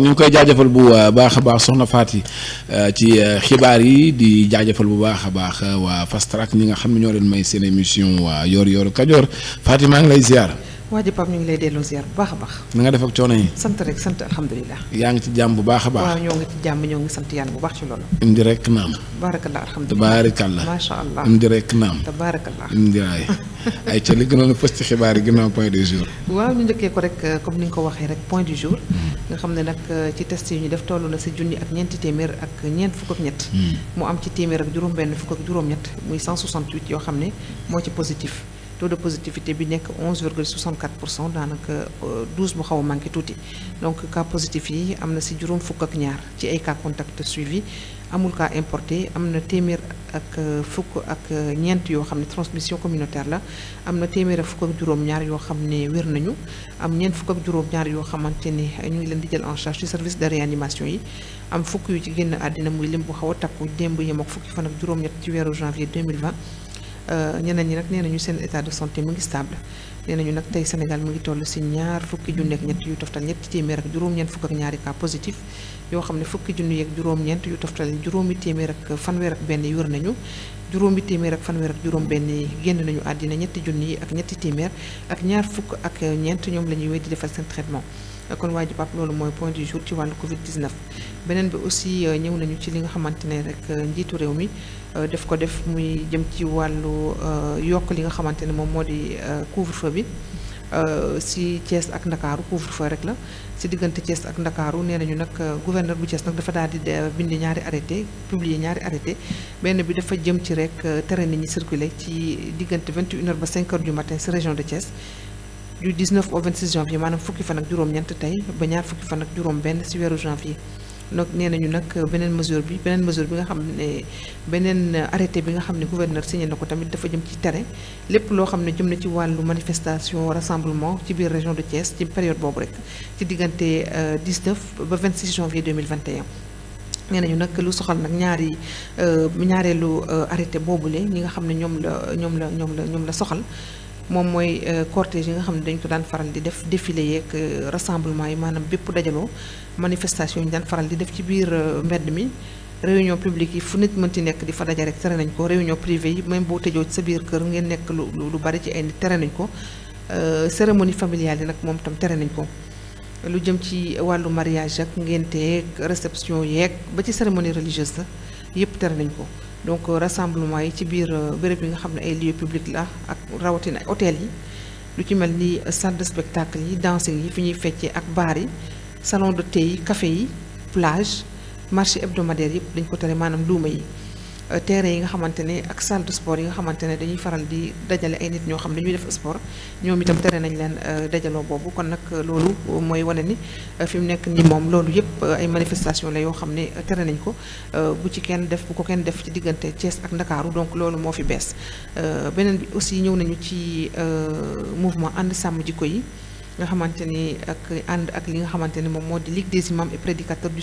ñu ngi koy jaajëfal bu euh, baax a baax soxna Faty euh, ci euh, xibaar yi di jaajëfal bu baax a baax waa Fast Track ñi nga xam ne ñoo leen may seen émission waa Yoor Yooru Kajoor Faty maa ngi lay ziar. waa ji Pape ñu ngi lay delloo ziar bu baax a baax. na nga def ak coono yi. sant rek sant alhamdulilah. yaa ngi ci jàmm bu baax a baax. waaw ñoo ngi ci jàmm ñoo ngi sant yàlla bu baax ci loolu. indi rek naam. baarakallah alhamdulilah tabaarakallah. macha allah indi rek naam. tabaarakallah indi ay ay ca li gënoon a fës ci xibaar yi ginnaaw waaw ñu njëkkee ko rek euh, comme ni nga ko waxee rek point du jour. Hmm. nga xam ne nag euh, ci test yi ñu def toll na si junni ak ñeenti téeméer ak ñeent fukk ñett. Hmm. mu am ci téeméer juróom-benn fukk juróom-ñett muy 168 yoo xam ne moo ci positif taux de positivité bi nek dans virgule 12 bu euh, xaw manki touti donc cas positif yi am na si juróom ak ñaar ci ay cas contact suivi amul cas importé amna témir que ak euh, fuk ak euh, ñent yo xamné transmission communautaire la amna témir fuk ak fukk ak juróom-ñaar yoo xam ne nañu am ñent fuk ak juróom-ñaar yo xamanteni ñu ngi leen di jël en charge du service de réanimation yi am fuk yu ci genn adina muy lim bu xaw a takku démb yem ak fukki fan ak juróom ñet ci weeru janvier 2020 Euh, ñeneen ñi nag nee nañu seen état de santé mu ngi stable nee nañu nag tey Sénégal mu ngi toll si ñaar fukki junni ak ñett yu toftal ñetti téeméer ak juróom-ñeent fukk ak ñaari cas positif ne fukki junni ak juróom-ñeent yu toftal juróomi téeméer ak fanweer ak benn wér nañu juróomi téeméer ak fanweer ak juróom benn yi génn nañu àddina ñetti junni ak ñetti téeméer ak ñaar fukk ak ñeent ñoom la ñuy wéy di defal seen traitement kon waa ji Pape loolu mooy point du jour ci wàllu Covid 19 beneen bi aussi euh, ñëw nañu ci li nga xamante ne rek euh, njiitu réew mi Euh, def ko def muy jëm ci wàllu euh, yokk li nga xamante ne moom moo di euh, couvre-feu bi si Thiès ak Ndakaaru couvre-feu rek la si diggante Thiès ak Ndakaaru nee nañu nag gouverneur bu Thiès nag dafa daal di bind ñaari arrêté publier ñaari arrêté benn bi dafa jëm ci rek tere ni ñi circuler ci diggante 21h ba 5h du matin si région de Thiès. du 19 au 26 janvier maanaam fukki fan ak juróom-ñeent tey ba ñaar fukki fan ak juróom-benn si weeru janvier. donc nee nañu nag beneen mesure bi benen mesure bi nga xamné benen arrêté bi nga xamné gouverneur signé nako tamit dafa jëm ci tere lepp lo xamné jëm na ci walu manifestation rassemblement ci biir région de Thiès ci période bobu rek ci diganté 19 euh, ba 26 janvier 2021. nee nañu nag lu soxal nak ñaari euh, ñaareelu euh, arrêté boobule ñi nga xamné ñom la ñom la ñom la ñom la soxal moom mooy euh, cortège yi nga xam ne dañ ko daan faral di def défilé yeeg euh, rassemblement yi maanaam bépp dajaloo manifestation yi ñu daan faral di def ci biir euh, mbedd mi réunion publique yi fu nit mënti nekk di fa daja rek tere nañ ko réunion privée yi même boo tëjoo ci sa biir kër ngeen nekk lu lu bari ci ay nit tere nañ ko cérémonie familiale yi nag moom tam tere nañ ko lu jëm ci wàllu mariage ak ngénte yeeg réception yeeg ba ci cérémonie religieuse la yëpp tere nañ ko donc euh, rassemblement yi ci biir euh, béréb yi nga xam ne ay lieux publics la ak rawatina hôtel yi lu ci mel ni salle de spectacle yi dancing yi fi ñuy feccee ak baar yi salon de thé yi café yi plage marché hebdomadaire yëpp dañ ko tere maanaam duuma yi terrain yi nga xamante ne ak salle de sport yi nga xamante ne dañuy faral di dajale ay nit ñoo xam ne ñuy def sport ñoom itam tere nañ leen euh, dajaloo boobu kon nag euh, loolu mooy wane ni euh, fi mu nekk ni moom loolu yëpp ay manifestation la yoo xam ne tere nañ ko bu ci kenn def bu ko kenn def ci diggante Thiès ak Ndakaaru donc loolu moo fi bees beneen bi aussi ñëw nañu ci mouvement ànd sàmm jikko yi nga xamante ni ak ànd ak li nga xamante ni moom moo di Ligue des imams et prédicateurs du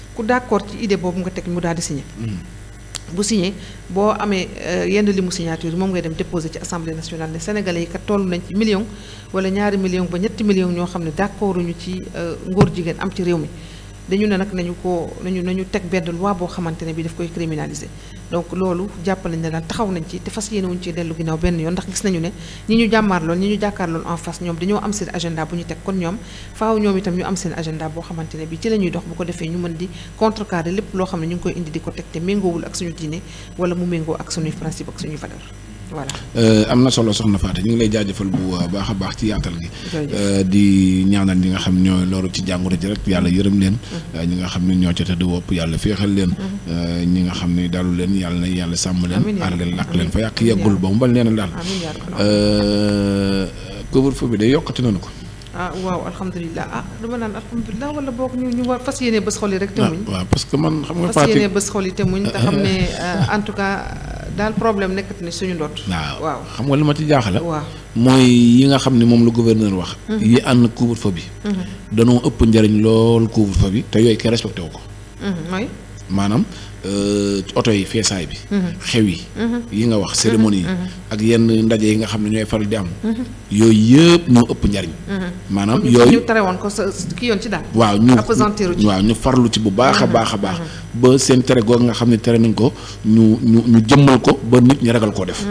ku d'accord ci idée boobu nga teg mu daal di signé. Hmm. bu signé boo amee euh, yenn limu signature moom ngay dem déposé ci assemblée nationale ne sénégalais yi kat nañ ci million wala ñaari million ba ñetti million ñoo xam ne d'accorduñu ci euh, ngóor jigéen am ci réew mi. dañu ne nag nañu ko nañu nañu teg benn loi boo xamante ne bi daf koy criminaliser donc loolu jàpp nañ ne daal taxaw nañ ci te fas yéene wuñ ci dellu ginnaaw benn yoon ndax gis nañu ne ñi ñu jàmmaarlool ñi ñu jàkkaarlool en face ñoom dañoo am seen agenda bu ñu teg kon ñoom faaw ñoom itam ñu am seen agenda boo xamante ne bi ci la dox bu ko defee ñu mën di contrecarrer lépp loo xam ne ñu ngi koy indi di ko teg te méngoowul ak suñu diine wala mu méngoo ak suñuy principe ak suñuy valeur voilà. Euh, am na solo soxna Fatou ñu ngi lay jaajëfal bu euh, baax a baax ci yaatal gi. Euh, di ñaanal ñi nga xam ñoo loru ci jàngoro ji rek yàlla yërëm leen. Mm-hmm. ñi nga xam ne ñoo ca di wopp yàlla féexal leen. Mm-hmm. ñi nga xam ni dalu leen yàlla na yàlla sàmm leen. aar leen làq leen fa yàq yeggul ba mu bañ leen a daal. couvre-feu bi day yokkati na nu ko. ah waaw alhamdulilah ah dama naan alhamdulilah wala boog ñu ñu war fas yéene bés xol yi rek. te ah, muñ waaw parce que man xam nga. fas yéene bés xol yi te muñ te xam ne ah, en tout cas daal problème nekkati ne suñu ndoot. waaw xam nga li ma ci jaaxal. waaw mooy yi nga xam ne moom la gouverneur wax. Mhm. yi ànd couvre-feu bi. Mhm. danoo ëpp njariñ lool couvre-feu bi te yooyu kenn respecté wu ko. Mhm, maanaam Euh, oto yi feesaay bi. Mhm. xew yi. Mhm. yi nga wax mhm. cérémonie yi. ak yenn ndaje yi nga xam ne ñooy faral di am. yooyu yëpp ñoo ëpp njariñ. maanaam yooyu ko sa ki yoon ci daal. waaw ñu waaw ñu farlu ci bu baax a baax a baax. ba seen tere googu nga xam ne tere nañ ko ñu ñu ñu jëmmal ko ba nit ñi ragal koo def.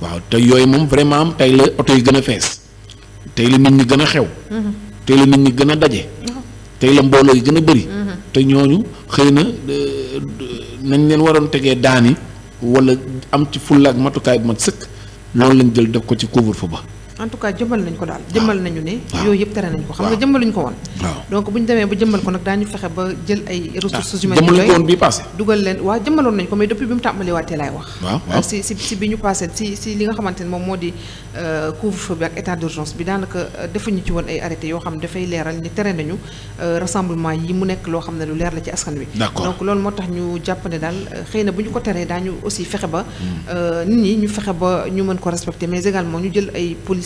waaw te yooyu moom vraiment tey la oto yi gën a fees. tey la nit ñi gën a xew. tey la nit ñi gën a daje. tey la mbooloo yi gën a bëri. te ñooñu xëy na. Euh, nañ leen waroon tegee daani wala am ci fulla matukaay bu mat sëkk loolu lañ jël def ko ci couvre-feu ba en tout cas jëmbal nañ ko dal ah. jëmbal nañu ni ah. yoy yep téré nañ ko xam nga ah. jëmbaluñ ko won donc bu démé bu ba ko nak dañu fexé ba jël ay ressources humaines jëmbaluñ ko woon bii passé dugal leen waaw jëmbaloon nañ ko mais depuis bi tambali waté lay laay wax si si si bi passé si si li nga xamantene mom modi moo euh, couvre-feu bi ak état d'urgence bi daanaka euh, defuñu ci won ay arrêté yo xam da fay léral ni téré nañu euh, rassemblement yi mu nek lo xam lu leer la ci askan bi donc lool motax ñu japp né dal xeyna na ko téré dañu aussi fexé ba hmm. nit ñi ñu fexé ba ñu mën ko respecter mais également ñu jël ay police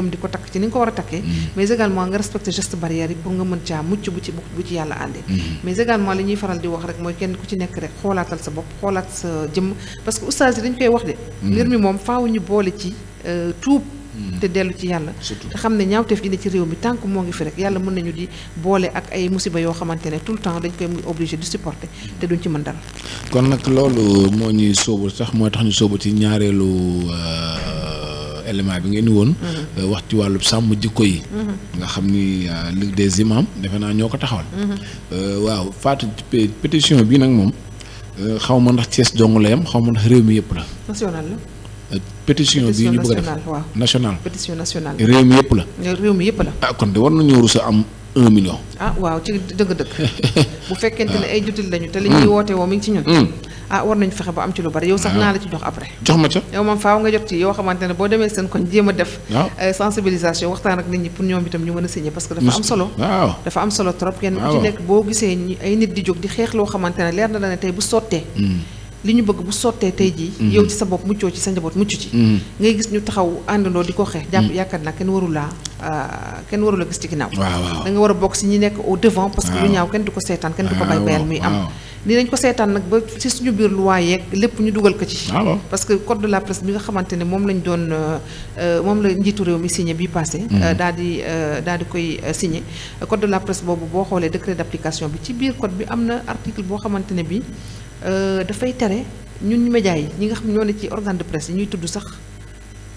gëm di ko takk ci ni nga ko war a takkee mm-hmm. mais également nga respecté geste barrière yi pour nga mën caa mucc bu ci bu ci yàlla àndee mm-hmm. mais également li ñuy faral di wax rek mooy kenn ku ci nekk rek xoolaatal sa bopp xoolaat sa jëmm parce que dañ koy wax de mm-hmm. mbir mi moom faaw boole ci euh, tuub Hmm. te dellu ci yàlla te xam ne ñaawteef dina ci réew mi tànk moo ngi fi rek yàlla mën nañu di boole ak ay musiba yoo xamante ne tout le temps dañ koy muy obligé di supporter hmm. te duñ ci mën dara kon nag loolu moo ñuy sóobu sax moo tax ñu sóobu ci ñaareelu euh, élément bi ngeen woon hmm. euh, wax ci wàllu sàmm jikko yi nga xam ni euh, ligue de imams defe naa ñoo ko taxawal waaw faatu pétition bi nag moom xaw ma ndax Thiès dong la yam xaw ma ndax réew mi yëpp la pétition bii ñu bëgg a def national pétition nationale réew mi yëpp la. réew mi yëpp la. ah kon de war nañoo rus a am un million. ah waaw ci dëgg-dëgg. bu fekkente ne ah. ay jutil lañu. te li hmm. woote woo mi ci ñun. Hmm. ah war nañu fexe ba am ci lu bari yow sax ah. naa la ci jox après. jox ma ca yow moom faaw nga jot ci yoo xamante ne boo demee seen koñ jéem def. Ah. Euh, sensibilisation waxtaan ak nit ñi pour ñoom itam ñu mën a signé parce que dafa am solo. trop kenn li ñu bëgg bu sottee tey jii. Mhm. yow ci sa bopp muccoo ci sa njaboot mucc ci. Mhm. ngay gis ñu taxaw àndandoo di ko xeex. jàpp mhm. yaakaar naa kenn warul laa ah, kenn warul a gis ci ginnaaw. da nga war a bokk si ñu nekk au devant. parce que kenn du ko seetaan kenn du ko bay bayal muy am. ni nañ ko seetaan nag ba ci suñu biir loi yeeg lépp ñu dugal ko ci. Ah parce que code de la presse bi nga xamante ne moom lañ doon euh, moom la njiitu réew mi signé bii passé. Euh, daal di euh, daal di koy signé. code de la presse boobu boo xoolee décret d' bi ci biir code bi am na article boo xamante ne bii. Euh, dafay tere ñun médias yi ñi nga xam ñoo ne ci organe de presse ñuy tudd sax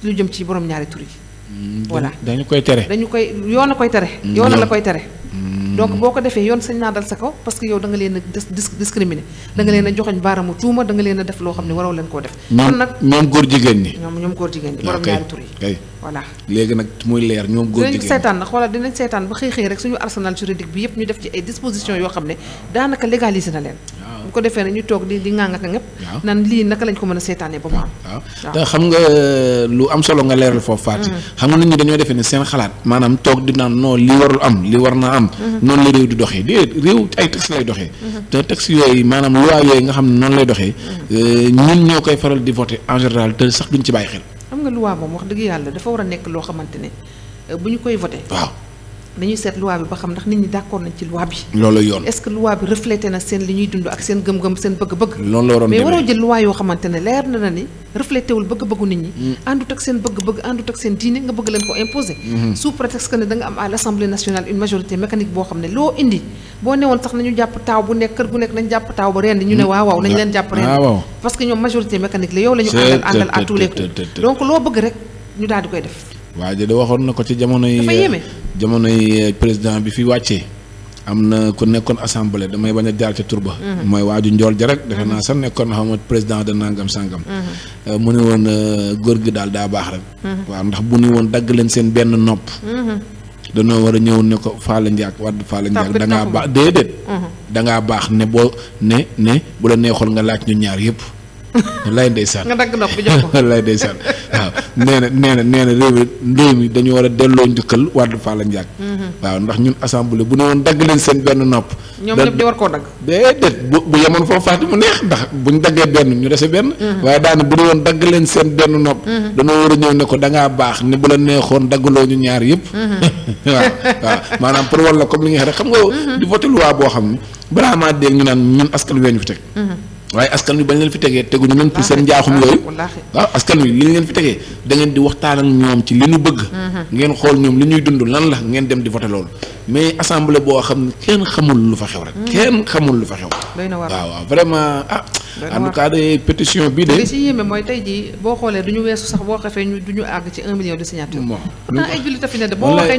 lu jëm ci borom ñaari tur yi. Mm, voilà dañu koy tere. dañu koy yoon a koy tere. Mm, yoon la koy tere. Mm. donc boo ko defee yoon sañ naa dal sa ko parce que yow da nga leen a discriminer da nga leen a joxoñ baaramu tuuma da nga leen def loo xam ne waroo leen koo def. kon nag ñoom góor jigéen ñi. ñoom ñoom góor jigéen ñi borom ñaari tur yi. voilà léegi nag muy leer ñoom góor jigéen ñi dinañ seetaan na xoolal dinañ seetaan ba xëy rek suñu arsenal juridique bi yëpp ñu def ci ay dispositions yoo xam ne daanaka légaliser na leen. ko defee nañu toog di di ŋànga ka ngëpp nan lii naka lañ ko mën a seetaanee ba mu am waaw te xam nga euh, lu am solo nga leeral foofu faati mm. xam nga nit dañoo defee ne seen xalaat maanaam toog di naan non li am li war naa am mm-hmm. noonu la réew di doxee déedéet réew ay texte lay doxee mm-hmm. te texte yooyu maanaam loi yooyu nga xam ne noonu lay doxee mm-hmm. euh, ñun ñoo koy faral di voter en général te sax duñ ci bàyyi xel xam nga loi moom wax dëgg yàlla dafa war a nekk loo xamante ne euh, bu ñu koy voter waaw dañuy seet loi bi ba xam ndax nit ñi d'accord nañ ci loi bi loolu yoon est-ce que loi bi reflété na seen li ñuy dund ak seen gëm-gëm seen bëgg-bëgg loolu la waroon mais waroo jël loi yoo xamante ne leer na na ni reflété wul bëgg-bëggu nit ñi andut mm. ak seen bëgg-bëgg andut ak seen diine nga bëgg leen ko imposer mm-hmm. sous prétexte que ne da nga am à l'Assemblée nationale une majorité mécanique boo xam ne loo indi boo newoon sax nañu jàpp taw bu nekk kër gu nekk nañ jàpp taw ba ren ñu ne mm. waaw waaw nañ leen jàpp ren ah, parce que ñoom majorité mécanique la yow la ñu àndal àndal à tous les coups donc loo bëgg rek ñu daal di koy def waa ji de waxoon na ko ci jamonoy. dafa yéeme euh, jamonoy euh, président bi fi wàccee. am na ku nekkoon assemblée damay bañ a jaar ca tur ba. Mhm. mooy waaju njool ja rek defe mhm. naa sa nekkoon na xam nga président de nangam sangam. Mhm. Euh, mu ne woon góor gi daal daa baax rek. waaw ndax bu ne woon dagg leen seen benn nopp. danoo war a ñëw ne ko Fallou Ndiak wàdd Fallou Ndiak da ngaa baax déedéet. da ngaa baax ne boo ne ne bu la neexool nga laaj ñu ñaar yëpp. wallaay ndeysaan nga dagg nopp bi jox waaw nee na nee na nee na réew réew mi dañu war a delloo njukkal wàllu la njaag waaw ndax ñun assemblée bu ne woon dagg leen seen benn nopp ñoom ñëpp di war bu bu yemoon foofu faati buñ daggee benn ñu dese benn mhm. waaye daane bu woon dagg leen seen benn nopp mhm. dañoo war a ñëw ne ko da baax ne bu la neexoon daggaloo ñu ñaar yëpp mhm. waaw waaw maanaam pour walla comme li nga xam ne xam nga di voté loi boo xam ne balaa maa dégg ñu naan ñun askan weñu fi teg waaye askan wi bañ leen fi tegee teguñu leen pour seen njaaxum yooyu waaw askan wi li leen fi tegee da ngeen di waxtaan ak ñoom ci li ñu bëgg mhm. ngeen xool ñoom li ñuy dund lan la ngeen dem di voté loolu mais assemblée boo xam ne kenn xamul lu fa xew rek mhm. kenn xamul lu fa xew waaw waaw vraiment ah en tout cas de pétition bii de li ci yéeme mooy tey jii boo xoolee du ñu weesu sax boo xefee ñu du ñu àgg ci un million de signature pourtant ay jullit a fi ne de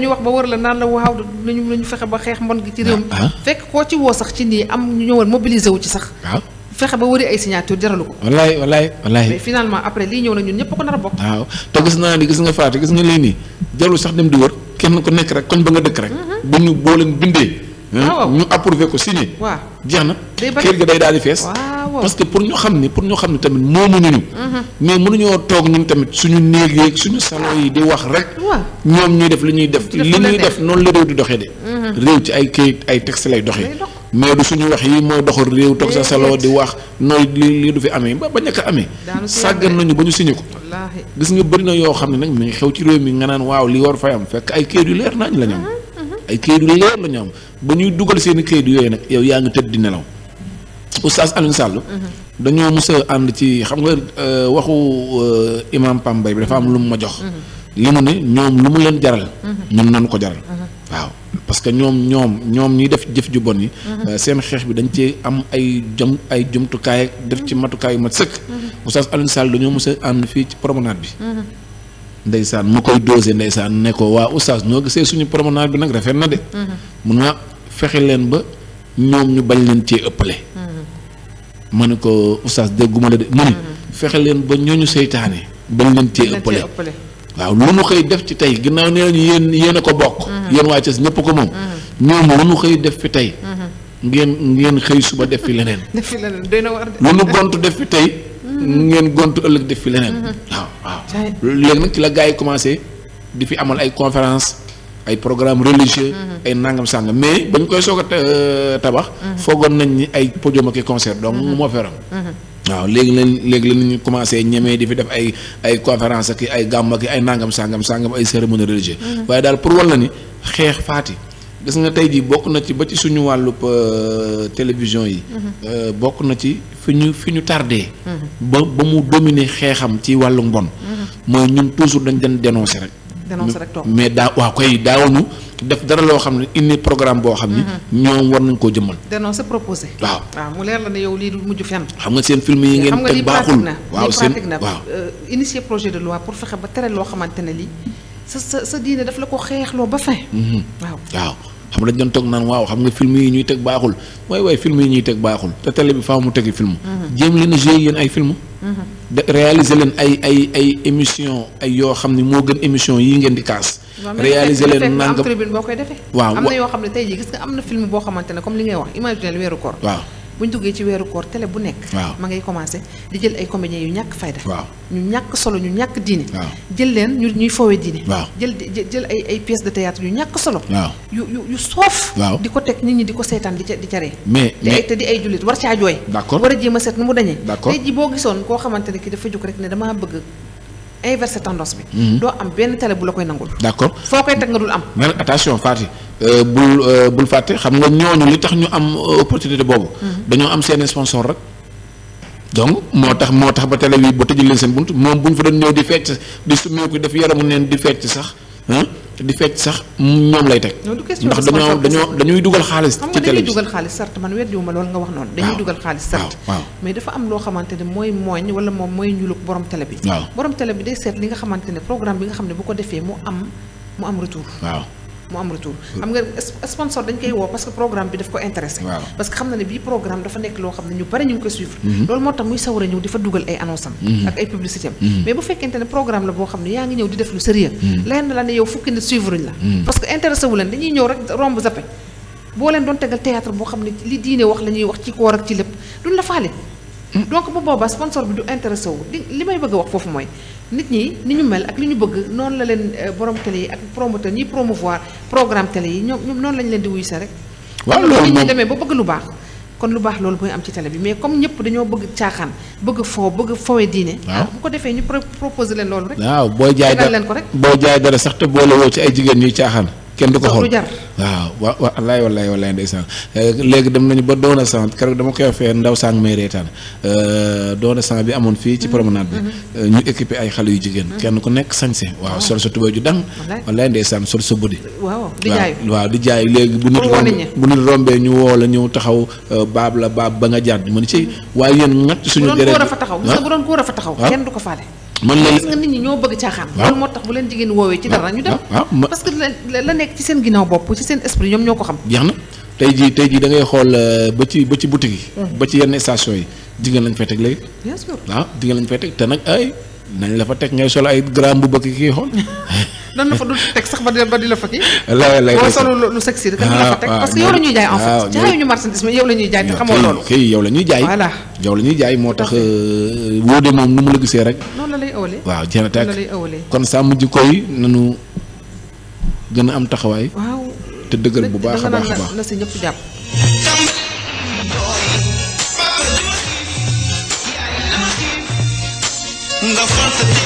wax ba wër la naan la waaw nañu ba xeex mbon gi ci réew mi ah, ah. koo ci woo sax ci nii am ñu ñëwoon wu ci sax ah. fexé ba wuri ay signature jaralu ko. wallahi wallahi wallaay. mais finalement après li ñëw na ñun ñëpp ko nara bok waaw to gis na ni gis nga faati gis nga li ni jarul sax dem di wër kenn ko nek rek koñ ba nga dëkk rek. Mhm. bu ñu bo leen bindé ah, ñu approuver ko signé. waaw jeex na. kër ga day daal di waaw parce que pour ñu xamni pour ñu xamni tamit mo moomuñu ñu. Mhm. mais mënu mënuñoo tok ñun tamit suñu néeg suñu salon yi di wax rek. ñom ñuy def li ñuy def. li ñuy def non la rew di doxé dé mhm. rew ci ay kayit ay texte lay doxé mais du suñu wax yi mooy doxal réew toog sa salo di wax nooy li lii du fi amee ba ba ñàkk amee sàggan nañu ba ñu signé ko gis nga bëri na yoo xam ne nag mi ngi xew ci réew mi nga naan waaw li war fay am fekk ay kayit yu leer nañ la ñu am uh-huh, uh-huh. ay kayit yu leer la ñu am ba ñuy dugal seen i kayit yooyu nag yow yaa ngi tëdd di nelaw oustaz Alioune Sall uh-huh. dañoo mos ànd ci xam nga euh, waxu euh, imam Pambay bi dafa am lu mu ma jox li mu ne ñoom lu mu leen jaral ñun nanu ko jaral parce que ñoom ñoom ñoom ñuy def jëf ju bon yi mhm. euh, seen xeex bi dañ ci am ay jëm ay jumtukaay def ci mhm. matukaay yu mat sëkk mhm. Oustaz Alioune Sall dañoo mos a ànd fii ci promenade bi ndeysaan ma koy dosé ndeysaan ne ko waa Oustaz noo gisee suñu promenade bi nag rafet na de mun a fexe leen ba ñoom ñu bañ leen cee ëppale ma ne ko Oustaz dégguma la de mu fexe leen ba ñooñu seytaane bañ leen cee ëppale waaw lu nu xëy def ci tey ginnaaw nee nañu yéen yéen a ko bokk. Mm-hmm. yéen waa Thiès ñëpp ko moom. Mm-hmm. ñoom lu nu xëy def fi tey. Mm-hmm. ngeen ngeen xëy suba def fi leneen. def fi leneen na war de. lu nu gont def fi tey. ngeen gont ëllëg def fi leneen. waaw waaw léegi nag ci la gaa yi commencé di fi amal ay conférence ay programme religieux. ay nangam sàngam mais bañ koy soog a euh, tabax. foogoon nañ ni ay podium ak concert donc moo feeram waaw léegi lañ léegi ñu commencé ñemee di fi def ay ay ak ay gàmm ak ay nangam sàngam sangam ay cérémonie religieuse mm-hmm. waaye daal pour walla ni xeex faati gis nga tey jii bokk na ci ba ci suñu wàllu euh, télévision yi mm-hmm. euh, bokk na ci fi ñu fi ñu tardé. Mm-hmm. ba ba mu dominer xeexam ci wàllu mbon mooy ñun toujours dañ den dénoncé mais daa waaw koy daawuñu def dara loo xam ne indi programme boo xam ne mhm. ñoom war nañ koo jëmmal. dénoncé proposé. waaw waaw mu leer la ne yow lii du mujj fenn. xam nga seen film yi ngeen teg baaxul waaw seen waaw euh, initier projet de loi pour fexe ba loo xamante ne lii sa sa sa diine daf la ko xeexloo ba fin. Mhm. waaw waaw. xam nga doon toog naan waaw xam nga film yi ñuy teg baaxul waay waay film yi ñuy teg baaxul te télé bi faaw mu tegi film. Mhm. jéem leen a joué yéen ay film. de réaliser leen ay ay ay émission yoo xam ne moo gën émission yi ngeen di kaas. réaliser leen nangam tribune boo koy defee waaw am na yoo xam ne tey jii gis nga am na film boo xamante ne comme li ngay wax imaginer weeru koor waaw bu ñu duggee ci weeru koor télé bu nekk ma ngay commencé di jël ay comédiens yu ñàkk fayda ñu ñàkk solo ñu ñàkk diine jël leen ñu ñuy foowe yu ñàkk solo yu soof di ko teg nit ñi di ko seetaan di ca di mais te di ay jullit war caa jooy d'accord war a jéem a seet nu mu dañee tey ji boo gisoon koo xamante ne ki dafa jóg rek ne dama bëgg inverser tendance bi. Mhm. doo am benn télé bu la koy nangul. d' accord foo koy teg nga dul am. mais attention Fatick euh, bul euh, bul fàtte xam nga ñooñu li tax ñu am euh, opportunité boobu. Mhm. dañoo am seen sponsor rek. donc moo tax moo tax ba télé bi ba tëjul leen seen bunt moom bu ñu fa doon ñëw di fecc di summeeku def yaramu neen di fecc sax. te di fecc sax ñoom lay teg. ndax dañoo dañoo dañuy dugal xaalis. ci télé bi xam nga dañuy dugal xaalis certes man weddiwuma loolu nga wax noonu. dañuy dugal xaalis certes. mais dafa am loo xamante ne mooy mooñ wala moom mooy ñuluk borom télé bi. borom télé bi day seet li nga xamante ne programme bi nga xam ne bu ko defee mu am mu am retour. waaw mu am retour xam nga sponsor dañ koy woo parce que programme bi daf ko intéressé parce xam na ne bii programme dafa nekk loo xam ne ñu bari ñu ngi ko suivre mhm. loolu moo tax muy sawar ñëw di dugal ay annonce mhm. ak ay publicité mhm. mais bu fekkente ne programme la boo xam ne yaa ngi ñëw di def lu sérieux leen la ne yow fukki nit suivre la parce que leen dañuy ñëw rek romb zappe boo leen doon tegal théâtre boo xam ne li diine wax la wax ci koor ak ci lépp mooy nit ñi ni ñu mel ak li ñu bëgg noonu la leen euh, borom télé yi ak promoteur ñiy promouvoir programme télé yi ñoom ñoom noonu lañu leen di wuyu rek. waaw loolu ñu demee ba bëgg lu baax. kon lu baax loolu mooy am ci télé bi mais comme ñëpp dañoo bëgg caaxaan bëgg foo bëgg fowe diine. waaw ah, bu ko defee ñu proposé leen loolu rek. waaw booy jaay dara leen ko rek. booy jaay dara sax te boole woo ci ay jigéen ñuy caaxaan. kenn du ko xool waaw wa wa wallaay wallaay wallaay ndeysaan euh, léegi dem nañu ba doona sang keroog dama koy fee ndaw sang may reetaan euh, doona sang bi amoon fii ci mm-hmm. promenade bi mm-hmm. euh, ñu équipé ay xale yu jigéen mm-hmm. kenn ku nekk sañse waaw ah. sol sa tubéy ju dang wallaay ndeysaan sol sa buddi waaw waaw di jaay léegi bu nit bu nit rombee ñu woo la ñëw taxaw baab la baab ba nga jàdd mën ci waaye yéen ŋàcc suñu gërëm bu doon góor a fa taxaw kenn du ko mën na gis nga nit ñi ñoo bëgg caaxaan. Ah. loolu moo tax bu leen jigéen woowee ci dara ñu dem. Ah, ah, parce que la nekk ci seen ginnaaw bopp ci seen esprit ñoom ñoo ko xam. jeex na tey jii tey jii da xool euh, ba ci ba ci boutique yi. Hmm. ba ci yenn station yi jigéen lañ fay teg léegi. waaw jigéen lañ fay teg te nag ay. nañ la fa teg ngay solo ay gram bu bëgg kii xool. nan la fa dul teg sax ba di la ba di la fa kii. lay lay boo solo la fa teg ah, parce que yow la ñuy jaay en fait la ñuy jaay te xamoo loolu. kii yow la ñuy jaay. voilà yow la ñuy jaay moo tax. Euh, wóode moom nu mu la gisee rek. waaw jéem a teg kon sàmm jikko yi nanu gën a am taxawaay. waaw te dëgër bu baax a baax a baax na si ñëpp jàpp. the front of the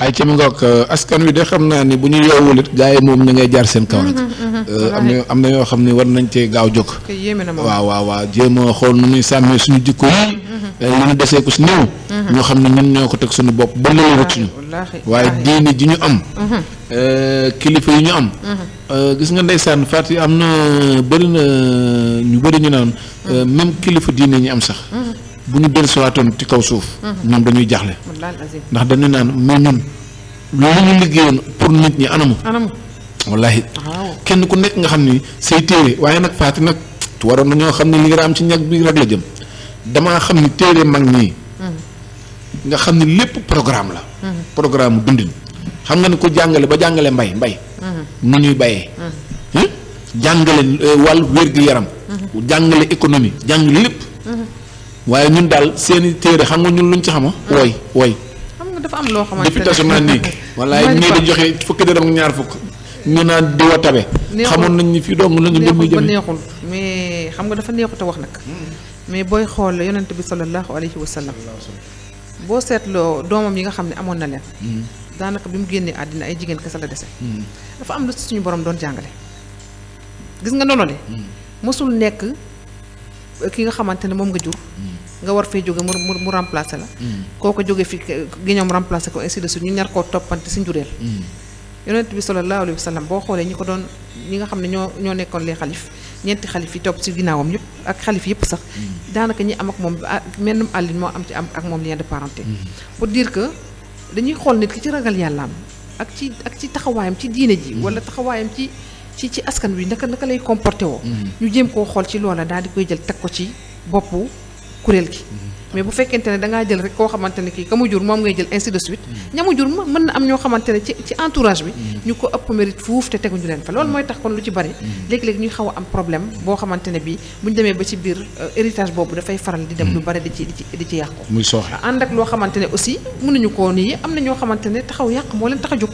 ay ci mi ngoog euh, askan wi de xam naa ni bu ñu yeewul it moom ñu ngay jaar seen kaw mm-hmm, mm-hmm. Euh, am na am na yoo xam ne war nañ cee gaaw jóg. waaw waaw waaw jéem a xool nu ñuy sàmmee suñu jikko yi. li mm-hmm. ñu desee ko si néew. ñoo xam ne ñun ñoo ko teg suñu bopp ba léegi rëccuñu. waaye diini ji ñu am. Euh, kilifa yi ñu am. gis nga ndeysaan yi am na bëri ñu bari ñu naan même kilifa diine ñi am sax. bu ñu dellusiwaatoon ci kaw suuf. Mhm. ñoom dañuy jaaxle. ndax dañu naan mais ñun loolu ñu liggéeyoon pour nit ñi anamu. anamu kenn ku nekk nga xam ni say téere waaye nag Faati nag waroon nañoo xam ne li nga ci ñag bi rek la jëm damaa xam ni téere mag ñii. Mhm. nga xam ni lépp programme la. Mhm. programme dundin. xam nga ne ko jàngale ba jàngale mbay mbay. nu ñuy bayee. jàngale euh, wàllu wér-gu-yaram. jàngale économie jàng lépp. waaye ñun daal seeni téere xam nga ñun luñ ci xama ah. wooy wooy xam nga dafa am loo xamante ne députation naa nii wallaay ñii dañ joxe fukki dërëm ak ñaar fukk ñu naan di wa tabe xamoon nañ ni fii dong la ñu jëm jëm neexul mais xam nga dafa neexut a wax nag hmm. mais booy xool yonent bi sallallahu alayhi wa sallam boo seetloo doomam yi nga xam ne amoon na leen hmm. daanaka bi mu génnee àddina ay jigéen kese la dese hmm. dafa am lu suñu borom doon jàngale gis nga noonu le mosul nekk ki nga xamante ne moom nga jur. nga war fee jóge mu mu mu remplacer la. kooko jóge fi gi ñoom remplacer ko ainsi de suite ñu ñar koo toppante si njureel. yonent bi sallallahu alayhi wa sallam boo xoolee ñi ko doon ñi nga xam ne ñoo ñoo nekkoon lee xalif ñeenti xalif yi topp si ginnaawam yëpp ak xalif yëpp sax daanaka ñi am ak moom ah, mennum àllin moo am ci am ak moom lien de parenté pour dire que dañuy xool nit ki ci ragal yàllaam ak ci ak ci taxawaayam ci diine ji wala ci ci ci askan wi naka naka lay comporté woo. Mm-hmm. ñu jéem koo xool ci loola daal di koy jël teg ko ci boppu kuréel gi. Mm-hmm. mais bu fekkente ne dangaa jël rek koo xamante ne kii ka mu jur moom ngay jël ainsi de suite. Mm-hmm. ñamu jur mën na am ñoo xamante ne ci ci entourage bi. ñu ko ëpp mérite fuuf te teguñu leen fa. loolu mooy tax kon lu ci bari. léeg-léeg ñuy a problème boo xamante ne bii demee ba ci biir euh, héritage boobu dafay faral di dem. lu bari di ci ci di ci yàqu. muy soxla ànd ak loo xamante ne aussi nañu koo nii am na ñoo xamante ne taxaw yàq moo leen tax a jóg.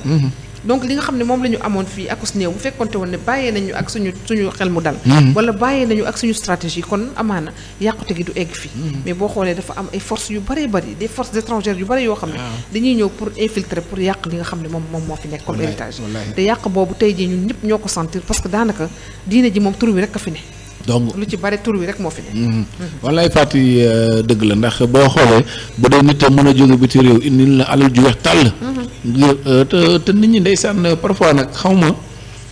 donc li nga xam ne moom la ñu amoon fii akus néew bu fekkonte woon ne bàyyee nañu ak suñu suñu xel mu dal mhm. wala bàyyee nañu ak suñu stratégie kon amaana yàqute gi du egg fii mhm. mais boo xoolee dafa am ay forces yu bëree bëri des forces étrangères yu bëri yoo xam ne ah. dañuy ñëw pour infiltrer pour yàq li nga xam ne moom moom moo fi nekk comme héritage te yàq boobu tey jii ñun ñëpp ñoo ko sentir parce que daanaka diine ji moom tur wi rek a fi ne donc lu ci bari tur rek moo fi ne. Mhm. Mhm. walaay fàtti euh, dëgg la ndax boo xoolee bu dee nit a mën a jóge réew indi la alal ju weex tàll. Mhm. Euh, te te nit ñi ndeysaan euh, parfois nag xaw ma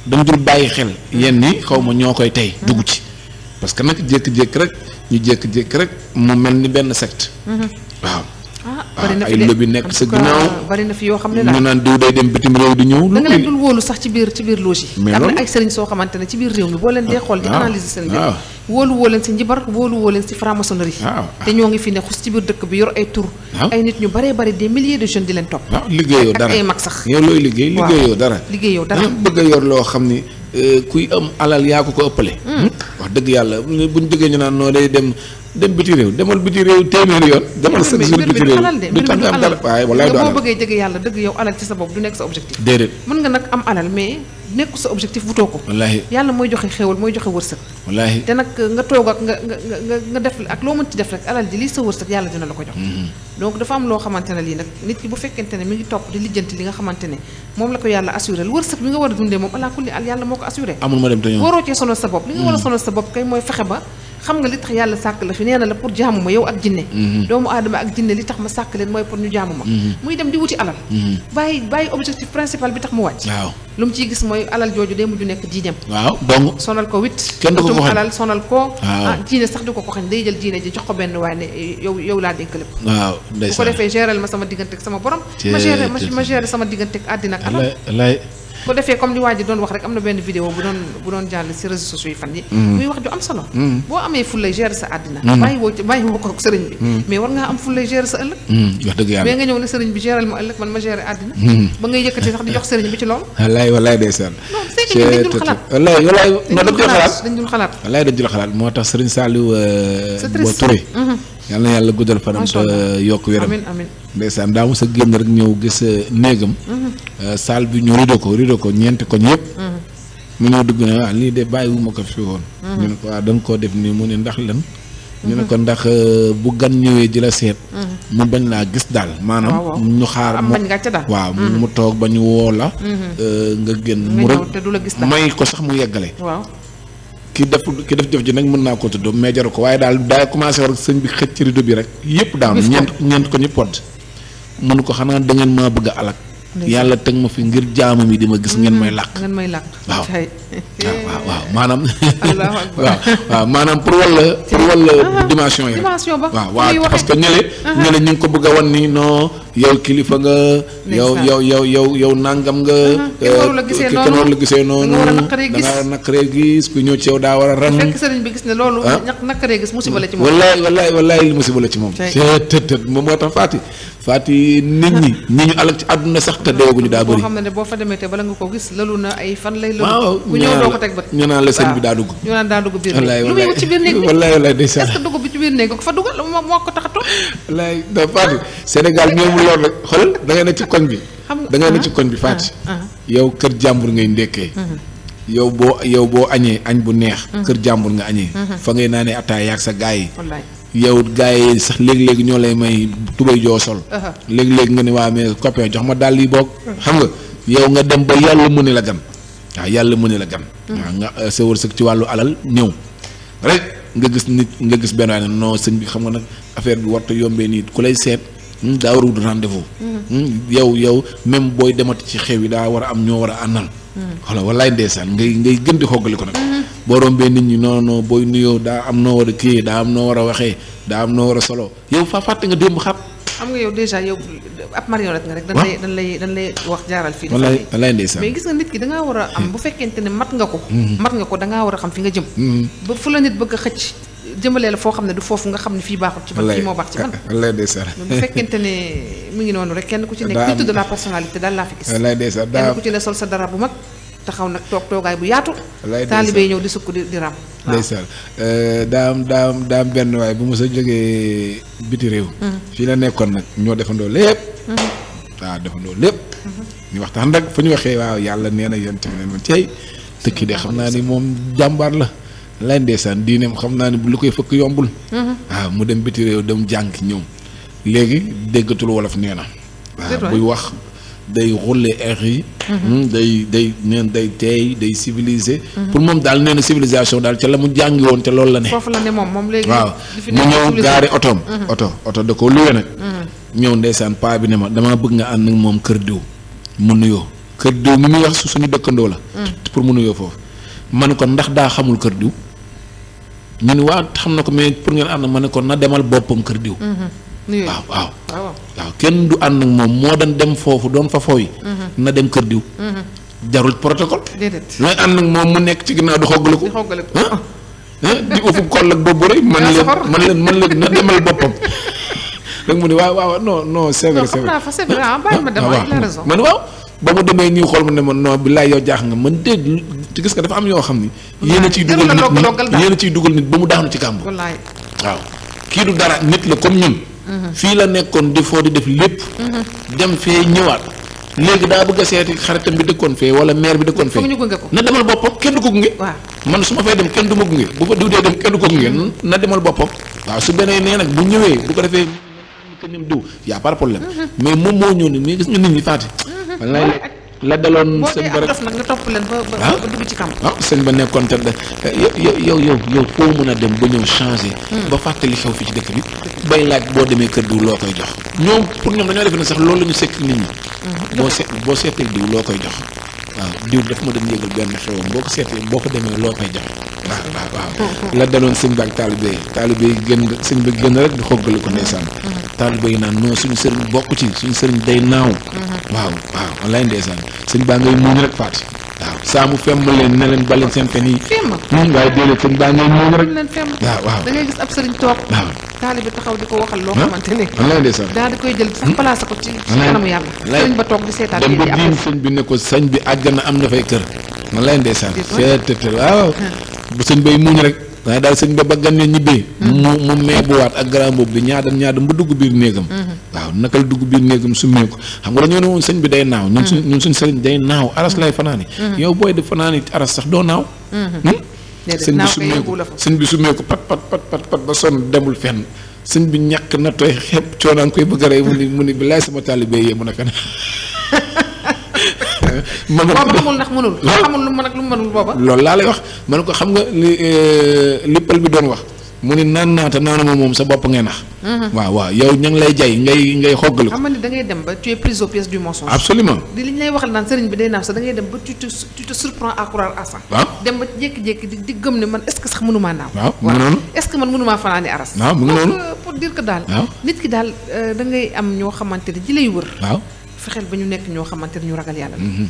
dama dul bàyyi xel yenn yi xaw ma ñoo koy tey dugg ci parce que nag jékki-jékki rek ñu jékki-jékki rek mu mel ni benn sect waaw. bari na ah, fi ay lobby nekk sa ginnaaw bari na fi yoo xam ne daal ñu naan diw day dem bitim réew di ñëw. da leen dul wóolu sax ci biir ci biir loge yi. am na ay sëriñ soo xamante ne ci biir réew mi boo leen dee ah, xool di analyser seen biir ah. wóolu woo leen si njibar wóolu woo leen si franc-maçonnerie te ñoo ngi fi ne xus ci biir dëkk bi yor ay tur ay nit ñu baree bari des milliers de jeunes di leen topp liggéeyoo dara ay mag sax yow looy liggéey liggéeyoo dara liggéeyoo bëgg yor loo xam ni euh, kuy am ko ko ëppale hmm. Hmm? wax dëgg yàlla buñ dem biti réew demal biti réew téeméeri yoon. demal seen jour biti réew du tax nga am dara waaye walaay du alal boo bëggee dëgg yàlla dëgg yow alal ci sa bopp du nekk sa objectif. déedéet mën nga nag am alal mais nekk sa objectif wutoo ko. wallahi yàlla mooy joxe xéwal mooy joxe wërsëg. wallahi te nag nga toog ak nga nga nga def ak loo mën ci def rek alal ji lii sa wërsëg yàlla dina la ko jox. donc dafa am loo xamante ne lii nag nit ki bu fekkente ne mi ngi topp di lijjanti li nga xamante ne moom la ko yàlla assuré wërsëg bi nga war a dundee moom alaa kulli al yàlla moo ko assuré. amul ma dem te ñëw waroo cee sonal sa bopp. li nga war a sonal sa bopp kay mooy fexe ba. xam nga li tax yàlla sàkk la fi nee na la pour jaamu ma yow ak jinne doomu aadama ak jinne li tax ma sàkk leen mooy pour ñu jaamu ma muy dem di wuti alal bàyyi bàyyi objectif principal bi tax mu wàcc waaw lu mu ciy gis mooy yooyu alal jooju day mujj nekk diineem. waaw donc sonal ko wit. kenn du ko ko alal sonal ko. waaw diine sax du ko ko xañ day jël diine ji jox ko benn waaye ne yow yow laa dénk lépp. waaw ndeysaan bu ko defee gérer ma sama diggante ak sama borom. ma gérer ma gérer sama diggante ak àddina ak alal. ko defee comme li waa ji doon wax rek am na benn vidéo bu doon bu doon jàll si réseaux sociaux yi fan yi mm-hmm. muy wax ju am solo mm-hmm. boo amee fullay gérer sa àddina mm-hmm. bàyyi woo bàyyi woo ko sëriñ bi mais war ngaa am fullay gérer sa ëllëg wax yàlla mais nga ñëw ne sëriñ bi gérer ma ëllëg man ma gérer àddina ba ngay yëkkati sax di jox sëriñ bi ci loolu wallaay wallaay ndeysaan dañ dul xalaat wallaay wallaay dañ dul xalaat wallaay dañ dul xalaat moo tax sëriñ Saliou euh, Touré yal yàlla guddal fanam te yokk wéram ndeysaan daa mos a génn rek ñëw gis euh, néegam mhm. euh, saal bi ñu rido ko rido ko ñeenti koñ yëpp mhm. mu ñëw dugg ne waaw ah, lii de bàyyiwuma wu ma ko fi woon mhm. ñu ne ko ah, da koo def nii mu ne ndax lan ñu ne ko ndax euh, bu gan ñëwee ji la seet mu bañ laa gis daal maanaam ah, ñu xaar mu waaw mu toog ba ñu woo la nga génn mu rek may ko sax mu yeggale ki def ki def jëf ji nag mën naa ko tudd mais jaru ko waaye daal daa commencé war sëñ bi xëcc rido bi rek yëpp daanu ñeent ñeent ko ñëpp wadd mënu ko xanaa da ngeen maa bëgg a yàlla teg ma fi ngir jaamam yi di ma gis ngeen may làq ngeen may làq waaw waaw waaw maanaam waaw maanaam pour walla pour walla ah, dimension yi waaw waaw parce que ñële ah. ñële ñu ngi ko bëgg a wan ni noo yow kilifa nga yow yow yow yow yow nàngam nga ah, kenn euh, war la gisee noonu danga naqaree gis ku ñëw ci yow daa war a ram fekk sëriñ bi gis ne loolu naqaree gis musiba la ci moom wallaay wallaay wallaay musiba ci moom tët tët moom moo tax faati faati nit ñi ñi ñu alal ci àdduna sax te deewaguñu daa bëri. boo xam ne boo fa demee te bala nga ko gis lalu na ay fan lay. waaw ñu naan la ñu naan la sëñ bi daa dugg. ñu naan daa dugg biir néeg lu muy wut ci biir bi ci biir néeg ko fa dugal moo ko tax toog. wallaay da faati Sénégal ñoom lool rek xool da ngay ne ci koñ bi. xam nga da ngay ne ah, ci koñ bi faati. Ah, ah. yow kër jàmbur ngay ndekkee. Mm-hmm. yow boo yow boo añee añ bu neex. Mm-hmm. kër jàmbur nga añee. Mm-hmm. fa ngay naanee ataaya ak sa gaay yi yow gars yi sax léeg-léeg ñoo lay may tubay joo sol. Uh-huh. léeg-léeg nga ne waa mais copain jox ma dàll yi boog. xam nga yow nga dem ba yàlla mu ne la gan. waaw yàlla mu ne la gan. Uh-huh. waaw nga euh, sa ci wàllu alal ñëw nga gis nit nga gis benn waay non sëñ bi xam nga nag affaire bi warta yombee nii ku lay seet. Hmm, daa war a wut rendez-vous. Uh-huh. Hmm, yow yow même booy demati ci xew yi daa war a am ñoo war a àndal. xoola wallaay ndeysaan ngay ngay gën di xoggali ko nag mm-hmm. boo rombee nit ñi non non booy nuyoo daa am noo war a kii daa am noo war a waxee daa am noo war a solo yow fa nga démb xat am nga yow déjà yow ab marionnette nga rek dañ lay dan lay dañ lay wax jaaral fii wallaay wallaay ndeysaan mais gis nga nit ki da war a am hmm. bu fekkente ne mat nga ko hmm. mat nga ko da war a xam fi nga jëm hmm. ba fu la nit bëgg a xëcc jëmbalee la foo xam ne du foofu nga xam ne fii baaxul ci man fii moo baax ci man lay ndeysaan bu fekkente ne mu ngi noonu rek kenn ku ci nekk surtout de la personnalité daal laa fi gis lay ndeysaan kenn ku ci ne sol sa dara bu mag taxaw nag toog toogaay bu yaatu taalibe yi ñëw di sukk di ram daam daam benn waay bu ma sa jógee biti réew mm-hmm. fii la nekkoon nag ñoo defandoo lépp mm-hmm. waaw defandoo lépp mm-hmm. ñu waxtaan rek fu ñu waxee waaw yàlla nee na yéen tamit ne man tey tëkki de xam naa ni moom jàmbaat la lay ndeysaan diineem xam naa ne lu koy fëkk yombul. waaw mhm. ah, mu dem biti réew dem jàng ñëw léegi déggatul wolof nee na. waaw ah, buy wax day rouler yi. Mhm. Hmm, day day day teey day civilisé. Mhm. pour moom daal na civilisation daal ca la mu jàngi woon loolu la ne. la ne moom moom léegi. ñëw gaari otoom. oto oto da ko luwe nag. ñëw ndeysaan paa bi ne ma damaa bëgg nga ànd ak moom kër diw mu nuyoo kër diw mi muy wax suñu dëkkandoo la. pour mu nuyoo foofu man ko ndax daa xamul kër diw. ñu ni waaw xam na ko mais pour ngeen ànd ma ne kon na demal boppam kër diw. Mhm. waaw waaw. waaw kenn du ànd ak moom moo doon dem foofu doon fa fooy. Mhm. na dem kër diw. Mhm. jarul protocole. déedéet looy ànd ak moom mu nekk ci ginnaaw di xoggale ko. di ah. ufub koll ak boobu rek man leen man leen man leen na demal boppam. donc mu ne waaw waaw non non c'est vrai c'est vrai. non xam naa fa c'est ah, ma demal ah, waaw. ba mu demee nii xool ma ne ma non billaay yow jaax nga man dégg ci gis nga dafa am yoo xam ni. yéen a ciy dugal nit yéen a ciy dugal nit ba mu daanu ci kàmb. waaw kii du dara nit la comme ñun. Mhm. fii la nekkoon di foo di def lépp. Mhm. dem fee ñëwaat. léegi daa bëgg a seeti xaritam bi dëkkoon fee wala maire bi dëkkoon fee. na demal boppam kenn ko gunge. man su ma fay dem kenn du ma gunge bu fa diwdee dem kenn du ko gunge na demal boppam. waaw su benee nee nag bu ñëwee bu ko defee kenn diw y' a pas mais moom moo ñëw ne mais gis nga nit ñi faati la la daloon sëñ ba rek boo dee nag nga topp leen ah? ba dugg ci camp. ah sëñ ba nekkoon te eh, yow yow yow yow foo mën a dem ba ñëw changé. Hmm. ba fàttali xew fi ci dëkk bi. bay laaj boo demee kër diw loo koy jox. ñoom pour ñoom dañoo defe ne sax loolu la ñu sekk nit ñi. Hmm. boo seet boo seetee diw loo koy jox. waaw diw daf ma dem yëgal benn xewam boo ko seetee boo ko demee loo koy jox waaw waaw la daloon sëñ baag taalibe yi taalibe yi gën sëñ ba gën rek di xoggali ko ndeysaan mm-hmm. Mm-hmm. taalibe yi naan non suñ sëriñ bokk ci suñ sëriñ day naaw mm-hmm. waaw waaw wallaay ndeysaan sëñ baa ngay muñ rek faat waaw saa mu femm leen ne leen baleen seen fen yi waaye déedéet sëñ baa ngay muñ rek waaw waaw taalibe taxaw di ko waxal loo xamante ne daal di koy jël sax placé ko ci ci kanamu yàlla sëriñ ba toog di seetaan dem am na fay kër ma lay ndeysaan seetal waaw bu sëñ bay muñ rek waaye daal sëñ ba baggan ne ñibbee mu mu meebuwaat ak grand boobu di ñaadam ñaadam ba dugg biir néegam waaw naka la dugg biir néegam summee ko xam nga dañoo ne woon sëñ day naaw ñun suñ ñun day naaw aras lay fanaani yow booy di fanaani aras sax sëñ bi summeeku sëñ bi summeeku pat pat pat pat pat ba sonn demul fenn sëñ bi ñàkk na tooy xeeb coonaan koy bëgg a rey mu ni mu ni bilaay sama taalibe yee mun a fen man ko xamul lool mënul xamul lu mën ak lu mënul booba loolu laa lay wax man ko xam nga li euh, lippal bi doon wax mu nan na ta nanama mom sa bop ngay nax. wa mhm. wa yow ñang lay jay ngay ngay xoglu xam nga da ngay dem ba tu es prise au piège du mensonge. absolument di liñ lay waxal nan serigne bi day naaf sa da ngay dem ba tu tu te surprend à croire à ça. dem ba jek jek di di ne man est-ce que sax mënumaa naaw. est-ce que man mënumaa fanaani aras. wa mu ngi noonu euh, pour dire que dal nit ki dal euh, da ngay am ño xamanteni di ji lay wër. wa fexel ba ñu nekk ño xamanteni ñu ragal yalla mhm.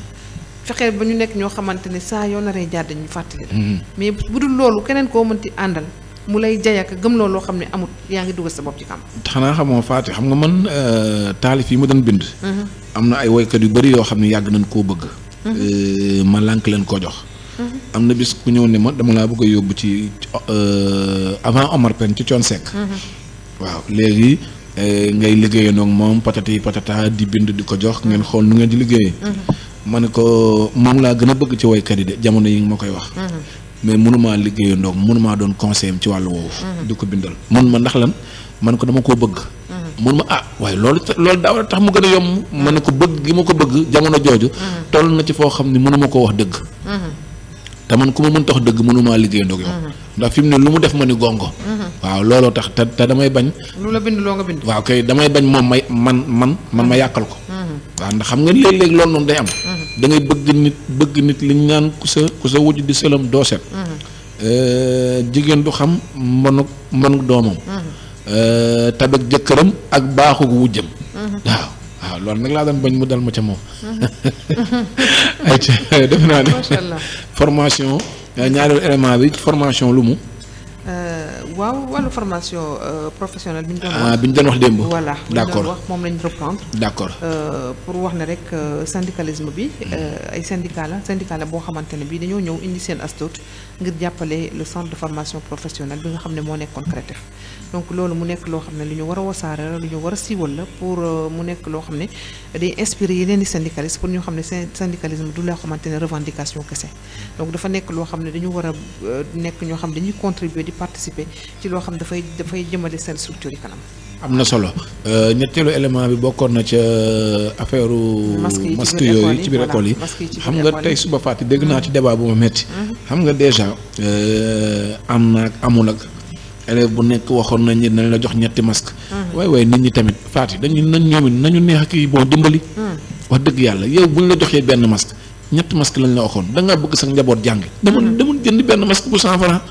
fexel ba ñu nekk ño xamanteni sa yo na ray jàdd ñu fatali mhm. mais budul lolu loolu ko mën ti andal mu lay jaay gëm loolu loo xam ne amut yaa ngi dugal sa bopp ci kàmb. xanaa xamoo Faty xam nga man euh, taalif yi ma doon bind. Mhm. am na ay woykat yu bëri yoo xam ne yàgg nañ koo bëgg. Mhm. Euh, ma lànk leen koo jox. Mhm. am na bis ku ñëw ne ma dama laa bëgg a yóbbu ci euh, avant Omar Pène ci Thione Seck. waaw léegi ngay liggéeyee noog moom patati patata di bind di ko jox ngeen xool nu ngeen di liggéeyee. ma ne ko moom laa gën a bëgg ci woykat yi de jamono yi nga ma koy wax. mais mënumaa liggéeyandoo mënumaa doon conseil am ci wàllu woowu. Mhm. di ko bindal mun ma ndax lan man ko dama koo bëgg. Mhm. mun ma ah waaye loolu loolu a yomb ma ne ma ko bëgg jamono jooju. Mhm. toll na ci xam ne mënuma koo wax dëgg. ma mën tax ma ni gongo. waaw looloo tax te te damay bañ. lu la bind loo nga bind. waaw kay damay bañ moom may man man man ma yàqal ko. waaw ndax xam nga léeg-léeg loolu noonu day am. da bëgg nit bëgg nit li ñu naan ku sa ku sa wujj di sëlam doo set mm-hmm. euh, jigéen du xam mbonuk mbonuk doomam mm-hmm. euh, tabek jëkkëram ak baaxug wujjam mm-hmm. waaw waaw loolu nag laa daan bañ mu dal ma ca moom ay defe naa ne formation ñaareelu élément bi formation lu mu waaw wàllu formation euh, professionnelle bi ñu doon wax. Ah, bi ñu doon wax démb. voilà d' accord wax moom lañ reprendre. d' accord euh, pour wax ne rek euh, syndicalisme bi. Hmm. ay syndicat la syndicat la boo xamante ne bii dañoo ñëw indi seen ngir jàppale le centre de formation professionnelle bi nga xam ne moo nekkoon donc loolu mu nekk loo xam ne lu ñu war a wasaare la lu ñu war a siiwal la pour euh, mu nekk loo xam ne day inspirer yeneen di syndicalistes pour ñu xam ne syndicalisme du loo xamante ne revendication kese donc dafa nekk loo xam ne dañu war a euh, nekk ñoo xam dañuy contribuer di participer ci loo xam dafay dafay jëmale seen structure yi kanam. am na solo euh, ñetteelu élément bi bokkoon na ca affaire masque yooyu ci biir école yi xam nga tey suba fàtte dégg naa ci débat bu ma metti mhm. xam nga déjà am na amul ak élève bu nekk waxoon nañ ne la jox ñetti masque mm-hmm. waaye waaye nit ñi tamit faati dañu nañ ñoom nañu neex ak yi boo dimbali mm-hmm. wax dëgg yàlla yow bu ñu la joxee benn masque ñetti masque lañ la waxoon da ngaa bëgg sax njaboot jàngi demoon mm-hmm. demoon jënd benn masque bu cent franc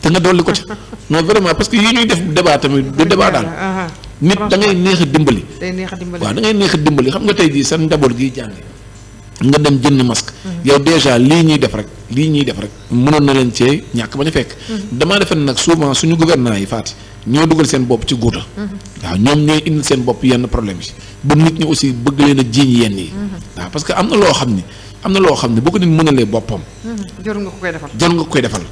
te nga dolli vraiment parce que yi ñuy def tamit du débat daal uh-huh. nit da ngay neex a dimbali waaw da ngay neex a dimbali xam nga tey jii seen njaboot giy jàngi nga dem jënd masque. Mhm. yow déjà lii ñuy def rek lii ñuy def rek mënoon na leen cee ñàkk ba ñu fekk. Mhm. damaa defe nag souvent suñu gouvernement yi faati ñoo dugal seen bopp ci guuta mhm. waaw ñoom ñooy indi seen bopp yenn problème yi ba nit ñi aussi bëgg leen a jiiñ yenn yi. waaw parce am na loo xam ni am na loo xam ne boo ko nit mënalee boppam. jarul nga ko koy defal jarul nga ko koy defal.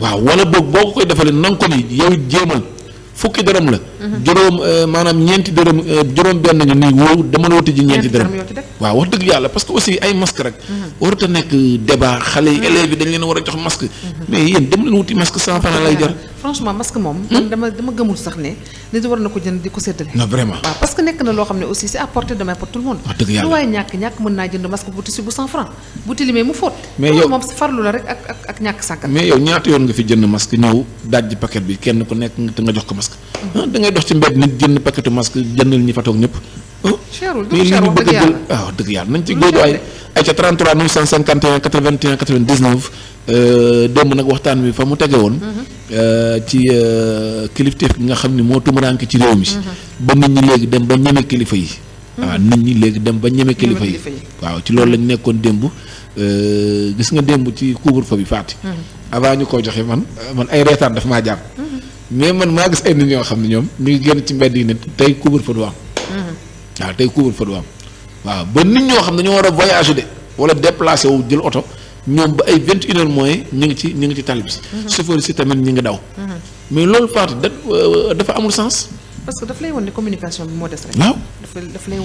waaw loolu boog boo ko koy defalee na ko ni yow jéemal. fukki dërëm la. juróom euh, maanaam ñeenti dërëm euh, juróom-benn nga nii wóoru dama wuti ji ñeenti dërëm. waaw wax dëgg yàlla parce que aussi ay masque rek. Mhm. warut a nekk débat xale yi mhm. élèves yi dañ leen a war a jox masque. Mhm. mais yéen dem leen wuti masque cent francs lay jar. franchement masque moom. man dama dama gëmul sax nit war na ko jënd di ko séddale. non vraiment parce que nekk na loo xam ne aussi c'est à portée de main pour tout le monde. wax dëgg yàlla yàlla nañ ci góobu ay ay ca 33 951 euh, nag waxtaan wi fa mu tege woon mm-hmm. Euh, ci euh, kilifteef bi nga xam ne moo tumuraanke ci réew mi mhm. ba nit ñi léegi dem ba ñeme kilifa yi mhm. waaw ñi léegi dem ba ñeme kilifa yi waaw ci loolu lañ nekkoon démb euh, gis nga démb ci couvre-feu bi faati mhm. avant ñu koo joxe man man ay reetaan daf maa jàpp mais man maa gis ay nit ñoo xam ne ñoom ñu ngi génn ci mbedd yi ne tey couvre-feu du am waaw tey couvre-feu du am waaw ba nit ñoo xam ne ñoo war a voyager de wala déplacé wu jël oto ñoom ba ay vingt une heure mooy ñu ngi ci ñu ngi ci tali bi. Mhm. chauffeur si tamit ñu ngi daw. Mhm. mais loolu part da euh, dafa amul sens. parce que dafa lay won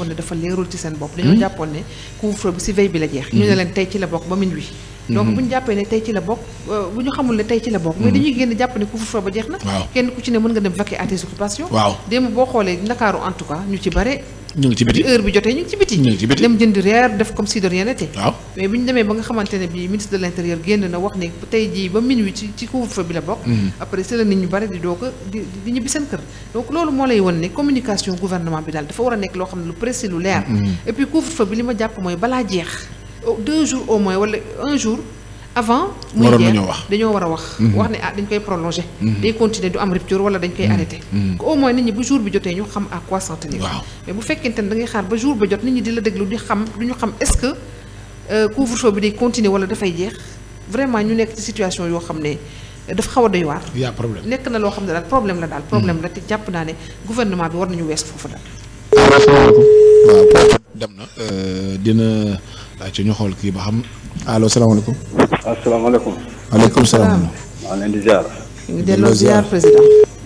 ne dafa leerul ci seen bopp. dañoo hmm. jàppoon ne couvre-feu bi si bi la jeex. ñu ne hmm. leen tey ci la bokk ba minuit. donc hmm. bu ñu jàppee ne tey ci la bokk euh, bu ñu xamul ne tey ci la bokk. mais dañuy génn jàpp ne couvre ba jeex na. kenn ku ci ne mën nga dem vaquer à tes démb boo xoolee Ndakaaru en tout ñu ci biti heure bi joté ñu ci biti ñu ci biti dem jënd réer def comme si de rien n'était mais buñu démé ba nga xamante ne bi ministre de l'intérieur génn na wax né tay ji ba minuit ci ci couvre-feu bi la bok mm-hmm. après c'est la nit ñu bari di doko di ñibi ñibbi seen kër donc loolu mo lay won ne communication gouvernement bi dal dafa war a nekk loo xam ne lu précis lu leer mm-hmm. et puis couvre-feu bi li ma jàpp mooy balaa jeex deux jours au moins wala un jour avant muy jeex dañoo wax mhm. wax ni ah, dañ koy prolonger mhm. day continuer du am rupture wala dañ koy mhm. arrêter au moins nit ñi bu jour bi joté ñu xam à quoi s'en tenir mais bu fekkente ne da ngay xaar ba jour ba jot nit ñi di la déglu di xam duñu xam est-ce que euh couvre-feu bi day continuer wala da fay jeex vraiment ñu nekk ci situation yo xamné ne dafa xaw a doy waar. y problème nekk na loo xam ne daal problème la daal. problème la te jàpp naa ne gouvernement bi war nañu weesu foofu daal. asalaamaaleykum waaw kooku dem na euh, dina laaj ci ñu xool kii ba xam allo salaamaaleykum. asalaamaaleykum. maaleykum salaam. maa leen di ziar.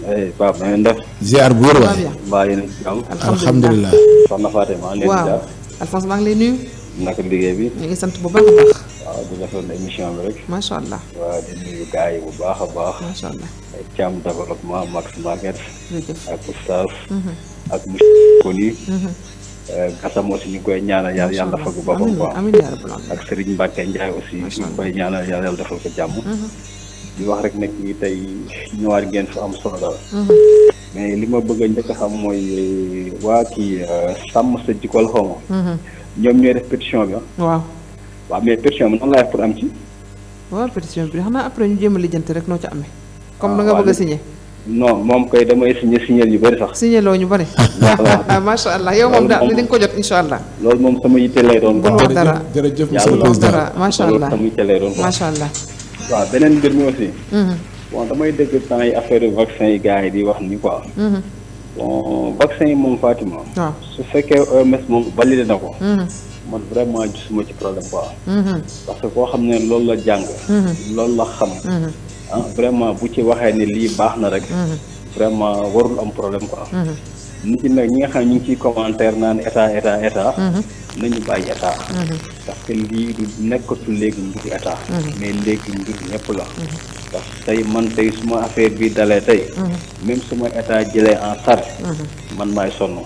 Eh, bu wér waay. mbaa waaw Alphonse maa ngi lay nuyu. naka liggéey bi. ñu ngi sant bu baax baax. waaw di rafetlu émission bi rek. macha allah waaw di nuyu gars yi bu baax a baax. macha allah càmm développement max market. ak oustaz. Mhm. ak monsieur Koni. Mhm. Euh, Gassam aussi ñu koy ñaanal yàlla yàlla dafa ko boppam quoi ak Serigne Mbacke Ndiaye aussi ñu ngi koy ñaanal yàlla yàlla dafa ko jàmm. Mhm. di wax rek nag ñi tey ñëwaat ngeen fi am solo mais li ma bëgg a njëkk a xam mooy waa kii euh, sàmm sa jikkool xaw ñoom ñooy def pétition ah. waaw. waaw mais pétition bi noonu laay pour am ci. waaw pétition bi xanaa après ñu jéem a lijjanti rek noo ci amee. comme ah, da nga bëgg a signé. non moom koy damay signé signé yu bëri sax. signé ñu bëri. waaw ah, macha allah yow moom daal li nga ko jot incha allah. loolu moom sama yitte lay doon. bu wax dara jërëjëf allah sama beneen mbir mi aussi. Mm-hmm. bon damay dégg temps yi affaire vaccin yi gars yi di wax ni quoi. Mm-hmm. bon vaccin yi moom Fatima. waaw su fekkee OMS moom validé na ko. Mm-hmm. man vraiment gisuma ci problème quoi. Mhm. parce que koo xam ne loolu la jàng. Mhm. loolu la xam. Mhm. ah bu ci waxee ne lii baax na rek. vraiment warul am problème quoi. nit ñi nag ñi nga xam ne ñu ngi ciy commentaire naan état état état. nañu bàyyi état. parce que lii du nekkatu léegi mbiru état. mais léegi mbiru ñëpp la. parce que tey man tey suma affaire bi dalee tey. même suma état jëlee en charge. man maay sonn.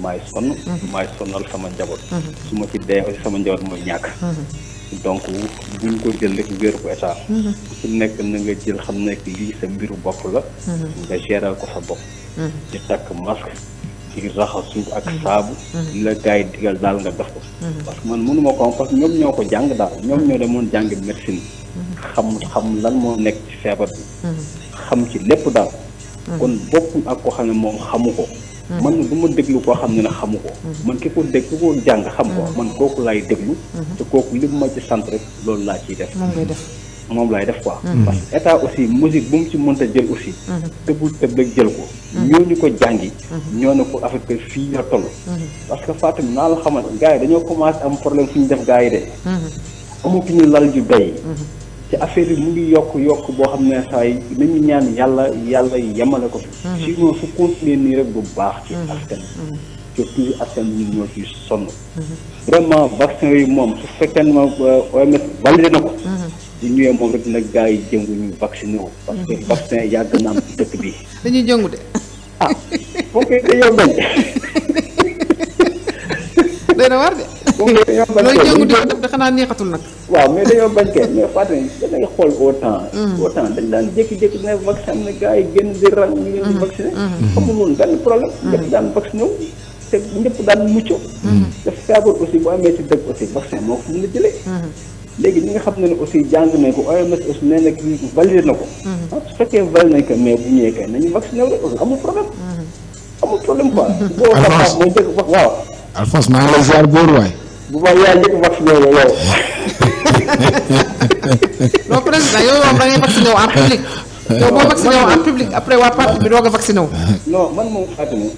maay sonn mhm. maay sonnal sama njaboot mhm. su ma ci dee aussi sama njaboot mooy ñàkk mhm. donc buñ ko jël rek wéer ko état su nekk na nga jël xam nekk lii sa mbiru bopp la nga géral ko sa bopp di takk masque di raxasu ak saabu li la gars digal daal nga def ko parce que man mënuma ko am parce que ñoom ñoo ko jàng daal ñoom ñoo demoon jàng médecine xam xam lan moo nekk ci feebar bi xam ci lépp daal kon bokkul ak ko xam ne moom xamu ko Mhm. man du ma déglu koo xam ne ne xamu ko. Mhm. man ki ko dégg ki ko jàng xam ko mhm. man kooku laay déglu. te kooku li ma ci sant rek loolu laa ciy def. moom ngay def moom laay def quoi. parce que état aussi musique bu mu ci mënta jël aussi. tëbul tëb rek jël ko. ñooñu ko jàngi. ñoo ne ko affecté fii la toll. parce que Fatim naa la xamal gars yi dañoo commencé am problème fu ñu def gars yi de. amatuñu lal ju doy. ci affaire yi mu ngi yokk yokk boo xam ne saa yi nañu ñaan yàlla yàlla yemale ko fi mhm. sinon su continuer nii rek bu baax ci mhm. askan surtout mhm. askan bi ñoo ci sonn vraiment vaccin yi moom su fekkee ne moom euh, OMS validé ko di ñëwee moom rek nag gars yi jëngu ñu vacciné wu parce que vaccin yàgg na am dëkk bi dañuy jëngu de ah ok dañoo bañ dana war de moom mais dañoo bañ. loolu yëngu dafa xanaa neexatul nag. waaw mais dañoo bañ mais Fatou da xool au temps. Hmm. au daan jékki-jékki dina vacciné gars yi génn di rang ñu leen di hmm. vacciné. Hmm. amul woon benn problème. daan vacciné wu te aussi bu amee ci dëkk aussi vaccin moo ko mën a jëlee. léegi ñi nga xam ne aussi jàng nañ ko OMS aussi nee na kii validé na ko. Ah, su fekkee validé nañ ko mais bu ñëwee kay nañu vacciné wu amul problème. amul problème quoi. Alphonse mooy njëkk waaw. Alphonse maa ngi lay ziar góor waay. bu ma yaay njëkk vacciné wu lool. non président yow moom da ngay vacciné wu en public. yow boo a vacciné wu. non man moom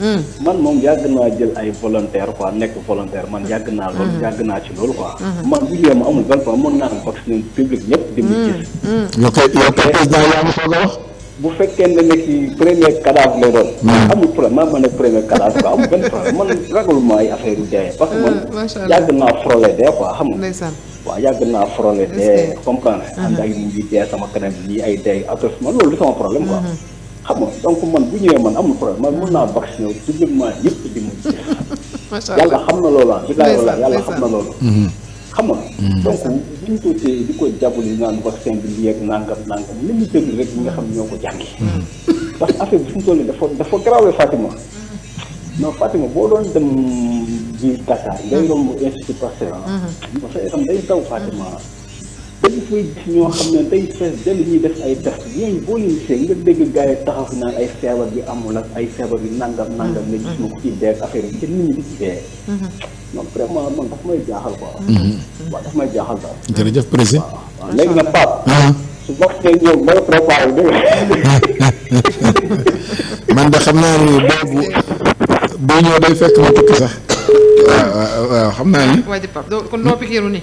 hmm. man moom yàgg naa jël ay volontaire quoi nekk volontaire man yàgg naa loolu hmm. yàgg naa ci loolu quoi. Hmm. man bu ñëwee ma amul benn fois mën naa am vacciné public ñëpp. di mu gis. yow kay président yaa ngi soog a bu fekkee ne nekk premier cadavre lay doon. Hmm. amul problème maa ma nekk premier cadavre quoi amul benn problème man ragaluma ay affaire yu dee. parce que man euh, yàgg naa frôlé dee quoi xam nga. naa frôlé dee comme que ay dee après man loolu du sama problème quoi. xam nga donc man bu ñëwee man amul problème man mun naa vacciné wu tout yëpp di mu gis. macha yàlla xam na loolu ah. yàlla xam na loolu. xam nga. Hmm. donc bu ñu ko téye di ko jàppale naan vaccin bi lii ak nangam nangam nañu déglu rek ñi nga xam ñoo ko jàngi. Hmm. ndax affaire bi fu mu toll nii dafa dafa grave Fatima. non boo doon dem di Dakar ngay hmm. romb institut Pasteur. parce que itam day daw Fatima. danga fay gis ñoo taxaw fi naan ay bi amul ak ay feebar bi nangam nangam mm-hmm. ne gis mm-hmm. vraiment man daf may jaaxal quoi mm-hmm. waaw daf may jaaxal daal jërëjëf président waaw ah. de xam naa ni boobu boo ñëw day fekk ma tukki sax waaw waaw xam naa ni waaye di Pape kon loo pikiiru ni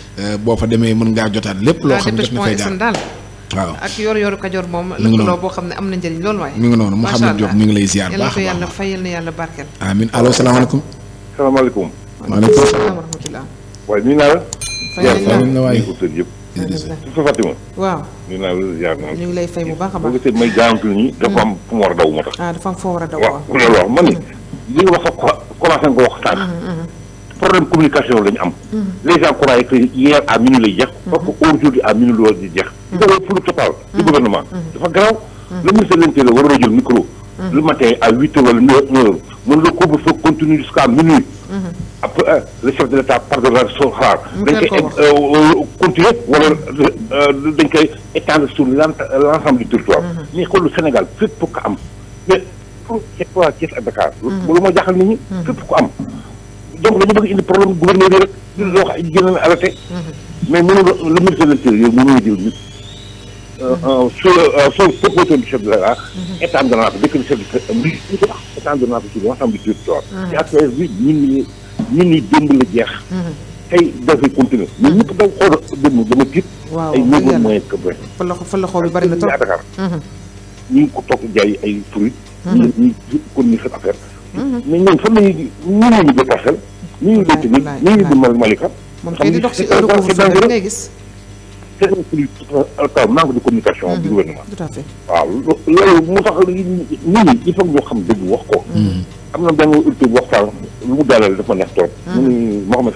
boo fa demee mën ngaa jotaat lépp loo xam ne def na fay jaar waaw ak yor yoru kajoor moom lëkkaloo boo xam ne am na njëriñ loolu waaye mi ngi noonu Mouhamed Diop mi ngi lay ziar baax a yàlla fayal na yàlla barkeel amin allo salaamaaleykum salaamaaleykum maaleykum salaam wa rahmatulah waaye nuyu naa la fayal na waay yëpp su Fatima waaw nuyu la ziar fay bu baax a baax boo gisee may jaamtu ni dafa am fu mu war a daw moo tax ah dafa am foo war a daw waaw loolu man ni li nga wax sa commencé nga ko wax problème communication mm. les gens ont écrit hier à minuit mm-hmm. aujourd'hui à minuit mm-hmm. mm-hmm. gouvernement le ministre de micro. le matin à 8 h le 9h, le continuer jusqu'à minuit. après hein, le chef de l'État pardonne son dañ euh, euh, continuer euh, étendre sur l'ensemble du territoire. le Sénégal mais pour c'est quoi donc la bëgg indi problème gouverneur yi rek ñun loo xam gën a arrêté. mais mënu la le ministre de l'Intérieur yow mënuñu jiw ñun. sur euh, sur proposition du chef de l'État. étendre naa ko dëkk bi chef de mbi étendre naa ko ci l'ensemble du territoire. ci affaire bi ñun ñii ñun ñii démb la jeex. Mhm. tey dafay continuer mhm. mais ñëpp daw xool démb dama tiit. waaw ay nouveaux moyens que vrai. bi bari na mhm. a ñu ngi dëkk bi ñu ngi dimbal Malika. moom kay di dox si heure couvre-feu rek ngay gis. c'est un plus alkaw manque de communication mm-hmm. du gouvernement. a à fait waaw loolu mu tax nit ñi il faut ñu xam dëgg wax ko. Mm-hmm. am na benn ultime waxtaan lu mu daalal dafa neex trop. mu ni Mouhamed.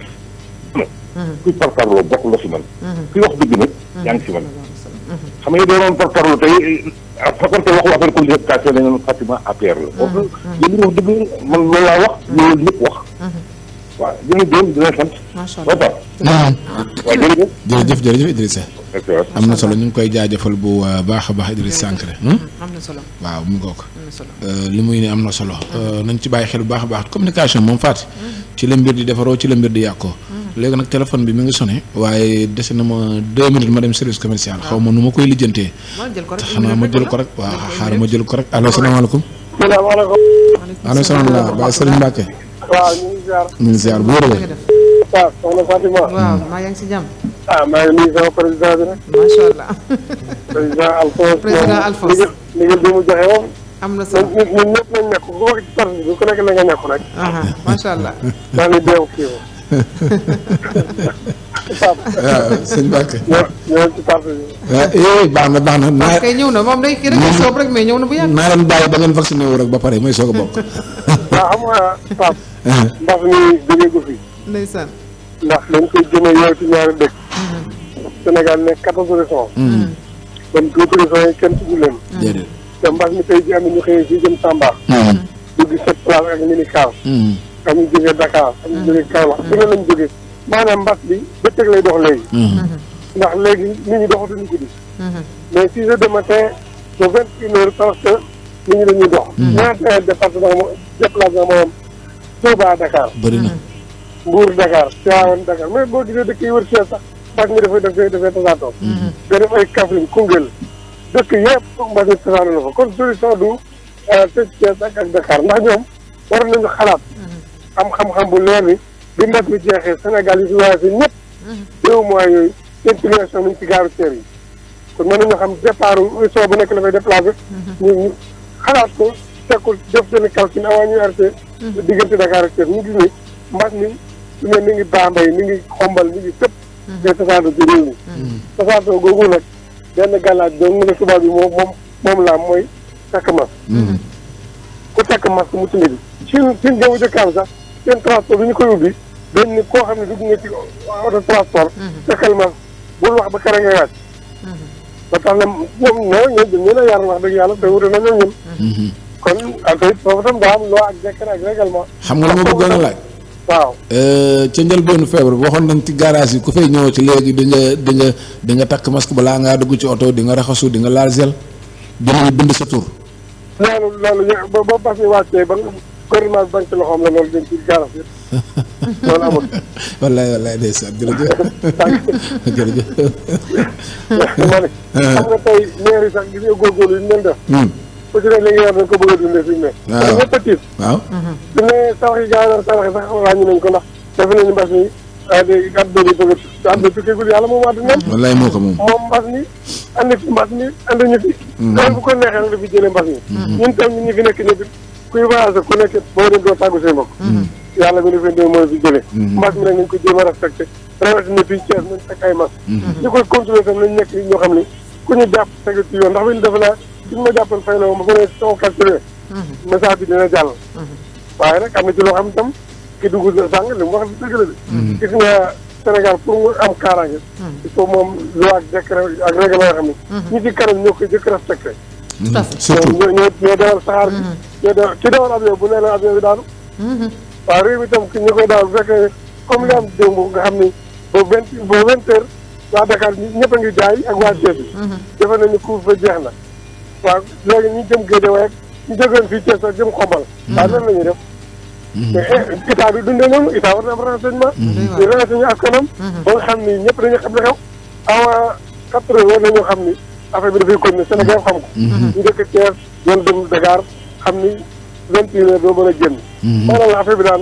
kuy parparloo bokk la si man. Mm-hmm. kuy wax dëgg nag yaa si man. xam nga doo doon parparloo tey ah euh, fekkoon tey waxu affaire communication dañu ne Fatima APR la. boo ko yéen wax man loolu wax loolu lépp wax. waaw li mu doon dina sant. am na solo ñu ngi koy jaajëfal bu uh, baax a baax Idrissa Sankharé. Hmm? am na solo waaw mu ngoog. Uh, li muy ne am na uh, solo. nañ ci bàyyi xel bu baax a baax communication moom Fatou. Hmm. ci la mbir di defaroo ci la mbir di yàqoo. Hmm. léegi nag téléphone bi mi ngi sonné. waaye dese na ma deux minutes ma dem service commercial ah. xaw ma nu ma koy lijjantee. xanaa ma jël ko rek waaw xaaral ma jël ko rek allo salaamaaleykum. salaamaaleykum. maaleykum salaam Baye Serigne Mbacke. waaw ñu ngi ziar. ñu ngi ziar bu wér la. waaw soxna Fatima. waaw maa ngi si jàmm. ah maa ngi nuyu sama président bi nag. macha allah. président Alphonse. président Alphonse moom ndigal bi mu joxe moom. am na solo ñun ñëpp nañ nekk ku wax ci parti bi ku nekk na nga nekk nag. macha allah. maa ngi deew kii waaw sëñ Mbacke. ñëw ci Pape yooyu ah, eh, baax na baax na. naa kay ñëw na moom day kii rek ñu soob rek mais ñëw na bu yàgg. naa leen bàyyi ba ngeen vacciné wu rek ba pare may soog a bokk. waaw xam nga Pape. Ah. ndax mi jógee ko fi. ndeysaan. ndax dañ koy jëmee yow ci ñaari dëkk. Mm-hmm. Sénégal nekk quatorze régions. Mm-hmm. kon quatorze régions yi kenn tudd leen. jërëjëf mm-hmm. te mbas mi tey jii am na ñu xëyee fii jëm Tamba. dugg sept place ak mini car. am ñu jógee Dakar am ñu jógee Kaolack di mm-hmm. nga lañ jógee maanaam mbas bi bëccëg lay dox léegi mm-hmm. ndax léegi nit ñi doxatuñu guddi mm-hmm. mais six heures de matin ba vingt une heure parce que nit ñi dañuy dox ñaata département moo déplacement moo am Touba Dakar bëri na Mbour Dakar Tivaouane Dakar mais boo gisee dëkk yi wër Thiès sax mbas mi dafay dafay dafay tasaatoo nga def ay Kaffrine Koungheul dëkk yëpp mbas mi tasaatoo na fa kon solution du euh, tëj Thiès ak ak Dakar ndax ñoom war nañu xalaat am xam-xam bu leer ni bi mbas mi jeexee senegal yi voyagé ñëpp deux mois yooyu seen population mi ci gaaru teer yi kon mën nañoo xam départ soo bu nekk la fay ñu mhm. ñu xalaat ko tekkul def seen calcul avant ñuy arrêté mhm. diggante Dakar ak Thiès ni mi su ne mi ngi Bambey mi ngi xombal mi ngi sëpp de tasaado réew mi mhm. tasaado googu nag benn gàllaaj doon nga ne tubaab bi moom moom moom laa mooy takk masque ku takk masque mu tindi bi ci ci jëmu jëkkaam sax seen transport bi ñu koy ubbi dañ ne koo xam ne dugg nga ci auto transport fexeel mhm. ma bul wax ba kere nga yaaj mhm. ba tax na moom ñoo ñoo dañ leen a yar wax dëgg yàlla te wute na ñun mhm. kon ak it foofu tam daa am loo ak jëkkër ak règlement xam nga la ma bëggoon a laaj waaw euh, ca njëlbeenu feebar waxoon nañ ci garage yi ku fay ñëw ci léegi di nga di nga di nga takk masque balaa ngaa dugg ci oto di nga raxasu di nga laal gel dinañu bind sa tur loolu loolu ba ba pas ñu wàccee ba koriment bañ ci loxoom la loolu dañ ci jaaras yëpp loolu amul wallaay wallaay ndeysaan jërëjëf jërëjëf ma ne xam nga tey maire yi sax gis nga góorgóorlu yi ñu leen def ku ci ne li nga yor dañ ko bëgg a dundee fi mu ne waaw ñëpp a tiit waaw su ne tabax yi gaa yor tabax yi sax wàññi nañ ko ndax def nañu mbas mi da at boobu bëgg a at bi tukkeegul yàlla moom àddina hmm. wallaay moo ko moom moom mbas mi andi fi mbas mi andi ñu fi hmm. bu ko neexee la fi jëlee mbas mi hmm. ñun tam ñu fi nekk ñëpp kuy voyagé ku nekk boo dem doo tàggu say mbokk mhm. yàlla bi la fi indee mooy fi jëlee mhm. mbas mi nag nañ ko jéem a respecté rawatina fii Thiès nañ takk ay masque ñi mhm. koy continuer tam nañ nekk ñoo xam ni ku ñu jàpp tegu ci yoon ndax bi ñu dafa laa suñu ma jàppoon fay la ma fa ne sama calculé message bi dina jàll waaye nag am na ci loo xam tam ki dugg na sàng li mu wax dëgg la de gis nga Sénégal pour mu am kaaraange il faut moom loi ak décret ak règlement yoo xam ne ñi ci kanam ñoo koy jëkk respecté tout à fait surtout ñoo ñoo ñoo dawal saxaar mm-hmm. ki dawal avion bu mm-hmm. waaw réew mi tam ñu koy daal bu fekkee comme li am démb nga xam ni ba vingt ba vingt heures waa Dakar ñëpp a ngi jaay ak waa Thiès bi. Mm-hmm. defe nañu couvre jeex na. waaw léegi ñu jëm Guédiawaye ak ñu jógeen fii Thiès ak jëm Xombal. waaw nan la ñuy def. mais eh, état bi dundee noonu état war na am renseignement. askanam. ba nga xam ni ñëpp dañu xam ne xew. avant quatre heures war nañoo xam ni. affaire bi dafay continuer Sénégal xam ko. Mhm. ñu dëkk Thiès doon dem Dakar xam ni vingt et une heures doo mën a génn. maanaam affaire bi daal.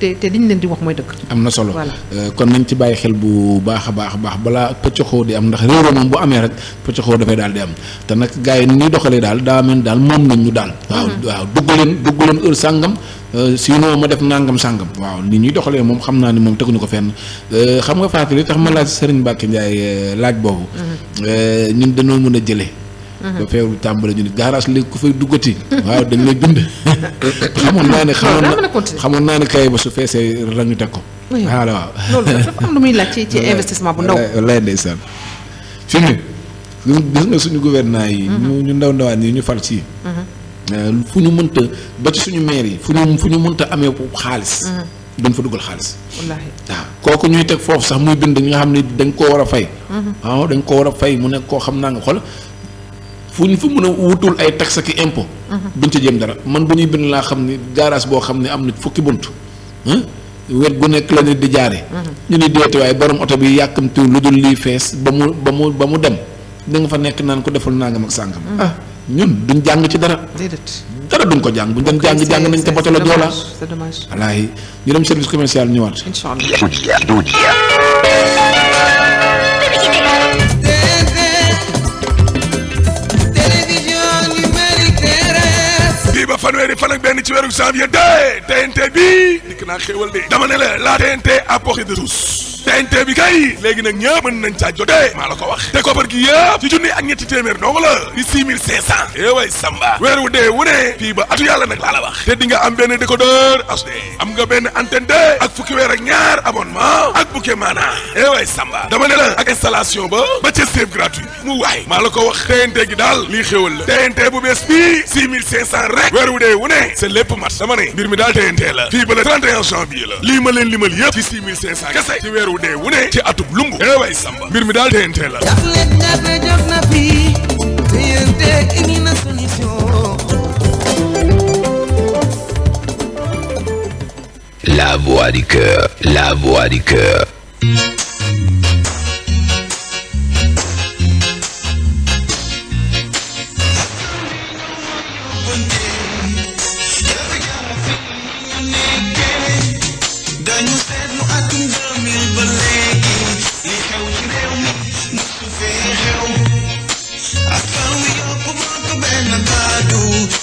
te te liñ leen di wax mooy dëgg. am na solo euh, kon nañ ci bàyyi xel bu baax a baax a baax balaa pëccoxoo di am ndax réew moom bu amee rek pëccoxoo dafay daal di am te nag gars yi ni doxalee daal daa mel daal moom nañ ñu daal. Mm-hmm. waaw waaw dugg leen dugg leen heure sàngam. Euh, sinon ma def nangam sàngam waaw ni ñuy doxalee moom xam naa ni moom teguñu ko fenn euh, xam nga fàttali tax ma laaj Serigne Mbacke Ndiaye laaj boobu. Mm-hmm. ñun dañoo mën a jëlee. ba feebar bi tàmbali ñu ne garage léegi ku fay duggati. waaw dañ lay bind. xamoon naa ne xamoon naa xamoon naa ne kay ba su feesee rek ñu teg ko. waaw waaw loolu dafa am lu muy laaj ci ci investissement bu ndaw. lay ndeysaan fi mu gis nga suñu gouvernement yi. Mhm. ñu ñu ndaw ndawaan yi ñu fal ci. Mhm. Euh, fu ñu mënta ba ci suñu maire yi fu ñu fu ñu mënta amee xaalis. Mhm. duñ fa dugal xaalis. waaw kooku ñuy teg foofu sax muy bind nga xam ne dañ koo war a fay. waaw ah, dañ koo war a fay mu nekk koo xam naa nga xool fu ñu fa mën a wutul ay taxe ak impôt. Mhm. duñ ca jëm dara man bu ñuy bind laa xam ni garage boo xam ne am na fukki bunt. wet gu nekk la nit di jaare mhm. ñu ni deete waaye borom oto bi yàkkamtiw lu dul lii fees ba mu ba mu ba mu dem da fa nekk naan ko deful nangam ak sàngam. Mhm. ah ñun duñ jàng ci dara. dara duñ ko jàng buñ doon jàng jàng nañ te boto la joola. c'est dommage. walaay ñu dem service commercial ñëwaat. incha fanweeri fan ak benn ci weeru janvier de TNT bi dikk naa xéewal de dama ne la la TNT à portée de tous TNT bi kay léegi nag ñëpp mën nañ caa jotee maa la ko wax te koppar gi yëpp ci junni ak ñetti téeméer dong la di six mille cinq cent eeway eh samba weer wu dee wu ne fii ba atu yàlla nag laa la wax te di nga am benn ko HD am nga benn antenne ak fukki weer ak ñaar abonnement ak bouquet maana eeway eh samba dama ne la ak installation ba ba ca gratuit mu waay maa la ko wax TNT gi daal lii xéwal la TNT bu bees bii six mille cinq cent rek weer wu dama ne mbir ba le 31 janvier la lii ma leen limal yëpp ci wu ne ci atub lumbu eeway la daf leen la voix du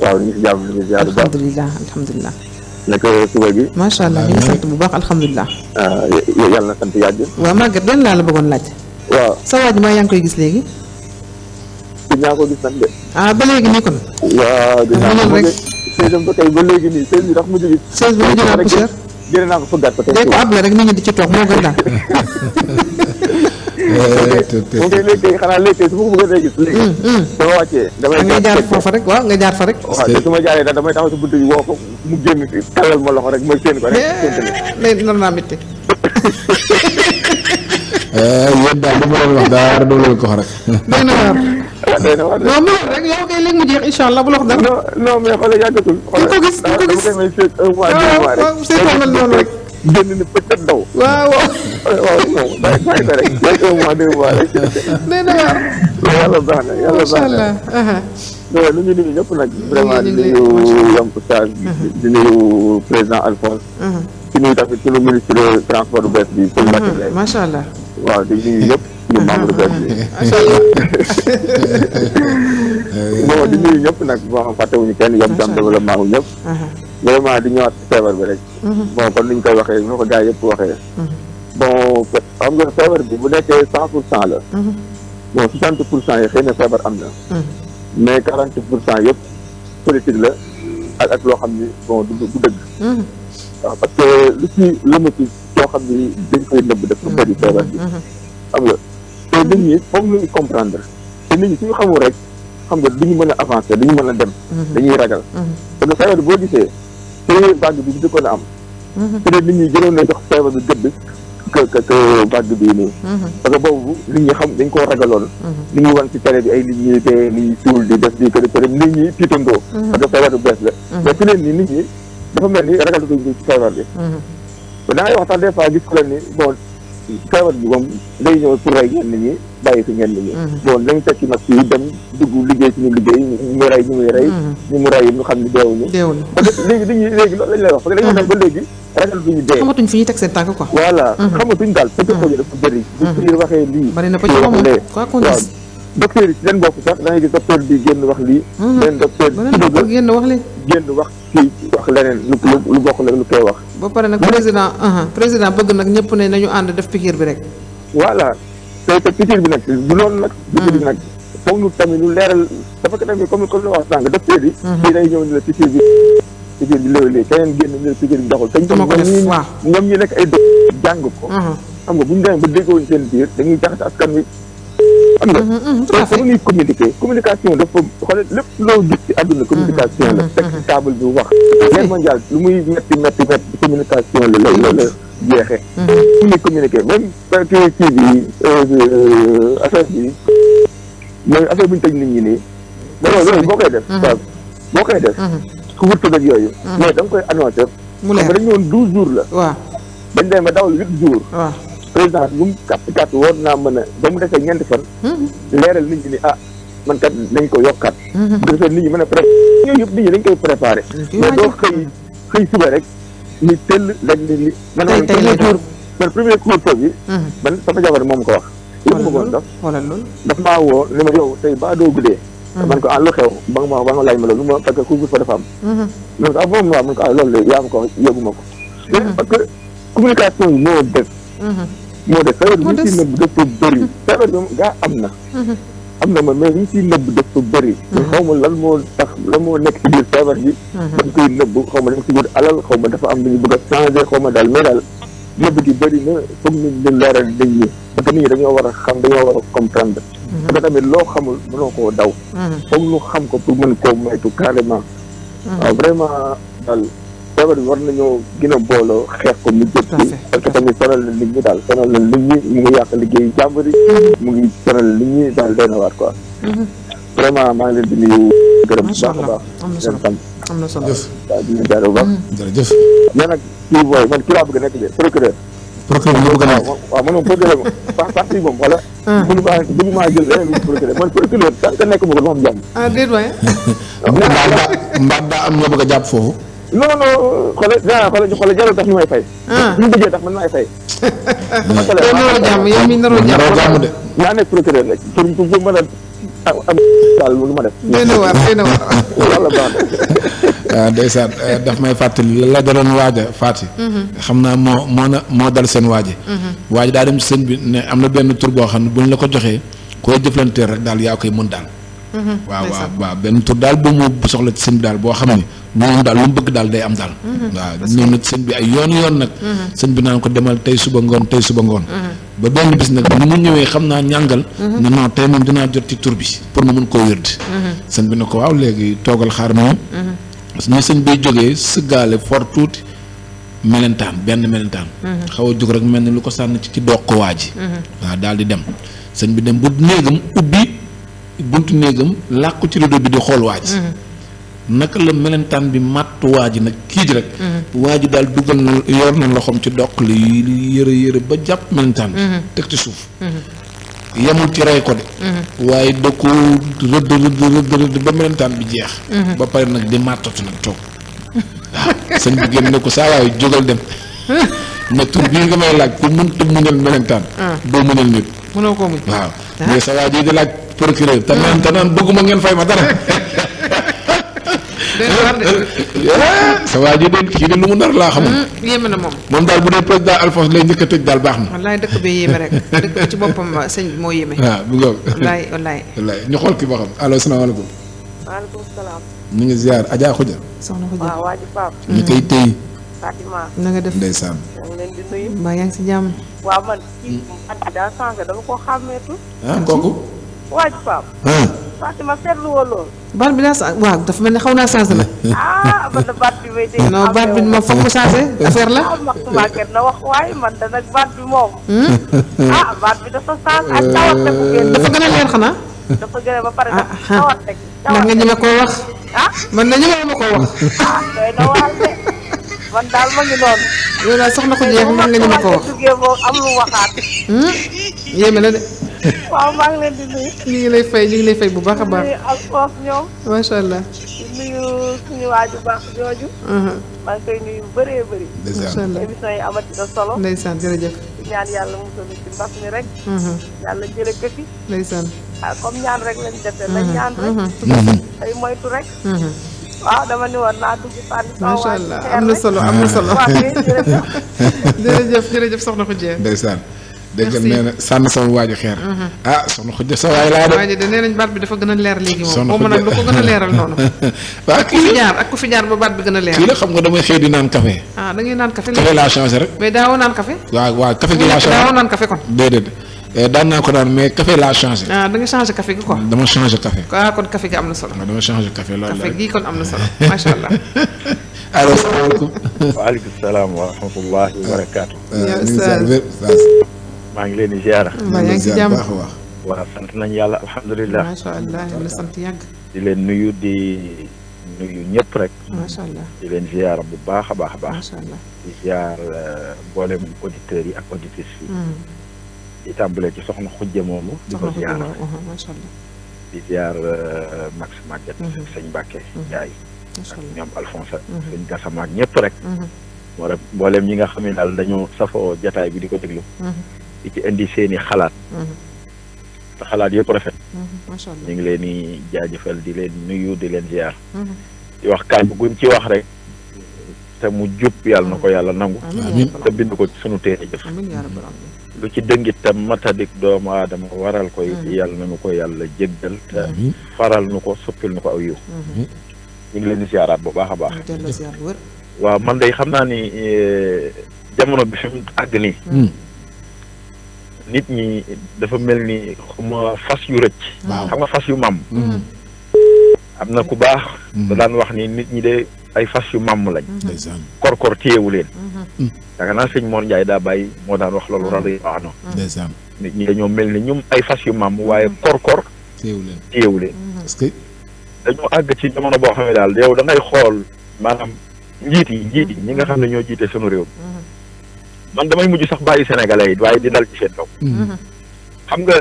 waaw ñu ngi si jàmm ñu ngi si jàmm alhamdulilah macha allah ñu ngi bu baax alhamdulilah. Ah, yàlla na sant yàgg. waaw Maguette benn laa la bëggoon laaj. waaw sa waaj maa yaa ngi koy gis léegi. dinaa ko gis nag de. ah ba léegi nii kon. waaw dinaa ko rek. séesam ba kay ba léegi nii sées bi ndax naa ko fëggaat ko tey. dee ko ab la rek nit ñi di ci toog moo gën daal. mu ngi léegi kay xanaa léegi kay su ma ko bëggee day gis léegi mm, mm. dama wàccee damay nga jaar rek waaw nga jaar fa rek waaw su ma jaaree daal damay taxaw si buntu bi ko mu génn tallal ma loxo rek ma séen ko rek lay nar naa métti yéen daal li ma na waar. doy na waar ah, non non rek yow kay léegi mu jeex incha allah bu la wax dara. non non mais noonu ah, rek. génn ni pëccat daw. waaw waaw non bàyyi bàyyi ko rek bàyyi ko mois deux mois rek. nee na yàlla baax na yàlla baax na. mais nu ñu nuyu ñëpp nag. vraiment di nuyu Yankou Tall. Uh-huh. di nuyu président Alphonse. Uh-huh. di nuyu tamit sunu ministre transport bu bees bi. Uh-huh. macha allah waaw di nuyu ñëpp. ñu membre bees bi. bon di nuyu ñëpp nag bon fàttewuñu kenn yam jam développement wu ñëpp. vraiment di ñëwaat ci feebar bi rek. Mhm. bon kon niñ koy waxee ñu ko gars yëpp waxee. Mhm. bon xam nga feebar bi bu nekkee cent pour cent la. Mhm. bon soixante pour cent yi xëy na feebar am na. mais quarante pour cent yëpp politique la ak loo xam ni bon du du dëgg. waaw parce que lu ci lëmatu soo xam ni dañ koy nëbb def. lu bëri feebar bi. xam nga te nit ñi foog ñu comprendre te nit ñi suñu xamul rek xam nga duñu mën a avancer duñu mën a dem. dañuy ragal. parce feebar boo première vague bi njëkkoon a am. Mhm. peut-être nit ñi gënoon na jox a bi gëdd. que que que vague bii nii. Mhm. parce que boobu nit ñi xam dañ koo ragaloon. Mhm. nit ñi wan nit ñi dee nit parce que feebar bu bees la. mais fi nit ñi dafa mel ni ragalatuñ ci feebar bi. a ngay wax sax des fois gis ku leen ni feebar bi moom day ñëw pour rey ñenn ñi bàyyi fi ñenn ñi mm-hmm. bon nañ tekki nag yi dem dugg liggéey suñu liggéey ñu rey ñu muy rey mm-hmm. ñu mu rey ñu xam ne deewuñu parce mm-hmm. xamatuñ fi ñuy teg seen tànk quoi voilà xamatuñ daal parce que dafa bëri bu fiir waxee lii bari na ba ci xamul waaw docteur yi si seen bopp sax da ngay gis docteur génn wax lii génn wax ciy wax lu lu bokk nag lu koy wax. ba pare nag président uh-huh, président bëgg nag ñëpp ne nañu ànd def piqûre bi rek. voilà tey te piqûre bi nag du noonu nag. Uh-huh. piqûre bi nag foog ñu tamit ñu leeral dafa ko tamit comme comme la wax sànq docteur yi. kii day ñëw ni la piqûre bi piqûre bi léeg-léeg keneen génn ñu la piqûre bi doxul. te ñoom ñi ñoom ñi nekk ay dëkk jàng ko. Uh-huh. xam nga bu ñu demee ba déggoon seen biir dañuy jaxase askan wi. xam na mm-hmm, mm-hmm, donc bu ñuy communiquer communication dafa xoolal lépp loo gis ci àdduna mm-hmm, communication la. teg ci table bi wax. guerre mondiale lu muy métti métti métti communication la loolu la jeexee. bu ñuy communiquer même bi euh, euh, affaire bi mooy affaire bu ñu tëj nit ñi nii. loolu boo koy def. waaw boo koy def. ku wut ak yooyu. mais da koy annoncé. mu leer xam nga dañu ñëwoon la. waaw dañ dem ba dawal huit jours. président lu mu kàtt kàtt war naa a ba mu defee ñeenti fan. Hmm. leeral nit ñi ni ah man kat dañ ko yokkaat. Hmm. bu defee nit ñi mën a pré yooyu yëpp nit ñi dañ koy préparé. mais doo xëy xëy suba rek ni tëll lañ li man man premier jour man premier couvre-feu bi. Hmm. man sama jabar moom ko wax. xoolal loolu xoolal loolu daf maa woo li ma yow tey ba doo guddee. man ko ah lu xew ba nga ma ba nga laaj ma loolu ma parce que couvre-feu dafa am. man ko ah moom waaw man ko ah loolu yaa ma ko yóbbu ma ko. parce communication yi moo def. moo des feebar mhm. bi ñu siy nëbb dafa bëri feebar bi gaa am na mhm. am na ma mais li ñu siy nëbb dafa bëri ñu mhm. xaw ma lan moo tax lan moo nekk ci biir feebar bi dañ koy nëbb xaw ma dañ si wut alal xaw ma dafa am lu ñu bëgg a changé xaw ma daal mais daal nëbb gi bëri na foog ñu di leeral nit ñi parce que nit ñi dañoo war a xam dañoo war a comprendre parce tamit loo xamul mënoo koo daw foog ñu xam ko pour mën koo moytu carrément waaw vraiment feebar bi war nañoo gën booloo xeex ko mu jot ci parce que tamit sonal na nit ñi daal sonal na nit ñi mu ngi yàq liggéey jàmbur mm-hmm. mu ngi sonal nit ñi daal doy na waar quoi mm-hmm. vraiment maa ngi leen di nuyu gërëm a baax am na solo waaw dina jaar bu baax mm-hmm. a nekk de procureur procureur nga bëgg a nekk waaw man moom procureur moom parti moom wala mënu ah. maa nekk ma ko du ma am jàmm ah, am ñoo bëgg a jàpp foofu non non xoolal dara xoolal xoolal jarul tax ñu may fay. Ah. ñu bëggee tax man maay fay. naroo jàmm yow mii naroo jàmm de. maa nekk procureur rek pour a am lu ma def. nee na waar nee ah, eh, daf may fàttali la la daloon waaja fàtti. Mhm. xam naa moo moo na moo dal seen waaji. Mhm. waaji daa dem seen bi ne am na benn tur boo xam ne buñ la ko joxee koo jëflanteel rek daal yaa koy mën daal. Mhm. waaw waaw waaw benn tur daal ba mu soxla ci sëñ bi daal boo xam ne moom daal lu mu bëgg daal day am daal mhm. waaw ñëw sëñ bi ay yoon yoon nag mhm. sëñ bi naan ko demal tey suba ngoon tey suba ngoon ba benn bis nag ni mu ñëwee xam naa ñàngal ne non tey moom dinaa jot ci tur bi pour ma mën koo wérd sëñ bi na ko waaw léegi toogal xaar moom ñu sëñ bay jógee sëggaale for tuuti melentaan benn melentaan xaw a jóg rek mel ni lu ko sànn ci ci doq waa ji waaw daal di dem sëñ buntu néegam làqu ci rido bi di xool waaj mhm. naka la melentaan bi màtt waa ji nag kiij rek mhm. waa ji daal dugal na yor na loxoom ci doq li yëre yëre ba jàpp melentaan bi mhm. teg ci suuf yemul ci rey ko de waaye da ko bi jeex ba pare nag di màttatu nag toog waaw ah, sëñ bi génn ne ko saa waaye jógal dem ne tur bii nga may laaj ku mënta muñal melentaan ah. doo muñal nit mënoo ko muñ waaw ah. mais sa di laaj procureur te naan te naan bëgguma ngeen fay ma dara. sa waa ji de kii de lu mu nar laa xamul. Hmm, yéeme na moom. moom daal bu dee président Alphonse lay njëkk tëj daal baax na. wallaay dëkk bi yéeme rek dëkk ci boppam uh, sëñ bi moo yéeme. waaw ah, bu ngoog. allo salaamaaleykum. maaleykum salaam. ñu ngi ziar Adja Khoudia. soxna Khoudia waaw koy téye. Fatima. def ndeysaan. yaa ngi yaa ngi si jàmm. Ah, kooku. waaj Pape. Fatima seetlu woo loolu. baat bi naa waaw dafa mel ne xaw naa changé nag. ah man ah, na wax waaye man hmm? ah, a a ba pare ah, dafa de ñeme ma koo wax. ah na daal ma ngi noonu. yow daal soxna ko jeex man nga ñeme koo wax. am lu waxaat. Hmm? yéeme la de. waaw maa ngi leen di nuyu. ñu ngi lay fay ñu ngi lay fay bu baax a baax. di nuyu ak foofu allah. di nuyu suñu waaju baax jooju. Uh-huh. maa koy nuyu bëree bëri. macha allah émission yi amati na solo. ndeysaan jërëjëf. ñaan yàlla uh-huh. yàlla jële ah, rek lañ defee. Uh-huh. Mm-hmm. allah am na solo am na solo. jërëjëf jërëjëf soxna ko jeex. ndeysaan. déggal nee na sànn sama waajo xeer ah soxna xujja sa waay laa de waajo de nee nañ baat bi dafa gën a leer léegi moom boo mën a lu ko gën a leeral noonu waaw ku fi jaar ak ku fi jaar ba baat bi gën a leer kii la xam nga damay xëy di naan café ah da ngay naan café café laa changé rek mais daawoo naan café waaw waaw café gi laa changé daawoo naan café kon déedéet daan naa ko daan mais café laa changé ah da nga changé café gi quoi dama changé café ah kon café gi am na solo dama changé café loolu café gi kon am na solo macha allah allo salaamaaleykum waaleykum salaam wa rahmatullahi wa barakatu maa ngi leen di ziar. maa ngi leen di ziar baax wax. waaw sant nañu yàlla alhamdulilah. macha allah yàlla sant yàgg. di leen nuyu di nuyu ñëpp rek. macha allah di leen ziar bu baax a baax a baax. macha allah di ziar mboolem eh, auditeurs yi ak auditrices yi. Hmm. di tàmbalee ci soxna xujje moomu. di ko ziar macha allah. di ziar eh, Max Maguette. Hmm. sëñ Mbacke hmm. Ndiaye. ak ñoom Alphonse. sëñ Gassama ak ñëpp rek. moo rek mboolem ñi nga xam ne daal dañoo safoo jataay bi di ko déglu. di ci indi seen i xalaat. Mm-hmm. te xalaat yëpp rafet. Mm-hmm. ñu ngi leen di jaajëfal di leen nuyu di leen ziar. Mm-hmm. di wax kàddu guñ ci wax rek. te mu jub yàlla na ko yàlla nangu. te bind ko sunu téere jëf. lu ci dëngit te matadik doomu aadama waral koy yàlla na nu ko yàlla jéggal te faral nu ko suppil nu ko aw yiw ñu ngi leen di bu baax a baax waaw man day xam naa ni eh, jamono bi fi àgg nii mm. nit ñi dafa mel ni xuma fas yu rëcc xam nga fas yu mam mm-hmm. mm-hmm. am na ku baax mm-hmm. da daan wax ni nit ñi de ay fas yu mam lañ kor kor téyewu leen yaakaar naa sëñ Mor Ndiaye daa bàyyi moo daan wax loolu radiyallaahu anhu nit ñi dañoo mel ni ñum ay fas yu mam waaye kor kor téyewu leen téyewu parce que dañoo àgg ci jamono boo xam ne daal yow da ngay xool maanaam njiit yi njiit yi ñi nga xam ne ñoo jiite sunu réew man damay mujj sax bàyyi sénégalais yi waaye di dal ci seen kaw. Mm-hmm. Mm-hmm. xam nga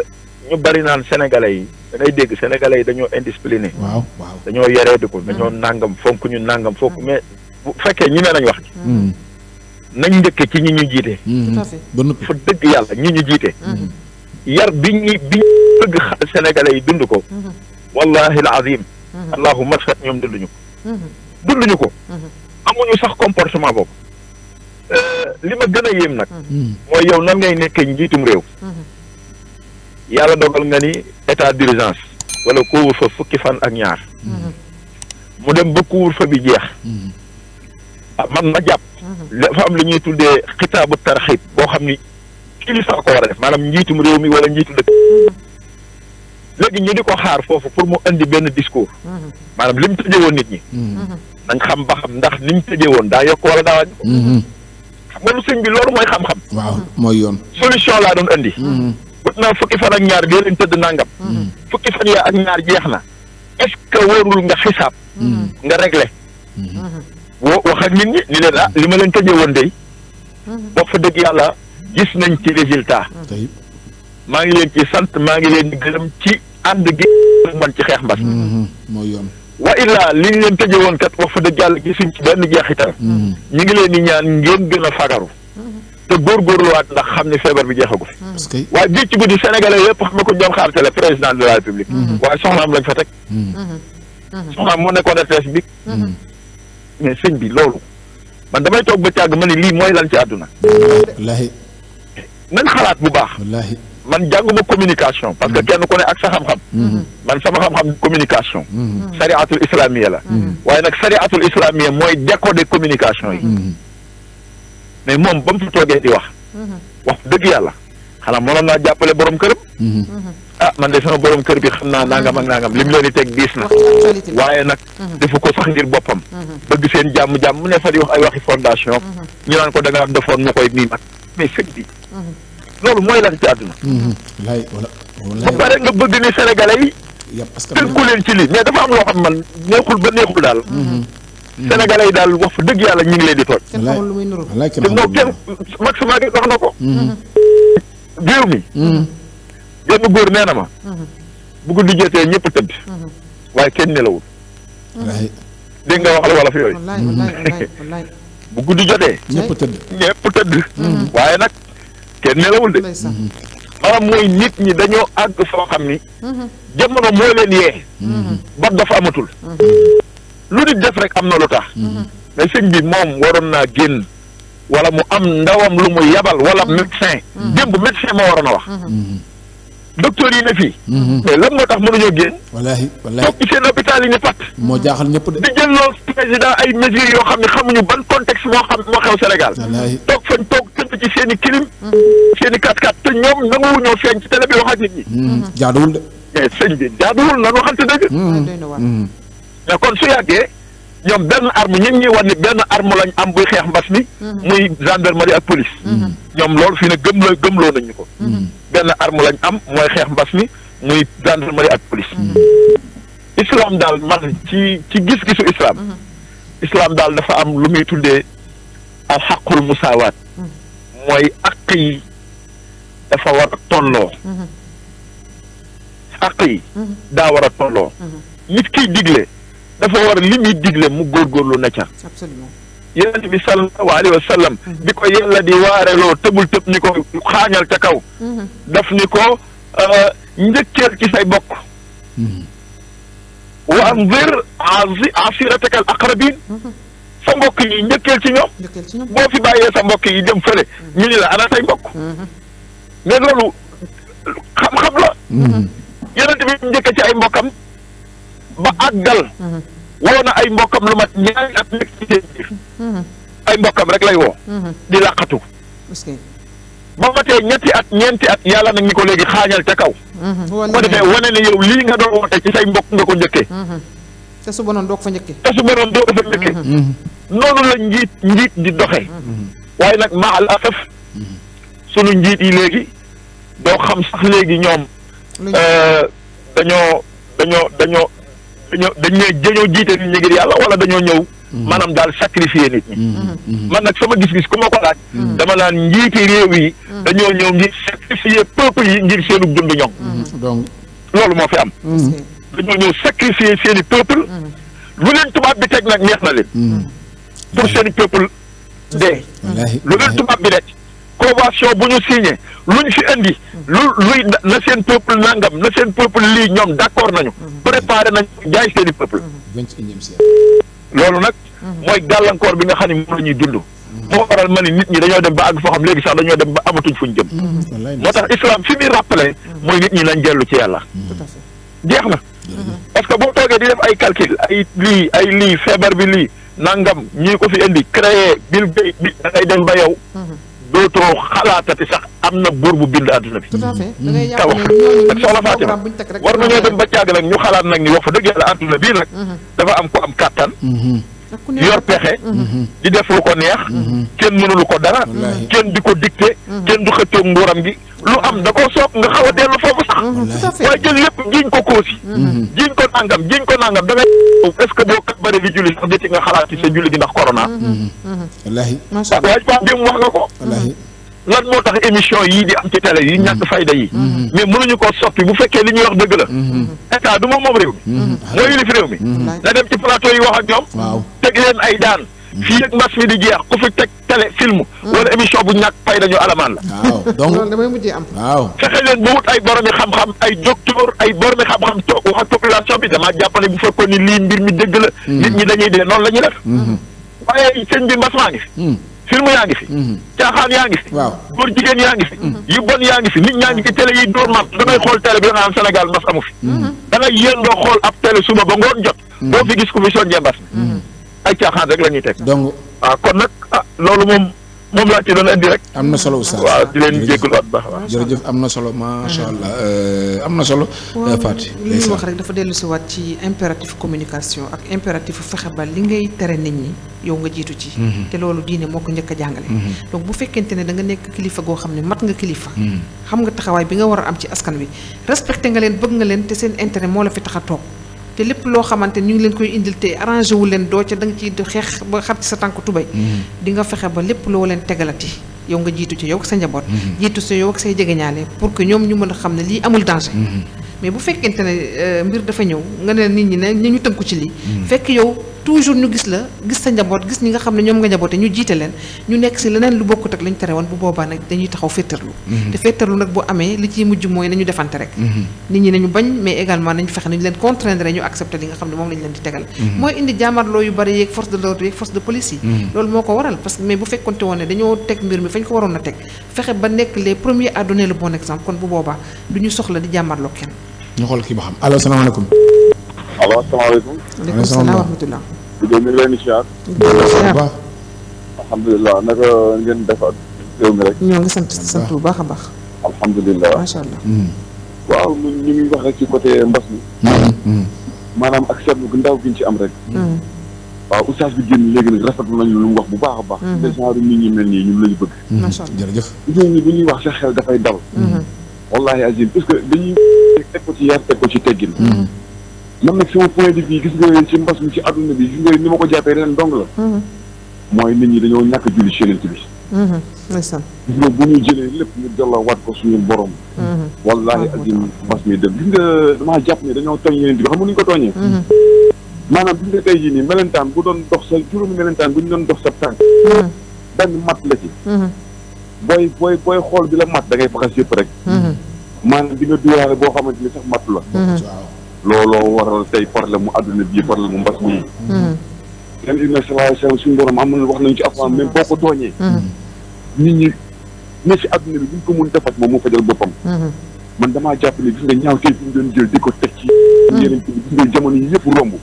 ñu bari naan sénégalais yi dangay dégg sénégalais yi dañoo indiscipliné. waaw waaw dañoo yareediku mm-hmm. dañoo nàngam fonk ñu nàngam fonk mais bu fekkee ñi nee nañ wax nañ njëkkee ci ñi ñu jiite. fa dëgg yàlla ñi ñu jiite. yar bi ñu bi ñu bëgg sénégalais yi dund ko. wallahi al azim. allahumma ñoom dunduñu ko. dunduñu ko. amuñu sax comportement boobu. Euh, li ma gën a yéem nag. Hmm. Hmm. mooy yow nan ngay nekkee njiitum réew. Hmm. yàlla dogal nga ni état d'urgence wala couvre-feu fukki fan ak ñaar. mu dem ba couvre-feu bi jeex. Ah man ma jàpp. dafa am lu ñuy tuddee xitaabu tarxib boo xam ni kilifa ko war a def maanaam njiitum réew mi wala njiitu dëkk. léegi ñu di ko xaar foofu pour mu indi benn discours. maanaam li mu woon nit ñi. nañ xam ba xam ndax li mu woon daa yokk wala daa wàññi moom bi loolu mooy xam-xam. waaw mooy yoon. solution laa doon indi mm-hmm. wut naa fukki fan ak ñaar dee leen tëdd nangam. Mm-hmm. fukki fan yaa ak ñaar jeex na. est-ce que wóorul nga xisaab. Mm-hmm. nga réglé. woo wax ak nit ñi ni leen ah li ma leen tëjee woon de. wax fa dëgg yàlla gis nañ ci résultat. maa ngi leen ci sant maa ngi leen di gërëm ci ànd gi man ci xeex mbas. mooy yoon. وإلا لين ينتجي وان كات وفو دجال جسين كبير نجي أخيطا نيجلي نيان نجين جنا فاقارو تبور غورلو وات نخ خامني فيبر بجي خوف وات جيت بو دي سنغالي يب حما كو جام خارتا لا پريزنان دولا ربيبليك وات سوح نام لك فتك سوح نام مونة كونة بيك مين سين بي لولو من دمائي توق مني لي موي لانتي عدونا من خلات مباح man jànguma communication parce que mm-hmm. kenn ku ne ak sa xam-xam mm-hmm. man sama xam-xam communication mm-hmm. sariatul islamiyya la waaye nag sariatul islamiyya mooy décoder communication yi mais moom ba mu fi toogee di wax wax dëgg yàlla xanaa mënoon naa jàppale borom këram ah man de sama boroom kër bi xam naa nangam ak nangam lim leen di teg gis na waaye nag defu ko sax ngir boppam bëgg seen jàmm-jàmm mu ne fa di wax ay waxi fondation ñu naan ko da koy nii nag loolu mooy la ci àdduna. na mm-hmm. ba pare nga bëgg ni sénégalais yi. yàpp parce que tënku leen ci lii mais dafa am loo xam man neexul ba neexul daal. Mm-hmm. Mm-hmm. sénégalais yi daal wax fa dëgg yàlla ñu ngi leen di toj. walaay kenn xamul kenn maximum gi wax na ko. réew mi. genn góor nee na ma. bu ko dijjatee ñëpp tëdd. waaye kenn nelawul. nga waxal wolof yooyu. bu guddi jotee. ñëpp tëdd ñëpp tëdd. waaye nag kenn nelawul de maanaam mooy nit ñi dañoo àgg foo xam ni mhm. jamono moo leen yee mhm. ba dafa amatul mhm. lu nit def rek am na lu tax mais bi moom waroon naa génn wala mu am ndawam lu mu yabal wala médecin démb médecin moo waroon a wax docteur yi ne fii. Mhm. mais lan moo tax mënuñoo génn. wallaahi wallaahi toog ci seen hôpital yi moo jaaxal ñëpp de. di jël loolu président ay mesures yoo xam ne xamuñu ban contexte moo xam moo xew Sénégal. wallaahi toog fañ toog tënk ci seen i clim. seen i kat kat te ñoom nanguwuñoo feeñ ci télé bi wax ak nit ñi. Mhm. jaaduwul de. mais sëñ bi jaaduwul nan waxante dëgg. Mhm. mais kon su yàggee. ñoom benn arme ñi ngi ñuy wan ni benn armo lañ am buy xeex mbas mi. Mhm. muy gendarmerie ak police. Mhm. ñoom loolu fii ne gëmloo gëmloo nañu ko. Mhm. benn arme lañ am mooy xeex mbas mi muy gendarmerie ak police. islam daal man ci ci gis-gisu islam. islam daal dafa am lu muy tuddee al xaqul musaawaat. mooy àq yi dafa war a tolloo. àq yi daa war a tolloo. nit kiy digle. dafa war li muy digle mu góorgóorlu na ca yonent bi sallallahu alayhi wa sallam bi ko yàlla di waareloo tëbul tëb ni ko xaañal ca kaw daf ni ko njëkkeel ci say bokk wa asi asirataka al aqrabin sa mbokk yi njëkkeel ci ñoom boo fi bàyyee sa mbokk yi jëm fële ñu ni la ana say mbokk mais loolu xam-xam la yonent bi njëkke ci ay mbokkam ba ak dal. na ay mbokkam lu mat ñaari at nekk ci ay mbokkam rek lay woo. di làqatu. ba matee ñetti at ñeenti at yàlla nag ñi ko léegi xaañal ca kaw. wane ko defee wane ne yow lii nga doon woote ci say mbokk nga ko njëkkee. te su bonoon doo ko fa njëkkee. noonu la njiit njiit di doxee. waaye nag maa la xef sunu njiit yi léegi doo xam sax léegi ñoom. Euh, dañoo dañoo dañoo. ñoo dañoo dañoo jiite nit ñi ngir yàlla wala dañoo ñëw. Mm-hmm. maanaam daal sacrifier nit ñi. Mm-hmm. Mm-hmm. man nag sama gis-gis ku ma ko laaj. dama naan njiiti réew yi. dañoo ñëw ngir sacrifier peuple yi ngir seenu dund ñoom. donc loolu moo fi am. dañoo ñëw sacrifier seeni peuple. lu leen tubaab bi teg nag neex na leen. pour seeni peuple dee. lu leen tubaab bi rek. convention bu ñu signé ñu fi indi lu luy na seen peuple nangam na seen peuple lii ñoom d' accord nañu préparé nañ jaay seen peuple loolu nag mooy gàllankoor bi nga xam ne moom la ñuy dund moo waral ma ni nit ñi dañoo dem ba àgg foo xam léegi sax dañoo dem ba amatuñ fuñ jëm moo tax islam fi muy rappelé mooy nit ñi nañ dellu ci yàlla jeex na parce que boo toogee di def ay calcul ay lii ay lii feebar bi lii nangam ñii ko fi indi créé Bill bi da dem ba dootoo xalaatati sax am na buur bu bind àdduna bi. taw ak soxla Fatima war nañoo dem ba caag nag ñu xalaat nag ni wax fa dëgg yàlla àdduna bii nag mhm. dafa am ku am kàttan mhm. yor pexe mm-hmm. di def lu ko neex mm-hmm. kenn mënulu ko dara kenn di ko dicté mm-hmm. kenn du xëccoog nguuram gi lu am da koo soog nga xaw a dellu foofu sax waaye jël lépp jiñ ko koosi jiñ ko nangam jiñ ko nangam da ngay est-ce que boo kat bëri bi julli sax jëti nga xalaat ci sa julli gi ndax korona wallaahi waaye paa bi mu wax nga ko lan moo tax émission yii di am ci télé yi ñàkk mm-hmm. fayda yi mm-hmm. mais mënuñu koo soppi bu fekkee li ñuy wax dëgg la mm-hmm. état du moom moom réew mi moo yilif réew mi na dem ci plateau yi wax ak ñoom teg leen ay daan fii ak mbas mi di jeex ku fi teg télé film wala émission bu ñàkk fayda ñu alamaan la waaw donc damay am fexe leen ba wut ay boromi xam-xam ay docteur ay boromi xam-xam toog wax ak population bi damaa jàpp ne bu fekkoon nit lii mbir mi dëgg la nit ñi dañuy dee noonu la ñuy def waaye sëñ bi mbas maa ngi film yaa ngi fi. Mhm. caaxaan yaa ngi fi. waaw góor jigéen yaa ngi fi. Mhm. yu bon yaa ngi fi nit ñaa ngi ci télé yiy dóor maam dangay xool télé bi da nga am Sénégal mbas amu fi. Mhm. dangay yëngoo xool ab télé suba ba ngoon jot. boo fi gis ku fi soññee mbas. ay caaxaan rek la ñuy teg. donc waaw ah, kon nag ah loolu moom. moom laa ci doon indi rek. am na solo oustaz waaw di leen jégaluwaat baax waaw. jërëjëf am na solo macha allah euh, am na solo. Euh, Fatou li ñuy wax rek dafa dellu si ci impératif communication ak impératif fexe ba li ngay tere nit ñi yow nga jiitu ci. Mhm. te loolu diine moo ko njëkk a jàngale. Mhm. donc bu fekkente ne da nga nekk kilifa goo xam ne mat nga kilifa. Mhm. xam nga taxawaay bi nga war a am ci askan wi respecté nga leen bëgg nga leen te seen intérêt moo la fi tax a toog. te lépp loo xamante ñu ngi leen koy indil te arrangé wu leen doo ca da nga xeex ba xam ci sa tànk tubay mm-hmm. dinga fexe ba lépp loo leen tegalati yow nga jiitu ci yow ak sa njaboot mm-hmm. jiitu sa yow ak say jegeñaale pour que ñoom ñu mën a xam ne lii amul danger mm-hmm. mais bu fekkente ne euh, mbir dafa ñëw nga ne nit ñi ne ñu tënku ci lii fekk yow toujours ñu gis la gis sa njaboot gis ñi nga xam ne ñoom nga njaboote ñu jiite leen ñu nekk si leneen lu bokkut ak lañ tere woon bu boobaa nag dañuy taxaw féttarlu mhm. te féttarlu nag bu amee li ciy mujj mooy nañu defante rek mhm. nit ñi nañu bañ mais également nañu fexe nañu leen contraindre ñu accepter li nga xam ne moom lañ leen di tegal mhm. mooy indi jaamarloo yu bari yeeg force de l'ordre yeeg force de police yi loolu moo ko waral parce que mais bu fekkonte woon ne dañoo teg mbir mi fañ ko waroon a teg fexe ba nekk les premiers à donner le bon exemple kon bu boobaa du ñu الو السلام عليكم وعليكم السلام ورحمه الله di ñu leen ziar alhamdulilah naka ngeen def ak réew mi rek ñoo ngi sant sant bu baax a baax alhamdulilah macha allah waaw ñu ngi wax rek ci côté mbas mi maanaam ak seetlu gu ndaw gi ñu ci am rek waaw oustaz bi génn léegi nag rafetlu nañu lu mu wax bu baax a baax te genre nit ñi mel nii ñun lañu bëgg macha allah jërëjëf ñun ñi bu ñuy wax sa xel dafay dal wallahi azim parce que dañuy teg ko ci yar teg ko ci teggin nam nek sama point de vue gis nga ci mbass mi ci aduna bi gis nga ni mako jappé ren dong la hmm moy nit ñi dañoo ñak julli ci yenen bi hmm ndeysaan gis nga bu ñu jëlé lepp ñu dalla wat ko suñu borom hmm wallahi mm-hmm. azim mbass mi de gis nga dama japp ni dañoo togn yenen bi xam nga ñu ko togné hmm manam gis nga tay ji ni melentane bu doon dox sa juroom melentane bu ñu doon dox sa tank hmm ben mat la ci hmm boy boy boy xol bi la mat da ngay faxas yépp rek mm-hmm. man bi nga duwaré bo xamanteni sax mat la hmm looloo waral tey problème mu àdduna bii problème mu mbas mi. ren une installation suñu borom am na wax nañu ci avant même boo ko tooñee. nit ñi ne si àdduna bi buñ ko mun defat moom mu fajal boppam. man damaa jàpp ne gis nga ñaaw tey fi ñu doon jël di ko teg ci. yeneen ci gis nga yi yëpp romb.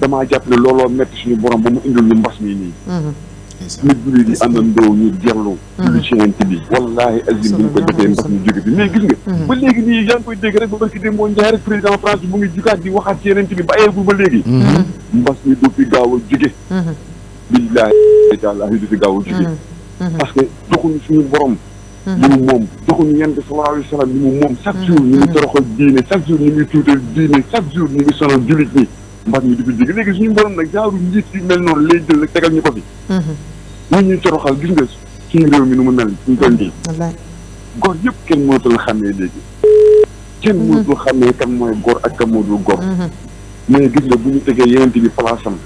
damaa jàpp ne looloo metti suñu borom ba mu indil ñu mbas mi nii. ñu julli di àndandoo ñu gerloo mm-hmm. ci yonent bi wallaahi azim bu ñu ko defee ndax ñu jóge bi mais gis nga mm-hmm. ba léegi nii yaa ngi koy dégg rek ba barki dé moo njaay rek président France bu ngi jukaat di waxaat ci yonent bi bàyyeegul ba léegi mm-hmm. mbas mi du fi gaaw a jóge billaahi taalaahi du fi gaaw a jóge parce que joxuñu suñu borom li mu moom joxuñu yonent sallallahu alayhi wa sallam li mu moom chaque jour ñu ngi toroxal diine chaque jour ñu ngi tuutal diine chaque jour ñu mbas mi di ko jig léegi suñu borom nag genre njiit yu mel noonu lay jël nag tegal ñu ko fi ñu mhm. ñuy toroxal gis nga suñu réew mi nu mu mel suñu toll nii góor yëpp kenn mënatul xamee léegi kenn mhm. mënatul xamee kan mooy gor ak kan moo dul góor mhm. mais gis nga bu ñu tegee yeneen bi place am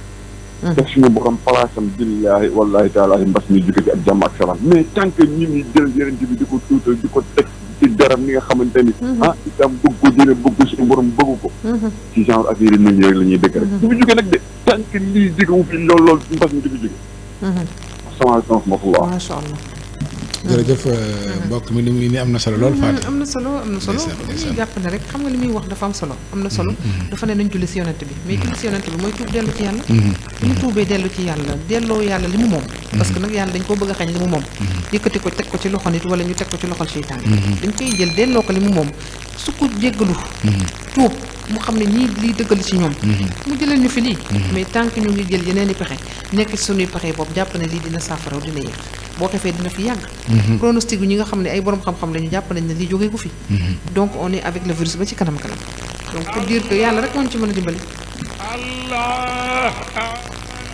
def suñu borom place am billaahi wallaahi taalaahi mbas mi jóge ci ak jàmm ak salaam mais tant que ñu ngi jël bi di ko tuutal di ko teg ci daram ni nga xamante ni mhm. ah itam bëgg dina bëgg suñu borom bëgg ko mhm. ci genre ak yéen nit ñi rek la ñuy dëkk rek mhm. du de tant que lii jógewu fi loolu mbas mi du fi jóge sama sama ma jërëjëf euh, mbokk mi li mu ni am na solo lool Fatou. Mm, am na solo am na solo dañuy jàpp rek xam nga li muy wax dafa am solo am na solo mm-hmm. Mm-hmm. dafa ne nañ julli si yonent bi mais julli si yonent bi mooy tuub ci yàlla mm-hmm. bu ñu yàlla delloo moom parce que nag yàlla dañ koo bëgg a xañ li mu moom ko teg ko ci loxo nit wala ñu teg ko ci loxol seytaan dañ koy jël delloo ko li mu moom su ko jéggalu tuub mu xam ne ñii liy dëggal ci ñoom mu jëlal ñu fi lii mais tant que ñu ngi jël yeneen i pexe nekk suñuy pexe boobu jàpp ne lii dina saafaraw dina yëg boo tefee dina fi yag mhm. pronostic bi ñi nga xam ay borom xam-xam lañu japp nañ ne lii jógee gu fi. Mhm. donc on est avec le virus ba ci kanam kanam. donc pour dire que yalla rek mo ci mën a dimbali. Allah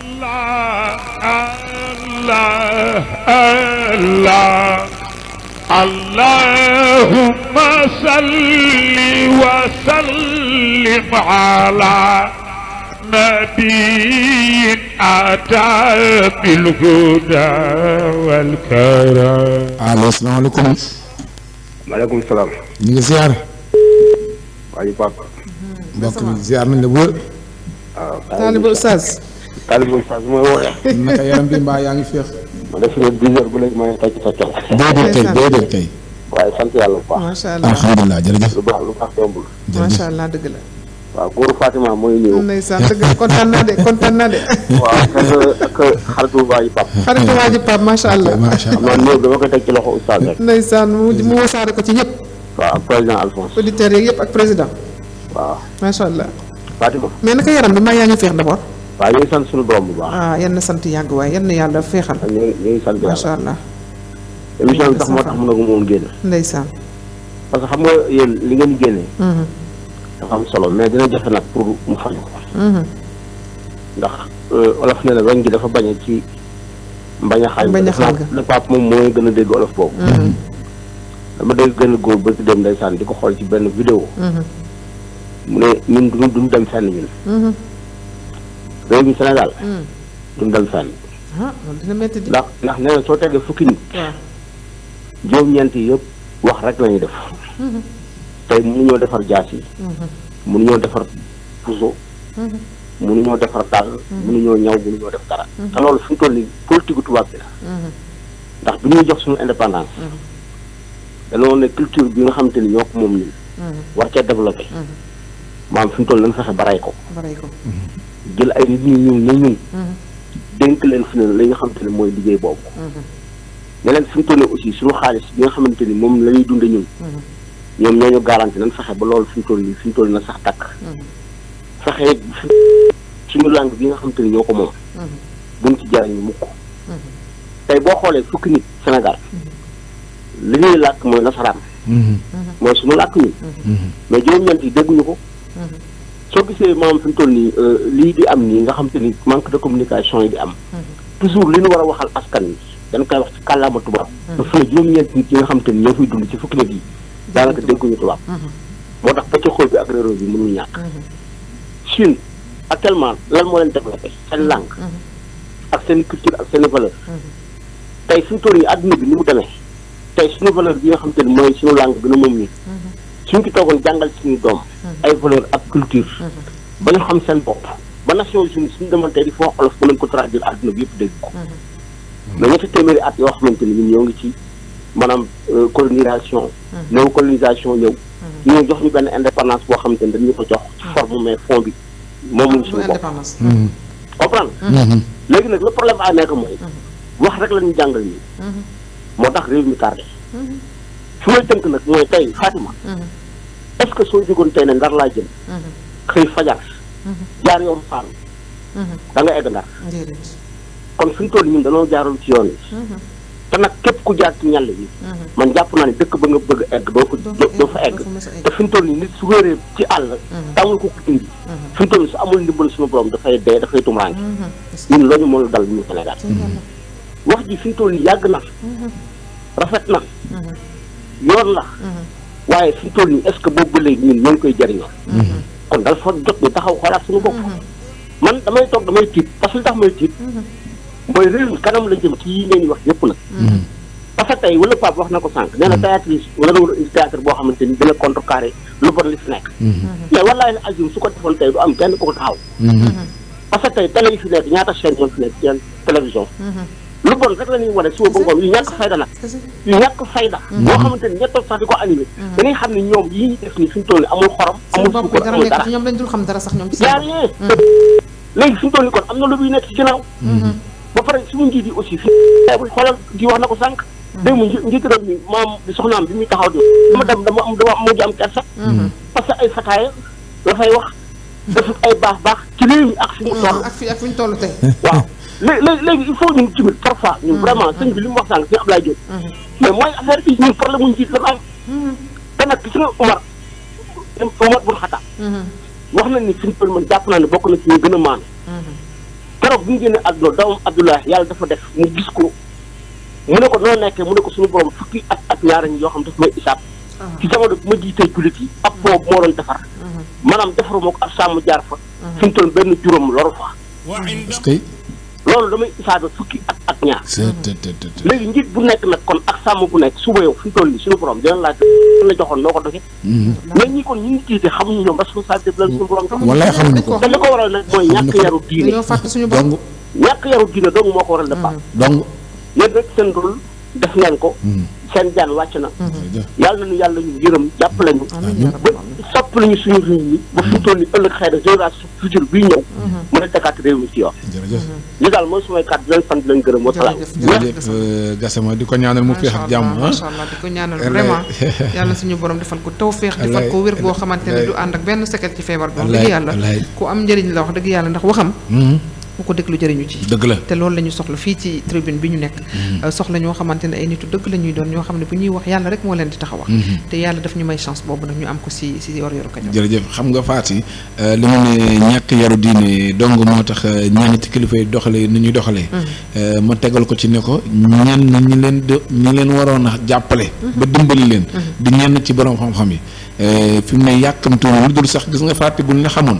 Allah Allah Allahumma salli wa sallim ala nabiin ada fil huda wal karam assalamualaikum waalaikumsalam ni nga ziar waji pap bokk ziar na le wul talib oustaz talib oustaz mo wo ya naka yaram bi mba yaangi feex ma def ne 10 heures bu lek ma tacc tay tay yalla lu bax lu bax dombul deug la waaw góoru Fatima mooy ñëw. ndeysaan dëgg la kontaan naa de kontaan naa de. waaw ak xaritu waa ji Pape. xaritu waa ji Pape allah. macha allah man ci loxo oustaz rek. ndeysaan mu mu wasaare ko ci ñëpp. waaw ak président Alphonse. auditeurs yëpp ak président. waaw macha allah. Fatima. mais naka yaram bi maa yaa ngi feex d'abord. waaw ñu ngi sant suñu borom bu baax. Ah, yan na sant yàgg waaye yan na yàlla feexal. ñu ngi ñu ngi sant yàlla macha allah. émission bi sax moo tax mënaguma woon génn. ndeysaan. parce que xam nga yéen li ngeen génnee. Mm-hmm. dafa am solo mais dina jafe nag pour mu faju mhm. ndax euh, olof nee na weñ gi dafa bañ ci mbañ a xaaj na paap moom mooy gën a dégg olof boobu mhm. dama dégg gën a góor ba ci dem ndeysaan di ko xool ci benn vidéo mhm. mu ne ñun duñu duñu dem fenn ñun réew mi Sénégal duñu dem fenn ah, ndax ndax nee soo tegee fukki nit juróom-ñeent yi yëpp wax rek lañuy def tey mënuñoo defar jaas yi mënuñoo mm-hmm. defar puso mënuñoo mm-hmm. defar dàll mënuñoo mm-hmm. ñaw mënuñoo def dara te loolu fi mu toll nii politique tubaab bi la ndax bi ñuy jox suñu indépendance dañoo ne culture bi nga xamante ni ñoo ko moom nii war cee développé maam fi mu toll nañ fexe ba ko jël ay nit ñu ñun ñun dénk leen fi ne li nga xamante ne mooy liggéey boobu ne leen fi mu toll nii aussi suñu xaalis bi nga xamante ni moom la ñuy dunde ñun ñoom ñoo ñu garanti nañ fexe ba loolu fi mu toll nii fi mu toll na sax takk. Mm-hmm. fexe suñu langue bi nga xam te ni ñoo ko moom. buñ mm-hmm. ci jariñu mukk. Mm-hmm. tey boo xoolee fukki nit Sénégal. li ñuy làkk mooy nasaraan. mooy suñu làkk ñun. mais juróom-ñeent yi dégguñu ko. soo gisee maanaam fi mu toll nii euh, lii di am nii nga xam te ni manque de communication yi di am. toujours li nu war a waxal askan wi dañ koy wax ci kàllaama tubaab. dafa ne juróom-ñeent yi nga xam te ni ñoo fiy dund ci fukki nit daanaka dégguñu tubaab. Mhm. moo tax pëcc xool bi ak réeróo bi mu ñàkk. Mhm. Chine actuellement lan moo leen développé seen langue. Mhm. ak seen culture ak seen valeur. tey suñ tool yi àdduna bi ni mu demee tey suñu valeur bi nga xam te ne mooy suñu langue bi nu moom nii. suñ ko toogoon jàngal suñu doom. ay valeur ak culture. ba ñu xam seen bopp ba Nations Unies suñu demantee di foo olof ba leen ko traduire àdduna bi yëpp dégg ko. mais ñetti téeméeri at yoo xamante ni ñoo ngi ci. maanaam euh, colonisation. Mm-hmm. néo colonisation ñëw. Mm-hmm. ñoo jox ñu benn indépendance boo xamante ne dañu ko jox ci mm-hmm. forme mais fond bi moom lañ suñu bopp. comprendre léegi nag le problème a nekk mooy. wax rek la ñu jàngal moo tax réew mi tardé. su may tënk nag mooy tey Fatima. est-ce que soo jógoon tey ne ndar laa jëm. xëy fajar. jaar yoon faal. da egg ndar. kon suñu ñun dañoo jaaroon ci yoon te nag képp ku jaar ci ñàll yi mhm. man jàpp naa ne dëkk ba nga bëgg a egg doo fa doo fa egg te fi mu toll nii nit su wéree ci àll mhm. tàmmul ko ku dindi mhm. fi mu toll nii su amul ndimbal suñu borom dafay dee dafay tumuraange ñun loolu moo dal ñu Sénégal wax ji fi mu toll nii yàgg na rafet na yoon la waaye fi mu toll nii est-ce que boobu ba léegi ñun ñoo koy jëriñoo kon dal fa jot ñu taxaw xoolaat suñu bopp man damay toog damay tiit parce que li tax may tiit mooy réew mi kanam la jëm ci yi ngeen wax yëpp nag. Mm-hmm. Mm-hmm. parce que tey wala Pape wax na ko sànq. nee na mm-hmm. théâtre yi wala nga war a indi théâtre boo xamante ni du am kenn ku ko taxaw. parce que tey télé ñaata chaîne ñoo fi nekk seen télévision. lu rek la ñuy wane suba ba ngoon yu ñàkk fayda nag yu ñàkk fayda boo xamante ni sax di ko animé dañuy xam ne ñoom yi ñu def ni fi toll ni amul xorom amul suukar amul dara ñoom dañ dul xam toll ni kon am ba pare suñu njiit yi aussi fi faible xoolal di wax na ko sànq. dégg mu njiit réew mi maam soxnaam bi muy taxaw di dama dem dama am dama mujj am kersa. Mm-hmm. parce que ay fataaya la wax def ay baax baax ci réew mi ak fi mu toll. Mm-hmm. ak fi fi ñu toll tey. waaw léegi léegi il faut ñun tamit parfois. ñun mm-hmm. vraiment sëñ bi li mu wax sànq si Abdoulaye Diop. mais mooy affaire bi ñun problème mu njiit la am. te nag gis nga Omar Omar bul xataa. wax nañ ni suñu pël jàpp naa ne bokk na ci ñu gën a maanu. keroog bi mu génne àdduna doomam Abdoulaye yàlla dafa def mu gis ko mu ne ko noo nekkee mu ne ko suñu borom fukki at ak ñaar ñi yoo xam daf may isaab. Ah. ci jamono bi ma jiitee jullit yi ab boobu moo doon defar. Mm-hmm. maanaam defaruma ko ab sàmm jaar fa. Mm-hmm. fi mu benn juróom loru fa. loolu damay isaaba fukki at ak ñaar. léegi njiit bu nekk nag kon ak sàmm bu nekk suba yow fi toll nii suñu borom dina laaj la joxoon noo ko doxee. Mm-hmm. mais ñi kon ñi ngi jiite xamuñu ñoom responsabilité bi la suñu borom jox. walaay xamuñu ko te li ko waral nag mooy ñàkk yaru diine. donc ñàkk yaru diine dong moo ko waral. dafa am donc. yéen rek seen rôle def ngeen ko. Mm-hmm. seen jaan wàcc na. Mhm. yàlla nañu yàlla ñu yërëm jàppale ñu. ba soppali ñu suñu réew mi. ba fi toll ëllëg xëy na bii ñëw. Mhm. mën a tegaat réew mi ci yoon. jërëjëf li mhm. daal mooy sumay kàddu di leen sant di leen gërëm wa salaam. jërëjëf euh, Gassama di ko ñaanal mu féex ak jàmm. macha ah. allah di ko ñaanal vraiment yàlla suñu borom defal ko tawféex. defal ko wér boo xamante ne du ànd ak benn sekket ci feebar bi. wax dëgg yàlla ku am njëriñ la wax dëgg yàlla ndax waxam ku ko déglu jëriñu ci dëgg la te loolu la ñu soxla fii ci tribune bi ñu nekk mm-hmm. euh, soxla ñoo xamante ne ay nitu dëgg la ñuy doon ñoo xam ne bu ñuy wax yàlla rek moo leen di tax a wax mm-hmm. te yàlla daf ñu may chance boobu nag ñu am ko si si yor yoru kañam jërëjëf xam nga faati euh, li mu ne ñàkk yaru euh, mm-hmm. ko ñenn ñi leen d ñi leen waroon a jàppale ba dimbali leen di ñenn ci borom xam-xam yi fi ne yàkkamtu lu dul sax gis nga faati buñ la xamoon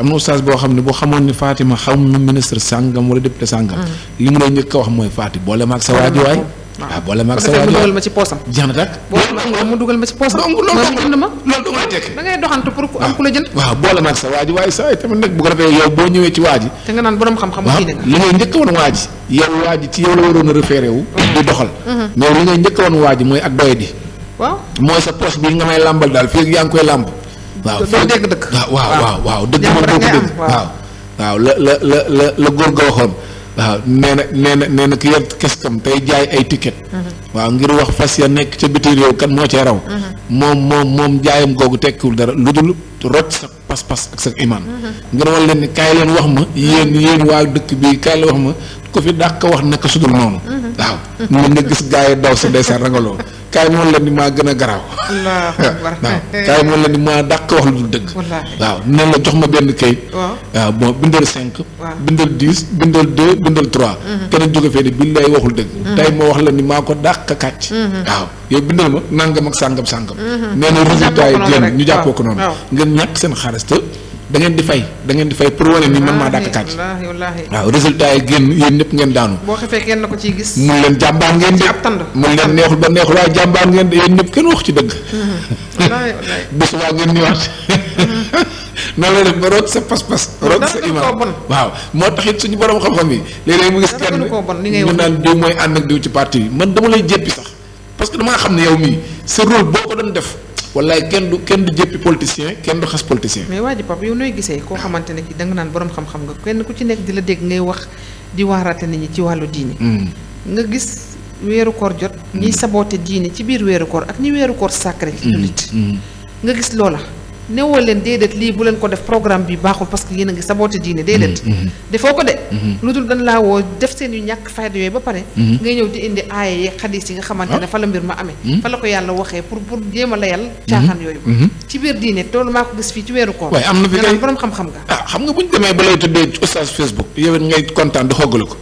am na oustaz boo xam ne boo xamoon ni Fatima xam na ministre sàngam wala député sàngam. Mm. li mu lay njëkk a wax mooy Fatima boole maag sa waaju ah, sa waaju waay ma ci poosam. jeex na tàkk. mu sa waaju waay saa yi tamit nag bu ko defee yow boo ñëwee ci waaj. te nga naan borom xam-xam. waaw li ngay njëkk a woon waaj. yow waaj ci yow la waroon a référé mm-hmm. di doxal. Mm-hmm. mais li ngay njëkk a waaj mooy ak doy di. waaw mooy sa poche bi nga may làmbal daal fii yaa ngi koy làmb waaw doo dëkk waaw waaw waaw dëgg moom doo ko waaw waaw la la la la la góor ga waxoon waaw nee na nee na nee na ki tey jaay ay ticket mm-hmm. waaw ngir wax fas ya nekk ca biti réew kan moo cee raw mm-hmm. moom moom moom jaayam googu tekkiwul dara lu dul roj sa pas-pas ak sa imaan mm-hmm. ngir wal leen ni leen wax ma yéen yéen waa dëkk bi kaay leen wax ma ko fi dàq wax naka sudul noonu waaw mën na gis gaa yi daw si ndeysaan rangaloo kaay moom la ni maa gën a garaaw. waaw kaay moom la ni maa dàq wax lu dul dëgg. waaw nee la jox ma benn kayit. waaw bon bindal cinq. bindal dix bindal deux bindal trois. Mhm. keneen jóge fee ni bii lay waxul dëgg. Mhm. tey moo wax la ni maa ko dàq kàcc. Mhm. waaw yow bindal ma nangam ak sàngam sàngam. nee na résultat yi génn ñu jàppoo ko noonu. ngeen ñàkk seen xaalis te dangeen ngeen di fay da ngeen di fay pour wane ni man maa dàq kàcc. waaw résultat yi génn yéen ñëpp ngeen daanu. boo xefee kenn ko gis. mun leen jàmbaar ngeen di mun leen neexul ba neexul waaye jàmbaar ngeen di yéen ñëpp kenn wax ci dëgg. bés waa ngeen ñëwaat. noonu la def ba root sa pas waaw moo tax it suñu borom xam-xam yi. léeg-léeg mu gis kenn ñu naan diw mooy ànd ak diw ci parti bi man dama lay jéppi sax parce que damaa xam ne yow mii sa rôle boo ko doon def wallaay kenn du kenn du jëppi politicien kenn du xas politicien. mais waa ji Pape yow nooy gisee koo xamante ne da nga naan borom xam-xam nga kenn ku ci nekk di la dégg ngay wax di waaraate nit ñi ci wàllu diini. Hmm. nga gis weeru koor jot. ñiy hmm. saboote diini ci biir weeru koor ak ñi weeru koor sacré ci jullit hmm. nga gis loola. newoo leen déedéet lii bu leen ko def programme bi baaxul parce que yéen a ngi saboté diine déedéet mm-hmm. Mm-hmm. defoo ko de mm-hmm. lu dul dañ laa woo def seen yu ñàkk fayda yooyu ba pare ngay ñëw di indi aaya yi xadis yi nga xamante ne ah. fa la mbir ma amee fa la ko yàlla waxee pour pour jéem a layal caaxaan yooyu ci biir diine loolu maa ko gis fii ci weeru koor waaye am na fi kay borom xam-xam nga ah xam nga bu ñu demee ba lay tuddee oustaz facebook yow ngay kontaan di xoggalu ko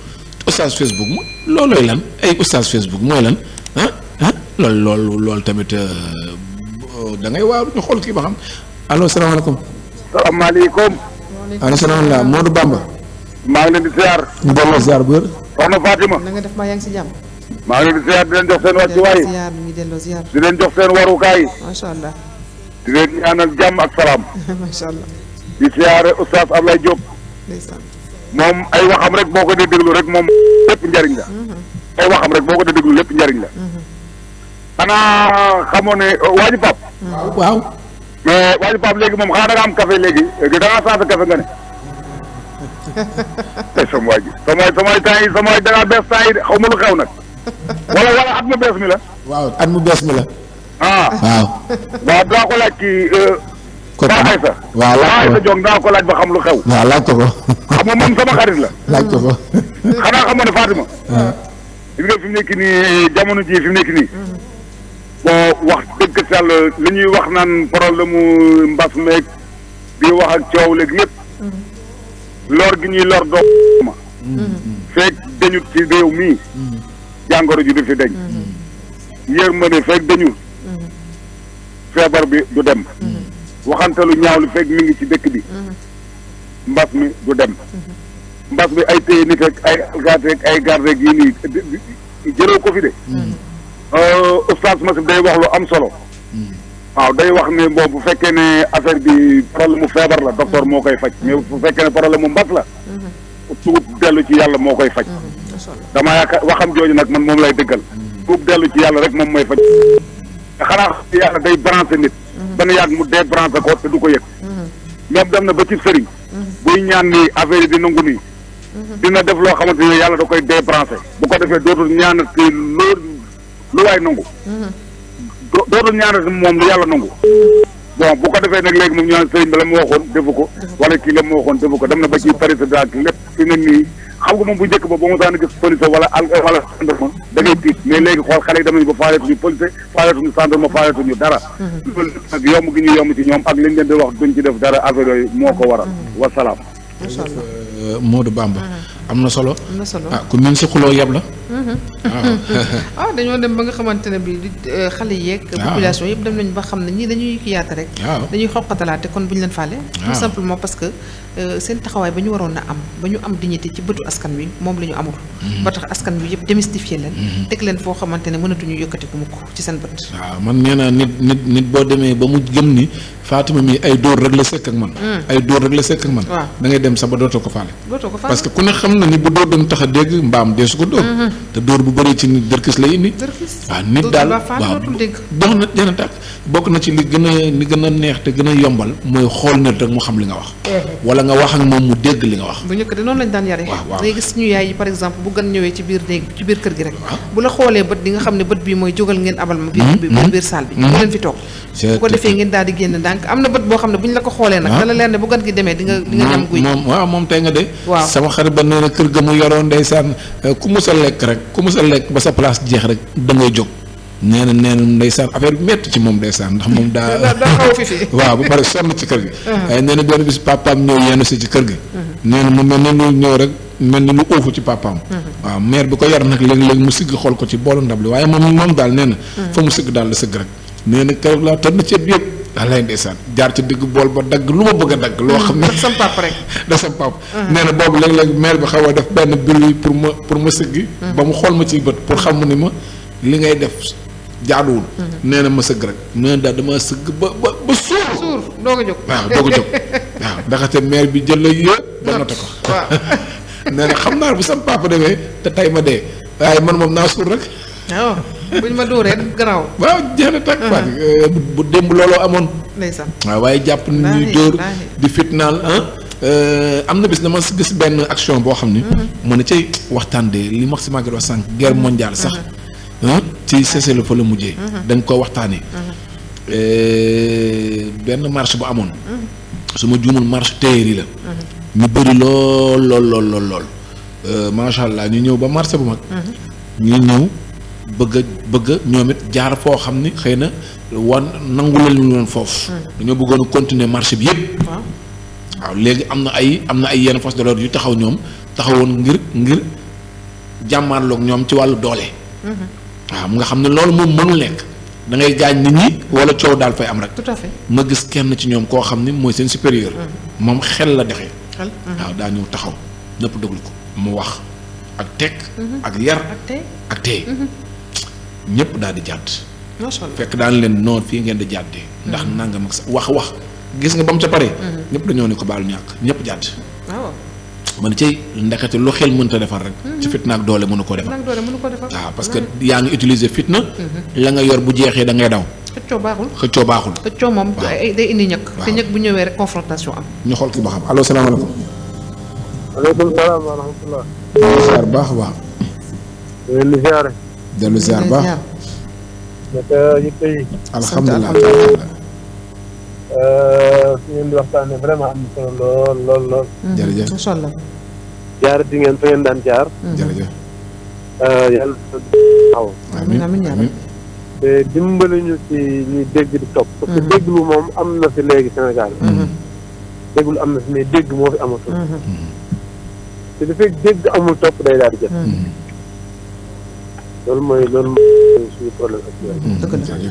oustaz facebook mu loolooy lan ay oustaz facebook mooy lan ah ah loolu loolu loolu tamit euh, da ngay waaw ñu xool kii allo assalamualaikum assalamualaikum allo salaamaaleykum Modou Bamba maa ngi leen di ziar ñu delloo ziar bu wér Fatima nga def maa yaa si jàmm maa ngi di ziar di jox di jox allah di leen ñaanal jàmm ak allah di ziar oustaz Ablaye Diop moom ay waxam rek boo ko dee rek moom lépp njariñ la mhm. ay waxam rek boo ko dee déglu njariñ la mhm. ne pap mhm. waaw mais eh, waa ji Pape léegi moom xanaa da nga am café léegi da ngaa saafë café nga ne. tey sama waa ji sama sama temps yi sama da ngaa bees temps yi xaw ma lu xew nag. at mu bees mi la. waaw at mu ah. ko laaj kii. Eh, ko Paa Aysa. waaw laaj ko ko laaj ba xam lu xew. waaw laaj ko ko. sama xarit la. laaj ne Fatima. waaw. Ah. fi mu jamono jii fi mu bon wax dëgg sàll li ñuy wax naan problème mu mbas meeg di wax ak coow léeg lépp lor gi ñuy lor dooma feeg ci réew mii jàngoro ji du fi deñ yërmande feeg dañu feebar bi du dem waxante lu ñaaw li mi ngi ci dëkk bi mi du dem mbas mi ay téye nit ak ay alkaati ak ay garde ak yii nii jëloo ko fi de Euh, oustaz Masib day wax lu am solo. waaw day wax ne bon bu fekkee ne affaire bi problème mu feebar la docteur moo koy faj mais bu fekkee ne problème mu mbas la. tuub dellu ci yàlla moo koy faj. dama yaakaar waxam jooju nag man moom lay dëggal. tuub dellu ci yàlla rek moom mooy faj. te xanaa yàlla day branché nit. ba nu yàgg mu dee branché ko te du ko yëg. même dem na ba ci sëriñ. buy ñaan nii affaire yi di nangu nii. dina def loo xamante ne yàlla da koy débranché. bu ko defee dootul lu waay nangu. Mhm. dootul ñaanal si moom lu yàlla nangu. boo bu ko defee nag léegi moom ñu naan sëriñ bi la mu waxoon defu ko. Mhm. wala kii mu waxoon defu ko dem na ba ci président ak lépp fi nga moom bu njëkk ba ba mu daan gis police wala al wala gendarme da ngay tiit mais léegi xool xale yi demañ ba faaleetuñu police faaleetuñu gendarme faaleetuñu dara. loolu mhm. yomb gi ñu yomb ci ñoom ak liñ leen di wax duñ ci dara affaire yooyu moo ko waral. wasalaam. incha allah euh, Modou Bamba. am na solo. am na solo ah ku mel si xuloo yab la. Mm-hmm. Mm-hmm. Mm-hmm. ah dañoo dem ba nga xamante ne bii euh, xale yeeg. population yëpp dem nañ ba xam ne ñii dañuy yaata rek. dañuy xoqatalaate kon bu ñu leen faale. tout simplement parce que euh, seen taxawaay ba ñu waroon am ba ñu am dignité ci bëtu askan wi moom la ñu amul. ba tax askan wi yëpp démystifier leen. teg leen foo xamante ne mënatuñu yëkkati ku mukk ci seen bët. waaw boo demee ba mu gëm ni Fatima mi ay dóor rek la sekk ak mm. ay dóor rek la sekk ak man. da ngay dem sa ba dootoo ko faale. ne xam na ni bu dóor doon tax a dégg mbaam dee su ko dóor te dóor bu bari ci nit dërkis lay indi. waaw nit daal waaw dox na dina tàkk bokk na ci li gën a li gën a neex te gën a yombal mooy xool nit nga wax. Eh. wala nga wax ak mu dégg li nga wax. bu njëkk de noonu lañ daan yare da ngay gis suñu yaay yi par exemple bu gan ne bët bi mooy jógal ngeen abal ma. biir hmm, biir hmm, salle bi. bu hmm. leen fi toog. bu ko defee ngeen daal di génn ndànk am na bët boo xam ne bu ñu la ko xoolee nag. Ah. dala leer ne bu gan gi demee di nga ñam guy. moom waaw moom tey nga de. sama xarit ba nee kër ga mu yoroon ndeysaan ku musal lekk rek ku mos a lekk ba sa place jeex rek da ngay jóg nee na nee na ndeysaan affaire bi métti ci moom ndeysaan ndax moom daa waaw bu pare sonn ci kër gi uh-huh. waaye nee na benn bis papaam ñëw yenn si ci kër gi uh-huh. nee na mu mel ne lu ñëw rek mel ni lu uufu ci papaam uh-huh. waaw maire bi ko yar nag léeg-léeg mu sigg xool ko ci boolu ndab li waaye moom moom daal nee fa mu sigg daal la sëgg rek nee na laa tëdd na ceeb yëpp walaay ndeysaan jaar ci diggu bool ba dagg lu ma bëgg dagg. loo xam ne da sam pap rek. da sam pap. Uh-huh. na boobu léeg-léeg maire bi xaw a def benn bruit pour ma pour ma sëggi. Uh-huh. ba mu xool ma ci bët pour xam ni ma li ngay def jaaduwul. Uh-huh. na ma sëgg rek nee na daal damaa sëgg ba ba ba suur. suur doog a jóg waaw doog a jóg waaw ndaxte maire bi jël la yéen. ba noté ko waaw. nee na xam naa bu sam papa demee te tey ma dee waaye man moom naa suur rek. Oh. buñ ma dóoree gannaaw. waaw jeex tak tàkk. Ah. bu eh, démb looloo amoon. ndeysaan waaw ah, waaye jàpp nañu dóor di fitnaal ah. eh, am na bis dama gis benn action boo xam ni. mu mm-hmm. ne cay waxtaan de li ma wax si Maguette wax sànq guerre mondiale sax. Mm-hmm. ci cessez-le-feu la mujjee. Mm-hmm. dañ koo waxtaanee. Eh, benn marche bu amoon. su ma juumul marche téeri la. ñu bëri lool lool lool lool lool. macha allah ñu ñëw ba marché bu mag. ñu ñëw. bëgg a bëgg ñoom it jaar foo xam ni xëy na wan nangu la ñu leen foofu. Hmm. dañoo bëggoon continuer marché bi yépp waaw léegi am na ay am na ay yenn forces de yu taxaw ñoom taxawoon ngir ngir jàmmaarloog ñoom ci wàllu doole. Hmm. waaw nga xam ne loolu moom mënul nekk da ngay gaañ nit ñi wala coow daal fay am rek. tout à fait ma gis kenn ci ñoom koo xam ni mooy seen supérieur. Hmm. moom xel la defee. xel waaw daa ñëw taxaw ñëpp déglu ko mu wax ak tekk. ak yar ak tey. ñépp daal di jàdd fekk daan leen noon fii ngeen di jàddee ndax hmm. nangam ak sa wax wax gis nga ba mu ca paree hmm. ñëpp dañoo ne ko baalu ñàkk ñëpp jàdd ah man cey ndekete lu xel mënta defar rek hmm. ci fitna ak doole mënu ko defar waaw ah, parce que yaa ngi utiliser fitna la nga yor bu jeexee da ngay daw xëccoo baaxul xëccoo baaxul xëccoo moom day indi ñëkk te ñëkk bu ñëwee rek confrontation am ñu xool ki ba xam allo salaamaaleykum aleykum salaam wa rahmatullah baax baax dellu ziar ba. naka yëpp a euh, ngeen di waxtaanee vraiment am na lool lool lool. Mhm, jaar di ngeen fa ngeen daan jaar. Mhm. jërëjëf. Euh, yàlla waaw. amiin amiin te dimbali ñu ci ñuy dégg di topp. parce que mhm. déglu moom am na fi léegi Sénégal. déglu am na fi mais dégg moo fi amatul. te dafay dégg amul topp day daal di loolu mooy loolu mooy hmm.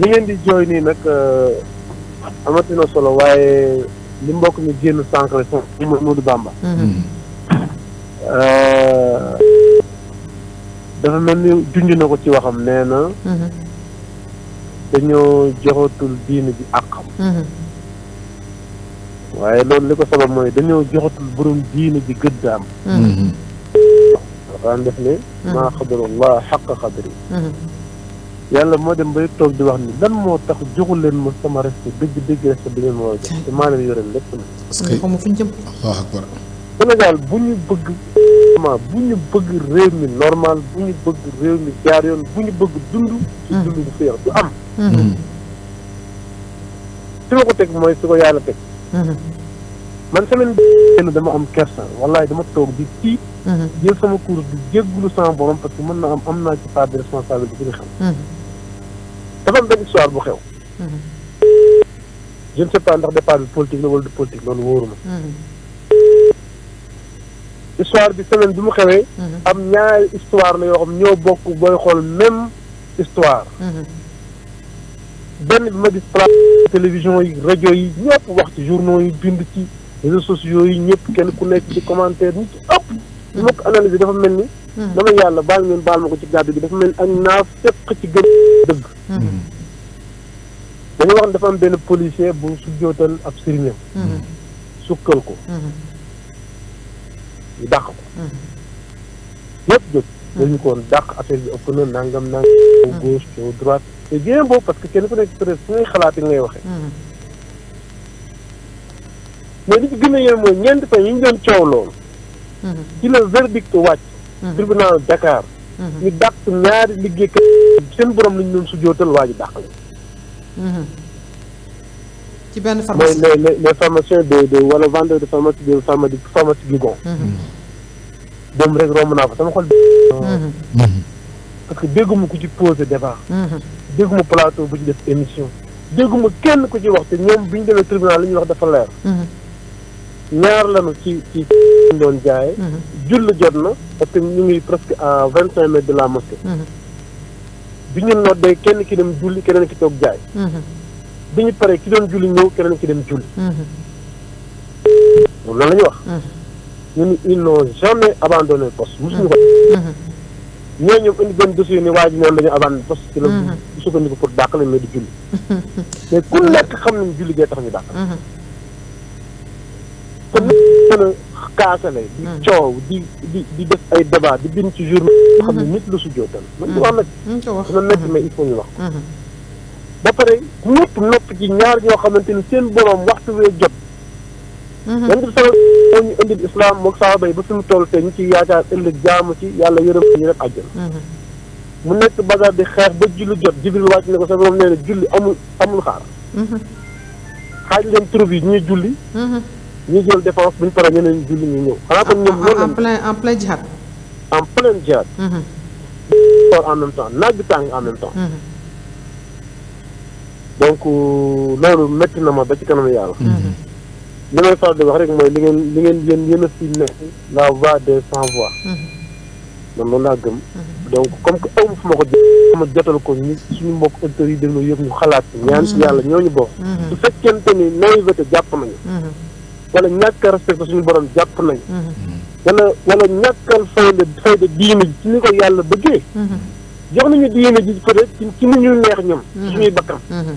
li ngeen di jooy nii nag euh, amati solo waaye li mbokk mi génn sànq rek mooy Modou Bamba. Hmm. Hmm. Euh, dafa mel ni junj na ko ci waxam nee na. dañoo joxatul diine ji àqam. waaye loolu li ko sabab mooy dañoo joxatul borom diine ji gëddaam. لي ما قدر الله حق قدري يلا مودن بيطوب دوهني دم موتخ جغل المستمر في بيج بيج سبيل الموجة ما نبيور اللبن الله أكبر أنا قال بني بق ما بني بق ريمي نورمال بني بق ريمي جاريون بني بق دندو دندو مخير تو أم تلو قتك ما يسوق يالك man semaine bi dama am kersa wallaay dama toog di tiit. Mhm. jël sama cours di jéggulu sama borom parce que mën na am am naa ci part de responsabilité bi xam. Mhm. dafa am benn histoire bu xew. Mhm. je ne sais pas ndax bi politique la wala du loolu wóoru histoire bi semaine bi mu xewee. am ñaari histoire la yoo xam ñoo bokk booy xool même histoire. benn bi ma télévision yi rajo yi ñëpp wax ci journaux yi bind ci. réseaux sociaux yi ñëpp kenn ku nekk ci commentaire ñu ci ëpp li hmm. ma ko analysé dafa mel ni hmm. dama yàlla baal ngeen baal ma ko ci gàddu bi dafa mel ni ak naa fekk ci gën dëgg hmm. dañu wax ne dafa am benn policier bu su sujjootal ab sëriñam sukkal ko ñu dàq ko yëpp jóg dañu ko woon dàq affaire bi na nangam nangam coow gauche coow droite c'est bien beau parce que kenn ku nekk peut-être ngay xalaat yi ngay waxee mais li ci gën a yéeme mooy ñeenti que yi ñu doon coow loolu. ci la verdict wàcc. Mm-hmm. tribunal Dakar. ñu mm-hmm. dàq ñaari liggéeykat seen borom lañ doon sujootal waa ji o la. Mm-hmm. ci benn pharmacie mooy les les pharmaciens de de wala vendeur de pharmacie de pharmacie pharmacie Guigon. dem rek romb naa ko sama xol. parce que dégguma ku ci posé débat. dégguma plateau bu ci def émission. dégguma kenn ku ci wax te ñoom bi ñu demee tribunal li ñuy wax dafa leer. ñaar lañu ci ci doon jaaye mhm. julli jot na parce que ñu ngi presque à vingt cinq de la mosquée mhm. bi ñu de kenn ki dem julli keneen ki toog jaay mhm. bi ñu paree ki doon julli ñëw keneen ki dem julli loolu la ñu wax ñu ni ils n'ont jamais abandonné poste mosuñu ko ñoo ñoom indi benn dossier ni waa ji noonu dañu abandonné poste ci la sukkandiku pour dàq lañ di julli mais ku nekk xam nañ julli gee tax ñu dàq te dëgg hmm. di def ay débat di ci journal xam ne hmm. nit lu su jootal hmm. wax nag dina métti mais il faut ñu wax ko ba pare ñëpp ñaar ñoo xamante ni seen boroom waxtu wee jot yan di solo moo ñu indil ba fi mu te ñu ci yaakaar ëllëg jaamu ci yàlla yërëm mu nekk bagar bi xeex ba julli jot jibril wàcc ne ko sa boroom nee na julli amul amul xaar xaaj leen trouve yi ñuy julli ñu jël défense bu ñu paree ñeneen ñu julli ñu ñëw. xanaa kon ñoom loolu en plein en na ma ba ci kanam yàlla. Mm-hmm. Mm-hmm. li a si nekk la voix des sans voix. Mm-hmm. laa gëm. donc comme que aw fu ma ko jot ma jotal ko suñu mbokk yi déglu yëpp ñu bokk. su jàpp nañu. wala ñàkk a respecté suñu borom jàpp nañ wala wala ñàkkal fayda fayda diine ji ci ni ko yàlla bëggee jox nañu diine ji peut-être ci ni ñuy neex ñoom mhm. suñuy bakkan mhm.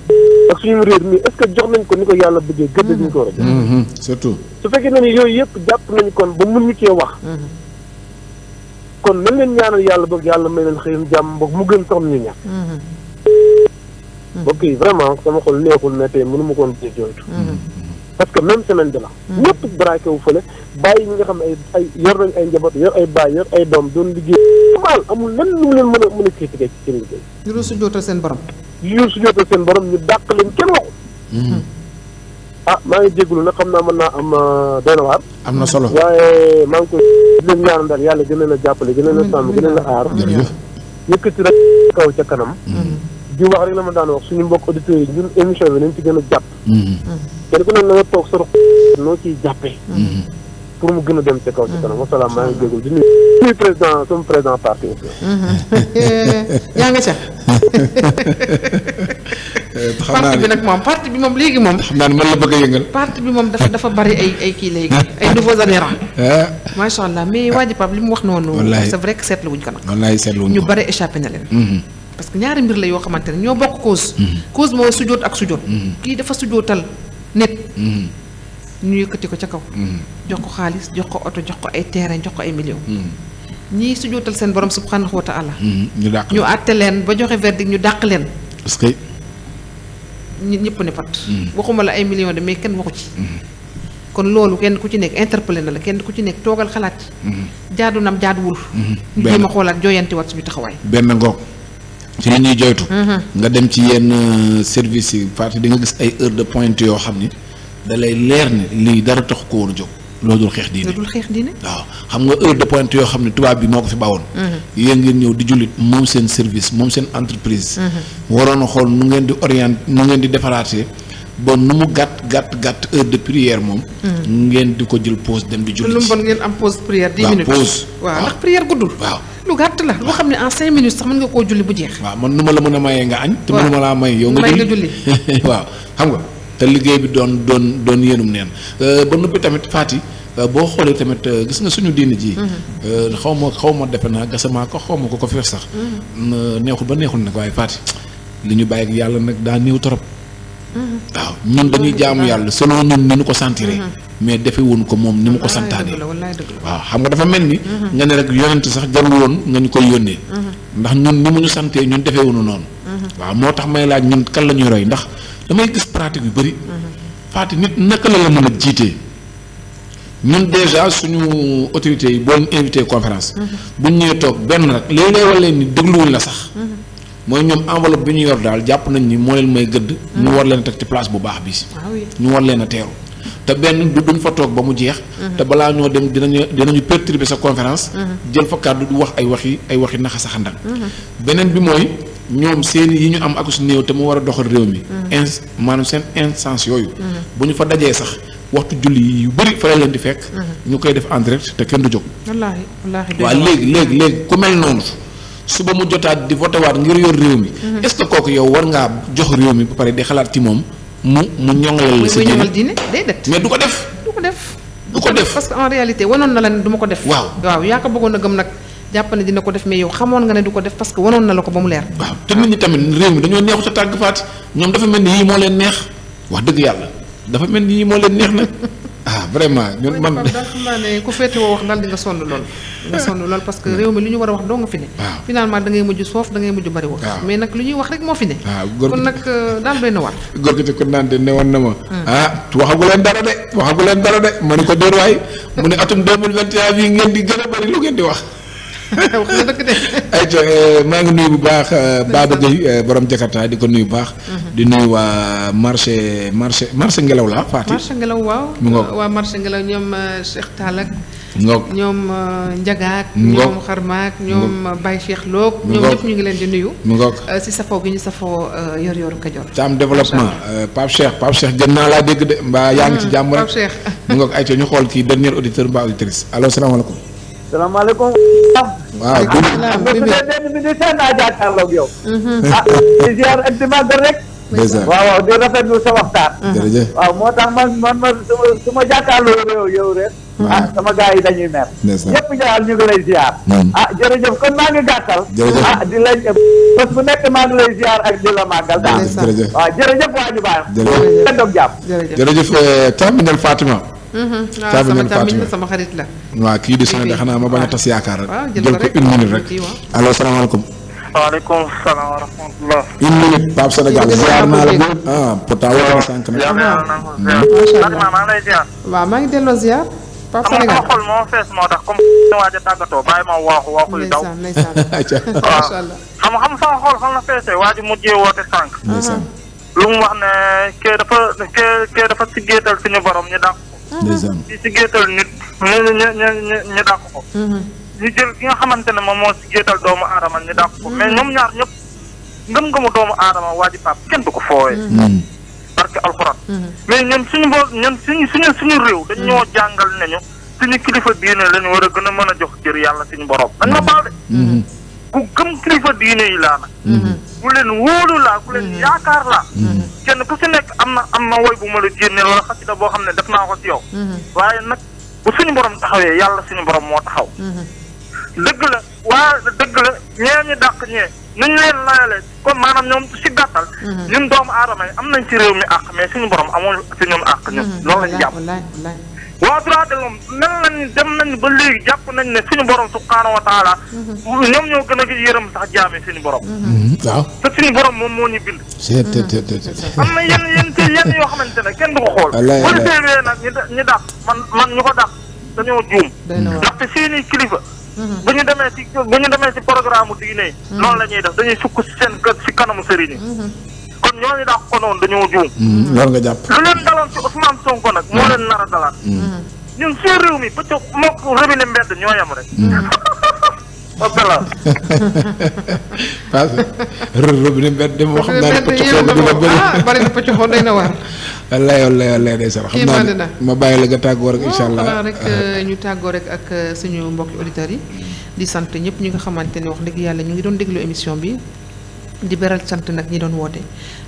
ak suñu réer mi est jox nañ ko ni ko yàlla bëggee gëdd bi ñu ko war a jox mhm. surtout su fekkee ne ni yooyu yëpp jàpp nañu kon ba mu ñu cee wax kon nañ leen ñaanal yàlla boog yàlla may leen xëyum jàmm boog mu gën sax ñu ñàkk mbokk yi vraiment sama xol neexul ne tey mënu ma koon jooytu parce que même semaine bi la. Hmm. ñëpp braqué wu fële bàyyi ñi nga xam ne ay yor nañ ay njaboot yor ay baay yor ay doom doon liggéey. normal amul lenn mu leen mën a mën a critiqué ci seen seen borom. yu dul seen borom ñu dàq leen kenn waxu. Hmm. Ah, maa ngi jégalu nag xam naa mën naa am euh, doy na am na solo waaye maa ngi koy di leen daal yàlla gën leen a jàppale gën leen a sàmm gën leen aar. jërëjëf yëkkati rek kaw ca kanam. Hmm. di wax rek la ma daan wax suñu mbokk auditeurs yi ñun ci gën a jàpp. Mm-hmm. kenn ku ne na nga toog sa rox noo ciy jàppee. Mm-hmm. pour mu gën a dem ca kaw ci kanam mm-hmm. wasalaam maa ngi jégalu di nuyu président sama président parti aussi. yaa naa ne parti bi bi moom léegi moom. xam naa bëgg a yëngal. bi moom dafa dafa bari ay kii léegi ay nouveaux adhérents. Ah. macha allah mais waa ji Pape li mu wax noonu. wallaay c'est vrai que seetlu wuñ ko nag. wallaay seetlu ñu bari échappé na leen. parce que ñaari mbir la yo xamanteni ño bokk cause mm-hmm. cause mooy sujjoot ak sujud mm-hmm. ki dafa sujjootal net mm-hmm. ñu yëkëti ko ci kaw jox ko xaaliss jox ko auto jox ko ay terrain jox ko ay millions ñi sujjootal seen borom subhanahu wa taala ñu dakk ñu atté len ba joxe verdict ñu dakk len parce que ne pat waxuma la ay millions de mais ken waxu ci kon lolu kenn ku ci nek interpeller na la kenn ku ci nek togal xalat jaadu nam wul ñu jéem xolat xoolaat wat suñu taxaway ben ci li ñuy joytu mhm. nga dem ci yenn euh, service yi parce que di nga gis ay heure de pointe yoo xam ni da lay leer ne lii dara tax ko woon a jóg loolu dul xeex diine loolu dul xeex diine waaw xam nga heure de pointe yoo xam ne tubaab bi moo ko mhm. moom seen service moom seen entreprise mhm. waroon a xool nu ngeen di orienté nu ngeen di defaraatee bon nu mu gàtt gàtt gàtt heure de prière moom ngeen di ko jël pause dem di jullit lu mu bon ngeen am pause prière dix minutes waaw ndax prière guddul waaw lu gàtt la loo xam ne en cinq minutes sax mën nga koo julli bu jeex. waaw man nu ma la mën a mayee nga añ. te mënuma laa may yow. nga julli waaw xam nga te liggéey bi doon doon doon yéenum neen euh, ba noppi tamit Fati euh, boo xoolee tamit euh, gis nga suñu diini ji. Mm-hmm. xaw ma xaw ma defe naa gasamaa ko xaw ma ko ko feer sax. Mm-hmm. neexul ba neexul nag waaye Fati li ñu bàyyi ak yàlla nag daa néew trop. waaw ñun dañuy jaamu yàlla selon ñun ni ñu ko sentiree. Mm-hmm. mais defe woon ko moom ni mu ko santaane waaw xam nga dafa mel ni mm-hmm. nga ne rek yonent sax jarul woon nga ñu koy yónnee mm-hmm. ndax ñun ni mu ñu santee ñun defee woonu noonu waaw moo tax may laaj ñun kan la ñuy roy ndax damay gis pratique yu bëri faati nit naka la la mën a jiitee ñun déjà suñu autorités yi boo ñu invité conférence buñ ñëwee toog benn rek léeg-léeg wala ni dégluwuñ la sax mooy ñoom enveloppe bi ñu yor daal jàpp nañ ni moo leen may gëdd. Ah. ñu war leen teg ci place bu baax bi ah ñu war leen a teeru. te benn du duñ fa toog ba mu jeex. Mhm. te balaa ñoo dem dinañu dinañu perturber sa conférence. Mhm. jël fa kàddu du wax ay yi ay waxi naxa saxandal. Mhm. beneen bi mooy ñoom seen yi ñu am ak su néew te mu war a doxal réew mi. ins maanaam seen instance yooyu. bu ñu fa dajee sax waxtu julli yu bëri fa leen di fekk. ñu koy def en direct te kenn du jóg. wallaahi wallaahi. waaw léegi léegi léegi ku mel noonu. su ba mu jotaat di voté waat ngir yor réew mi. Mhm. est-ce que war ngaa jox réew mi ba pare di xalaat ci moom mu mu ñoŋalal la. sa diine mais du ko def. du ko def du ko def parce que en réalité wanoon na la ne du ma ko def. waaw waaw yaa ko bëggoon a gëm nag jàpp dina ko def mais yow xamoon nga ne du ko def parce que wanoon na la ko ba mu leer. waaw te nit ñi tamit réew mi dañoo neexut a tàgg faat ñoom dafa mel ni yii moo leen neex wax dëgg yàlla dafa mel ni yii neex nag. ah vraiment ñun man daal xam naa ne ku féete woo wax daal di nga sonn lool nga sonn lool parce mm. réew mi lu ñu war a wax doo nga fi ne finalement da ngay mujj soof da mujj bari mais nag lu ñuy wax rek moo fi ne kon nag euh, daal doy na war góor naan de ne na ma mm. ah, waxagu leen dara de waxagu leen dara de ma ne ko déet mu ne atum 2021 bii ngeen di gën a bari lu ngeen di wax ayca maa ngi nuyu bu baax euh, Baba Gueye euh, borom Jakarta di ko nuyu bu baax. Mhm. di nuyu waa marché marché marché ngelaw la Fatick. marché ngelaw waaw. mu ngoog waa marché ngelaw ñoom euh, Cheikh Tall ak. ngoog ñoom Ndiaga ak. ñoom Xarma Cheikh Lo. ñoom ñëpp ñu ngi leen di nuyu. mu ngoog si safoo gi ñu safoo yor yoru Kajoor. macha am développement Pape Cheikh Pape Cheikh gën naa laa dégg de mbaa yaa ci mm, jàmm rek. Pape Cheikh mu ngoog ñu xool kii dernier auditeur mbaa auditrice allo salaamaaleykum. salaamaaleykum. waaw bi bi benn ministère naa jàkkaarloog yow. ah di ziar ak di màggal rek. waaw waaw di rafetlu sa waxtaan. jërëjëf waaw moo tax man man ma su ma jàkkaarloo yow rek. ah sama gars yi dañuy mer. ñëpp ñaar ñu ngi lay ziar. ah jërëjëf kon maa ngi gàttal. ah di la parce que nekk maa ngi lay ziar ak di la màggal daal. jërëjëf waaw jërëjëf waa ñu baax. jërëjëf jërëjëf eh, terminal Fatima. Mhm. caabi ah, neen sama xarit la. waaw kii di sonné xanaa ma bañ a tas yaakaar rek. jël ko une minute rek. allo salaamaaleykum. waaleykum salaam wa rahmatulah. a minute Pape naa la moom ah maa ngi delloo ziar. Pape Sénégal sama xol moo fees moo tax comme ni waaj a tàggatoo bàyyi ma waaxu waaxu yu daw. xam xam sama xol xam na feesee waa ji mujjee woote sànq. Ah. lu mu wax ne kee dafa kee kee dafa si géetal suñu borom ñu dàq. ndeysaan di si géetal nit ñu ñu ñu ñu dàq ko ñu mhm. jël ki nga xamante ne moom moo si géetal doomu aadama ñu dàq ko mais mhm. ñoom ñaar ñëpp ngëm-ngëmu doomu aadama waa ji kenn du ko fooyee parce mhm. que alxuraan mais ñun suñu boo ñun suñu suñu suñu réew dañ ñoo jàngal nañu suñu kilifa diine lañu war a gën a mën a jox jër yàlla suñu borom dañ ma baal de ku gëm kilifa diine yi laa nag mhm. ku leen wóolu laa ku leen mhm. yaakaar laa mhm. kenn ku si nekk am na am na woy bu ma la jénneel wala xasida boo xam ne daf naa ko si yow waaye nag bu suñu borom taxawee yàlla suñu boroom moo taxaw dëgg la waa dëgg la ñee ñu dàq ñee nuñ ko layalee comme maanaam ñoom si gàttal ñun doomu aadama yi am nañ ci réew mi àq mais suñu borom amul si ñoom àq ñun loolu lañ jàpp waa droit de l'homme mel nañ dem nañ ba léegi jàpp nañ ne suñu borom subhaanahu wa taala mhm. ñoom ñoo gën a yërëm sax jaame suñu borom mhm. waaw te suñu borom moom moo ñu bind am na yenn yenn ci yenn yoo xamante ne kenn du ko xool bul teewee nag ñu ñu man man ko dàq dañoo juum ndaxte seeni kilifa mhm. bu ñu demee ci bu ñu demee ci programme diine noonu la ñuy def dañuy sukk seen kër ci kanamu sëriñ ñooñu daa ko noonu dañoo juum. war mm, nga jàpp lu leen daloon ci Ousmane Sonko nag moo leen nar a dalaat. Mm. Mm. ñun suñu réew mi ba ca moog rëbine mbedd ñoo yem rek. wasalaam. dem wax xam naa ne pëcc xool dina bëri ah bëri day na waar. wallaay wallaay wallaay day xam naa ne ma bàyyi la nga tàggoo rek incha allah oh, rek euh, ñu tàggoo rek ak euh, suñu mbokki auditeurs yi. di sant ñëpp ñi nga xamante ne wax dëgg yàlla ñu ngi doon déglu émission bi. di beral sant nag ñi doon woote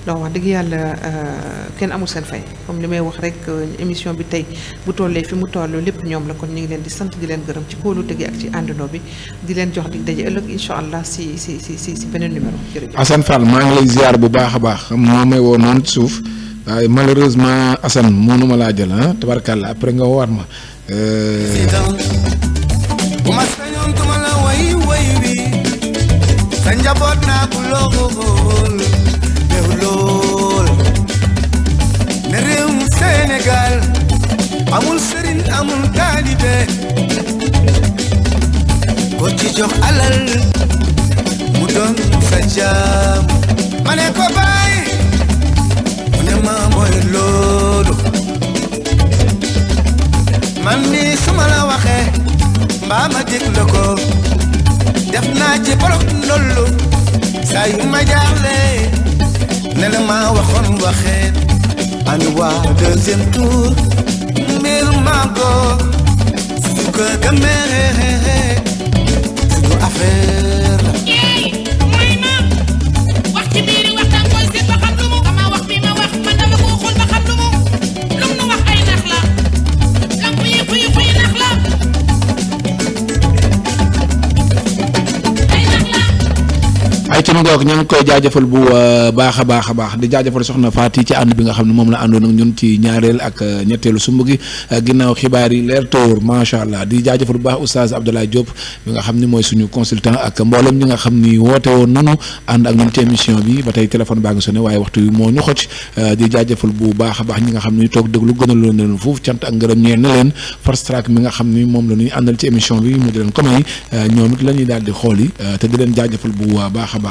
donc wax dëgg yàlla euh, kenn amul seen fay comme li may wax rek euh, émission bi tey bu tollee fi mu toll lépp ñoom la kon ñu ngi leen di sant di leen gërëm ci kóolute gi ak ci àndandoo bi di leen jox di daje ëllëg incha allah si si si si si beneen numéro jërëjëf. Assane Fall maa ngi lay ziar bu baax a baax moo may woo noonu suuf waaye malheureusement Assane mënu ma laa jël ah tabarkàlla après nga woowaat ma. Euh, yàggu lool néew lool ne réewum Sénégal amul sëriñ amul jox alal mu doon sa ma ne ko baay mu ne ma mooy loolu man ni su ma ma déglu ko def naa ci bolok saa ma jaaxle ne la ma waxoon waxeet ànd waa deuxième tour mbir mago su ko gëmee su ay ci ma ngoog ña ngi koy jaajëfal bu euh, baax a baax a baax di jaajëfal soxna Faati ci ànd bi nga xam ne moom la àndoon ak ñun ci ñaareel ak euh, ñetteelu sumb gi euh, ginnaaw xibaar yi leer tóor macha allah di jaajëfal bu baax oustaz Abdoulaye ñi nga xam ni woote woon nanu ànd ak ñun ci émission bi ba tey téléphone baa ngi sonné waaye waxtu wi moo ñu xoj di jaajëfal bu a baax nga xam ne toog déglu gënaloon na leen foofu cant ak ngërëm ñeel na ni moom la ñuy àndal ci émission bi mu di leen ko may ñoom it la ñuy xool yi te di leen jaajëfal bu baax a baax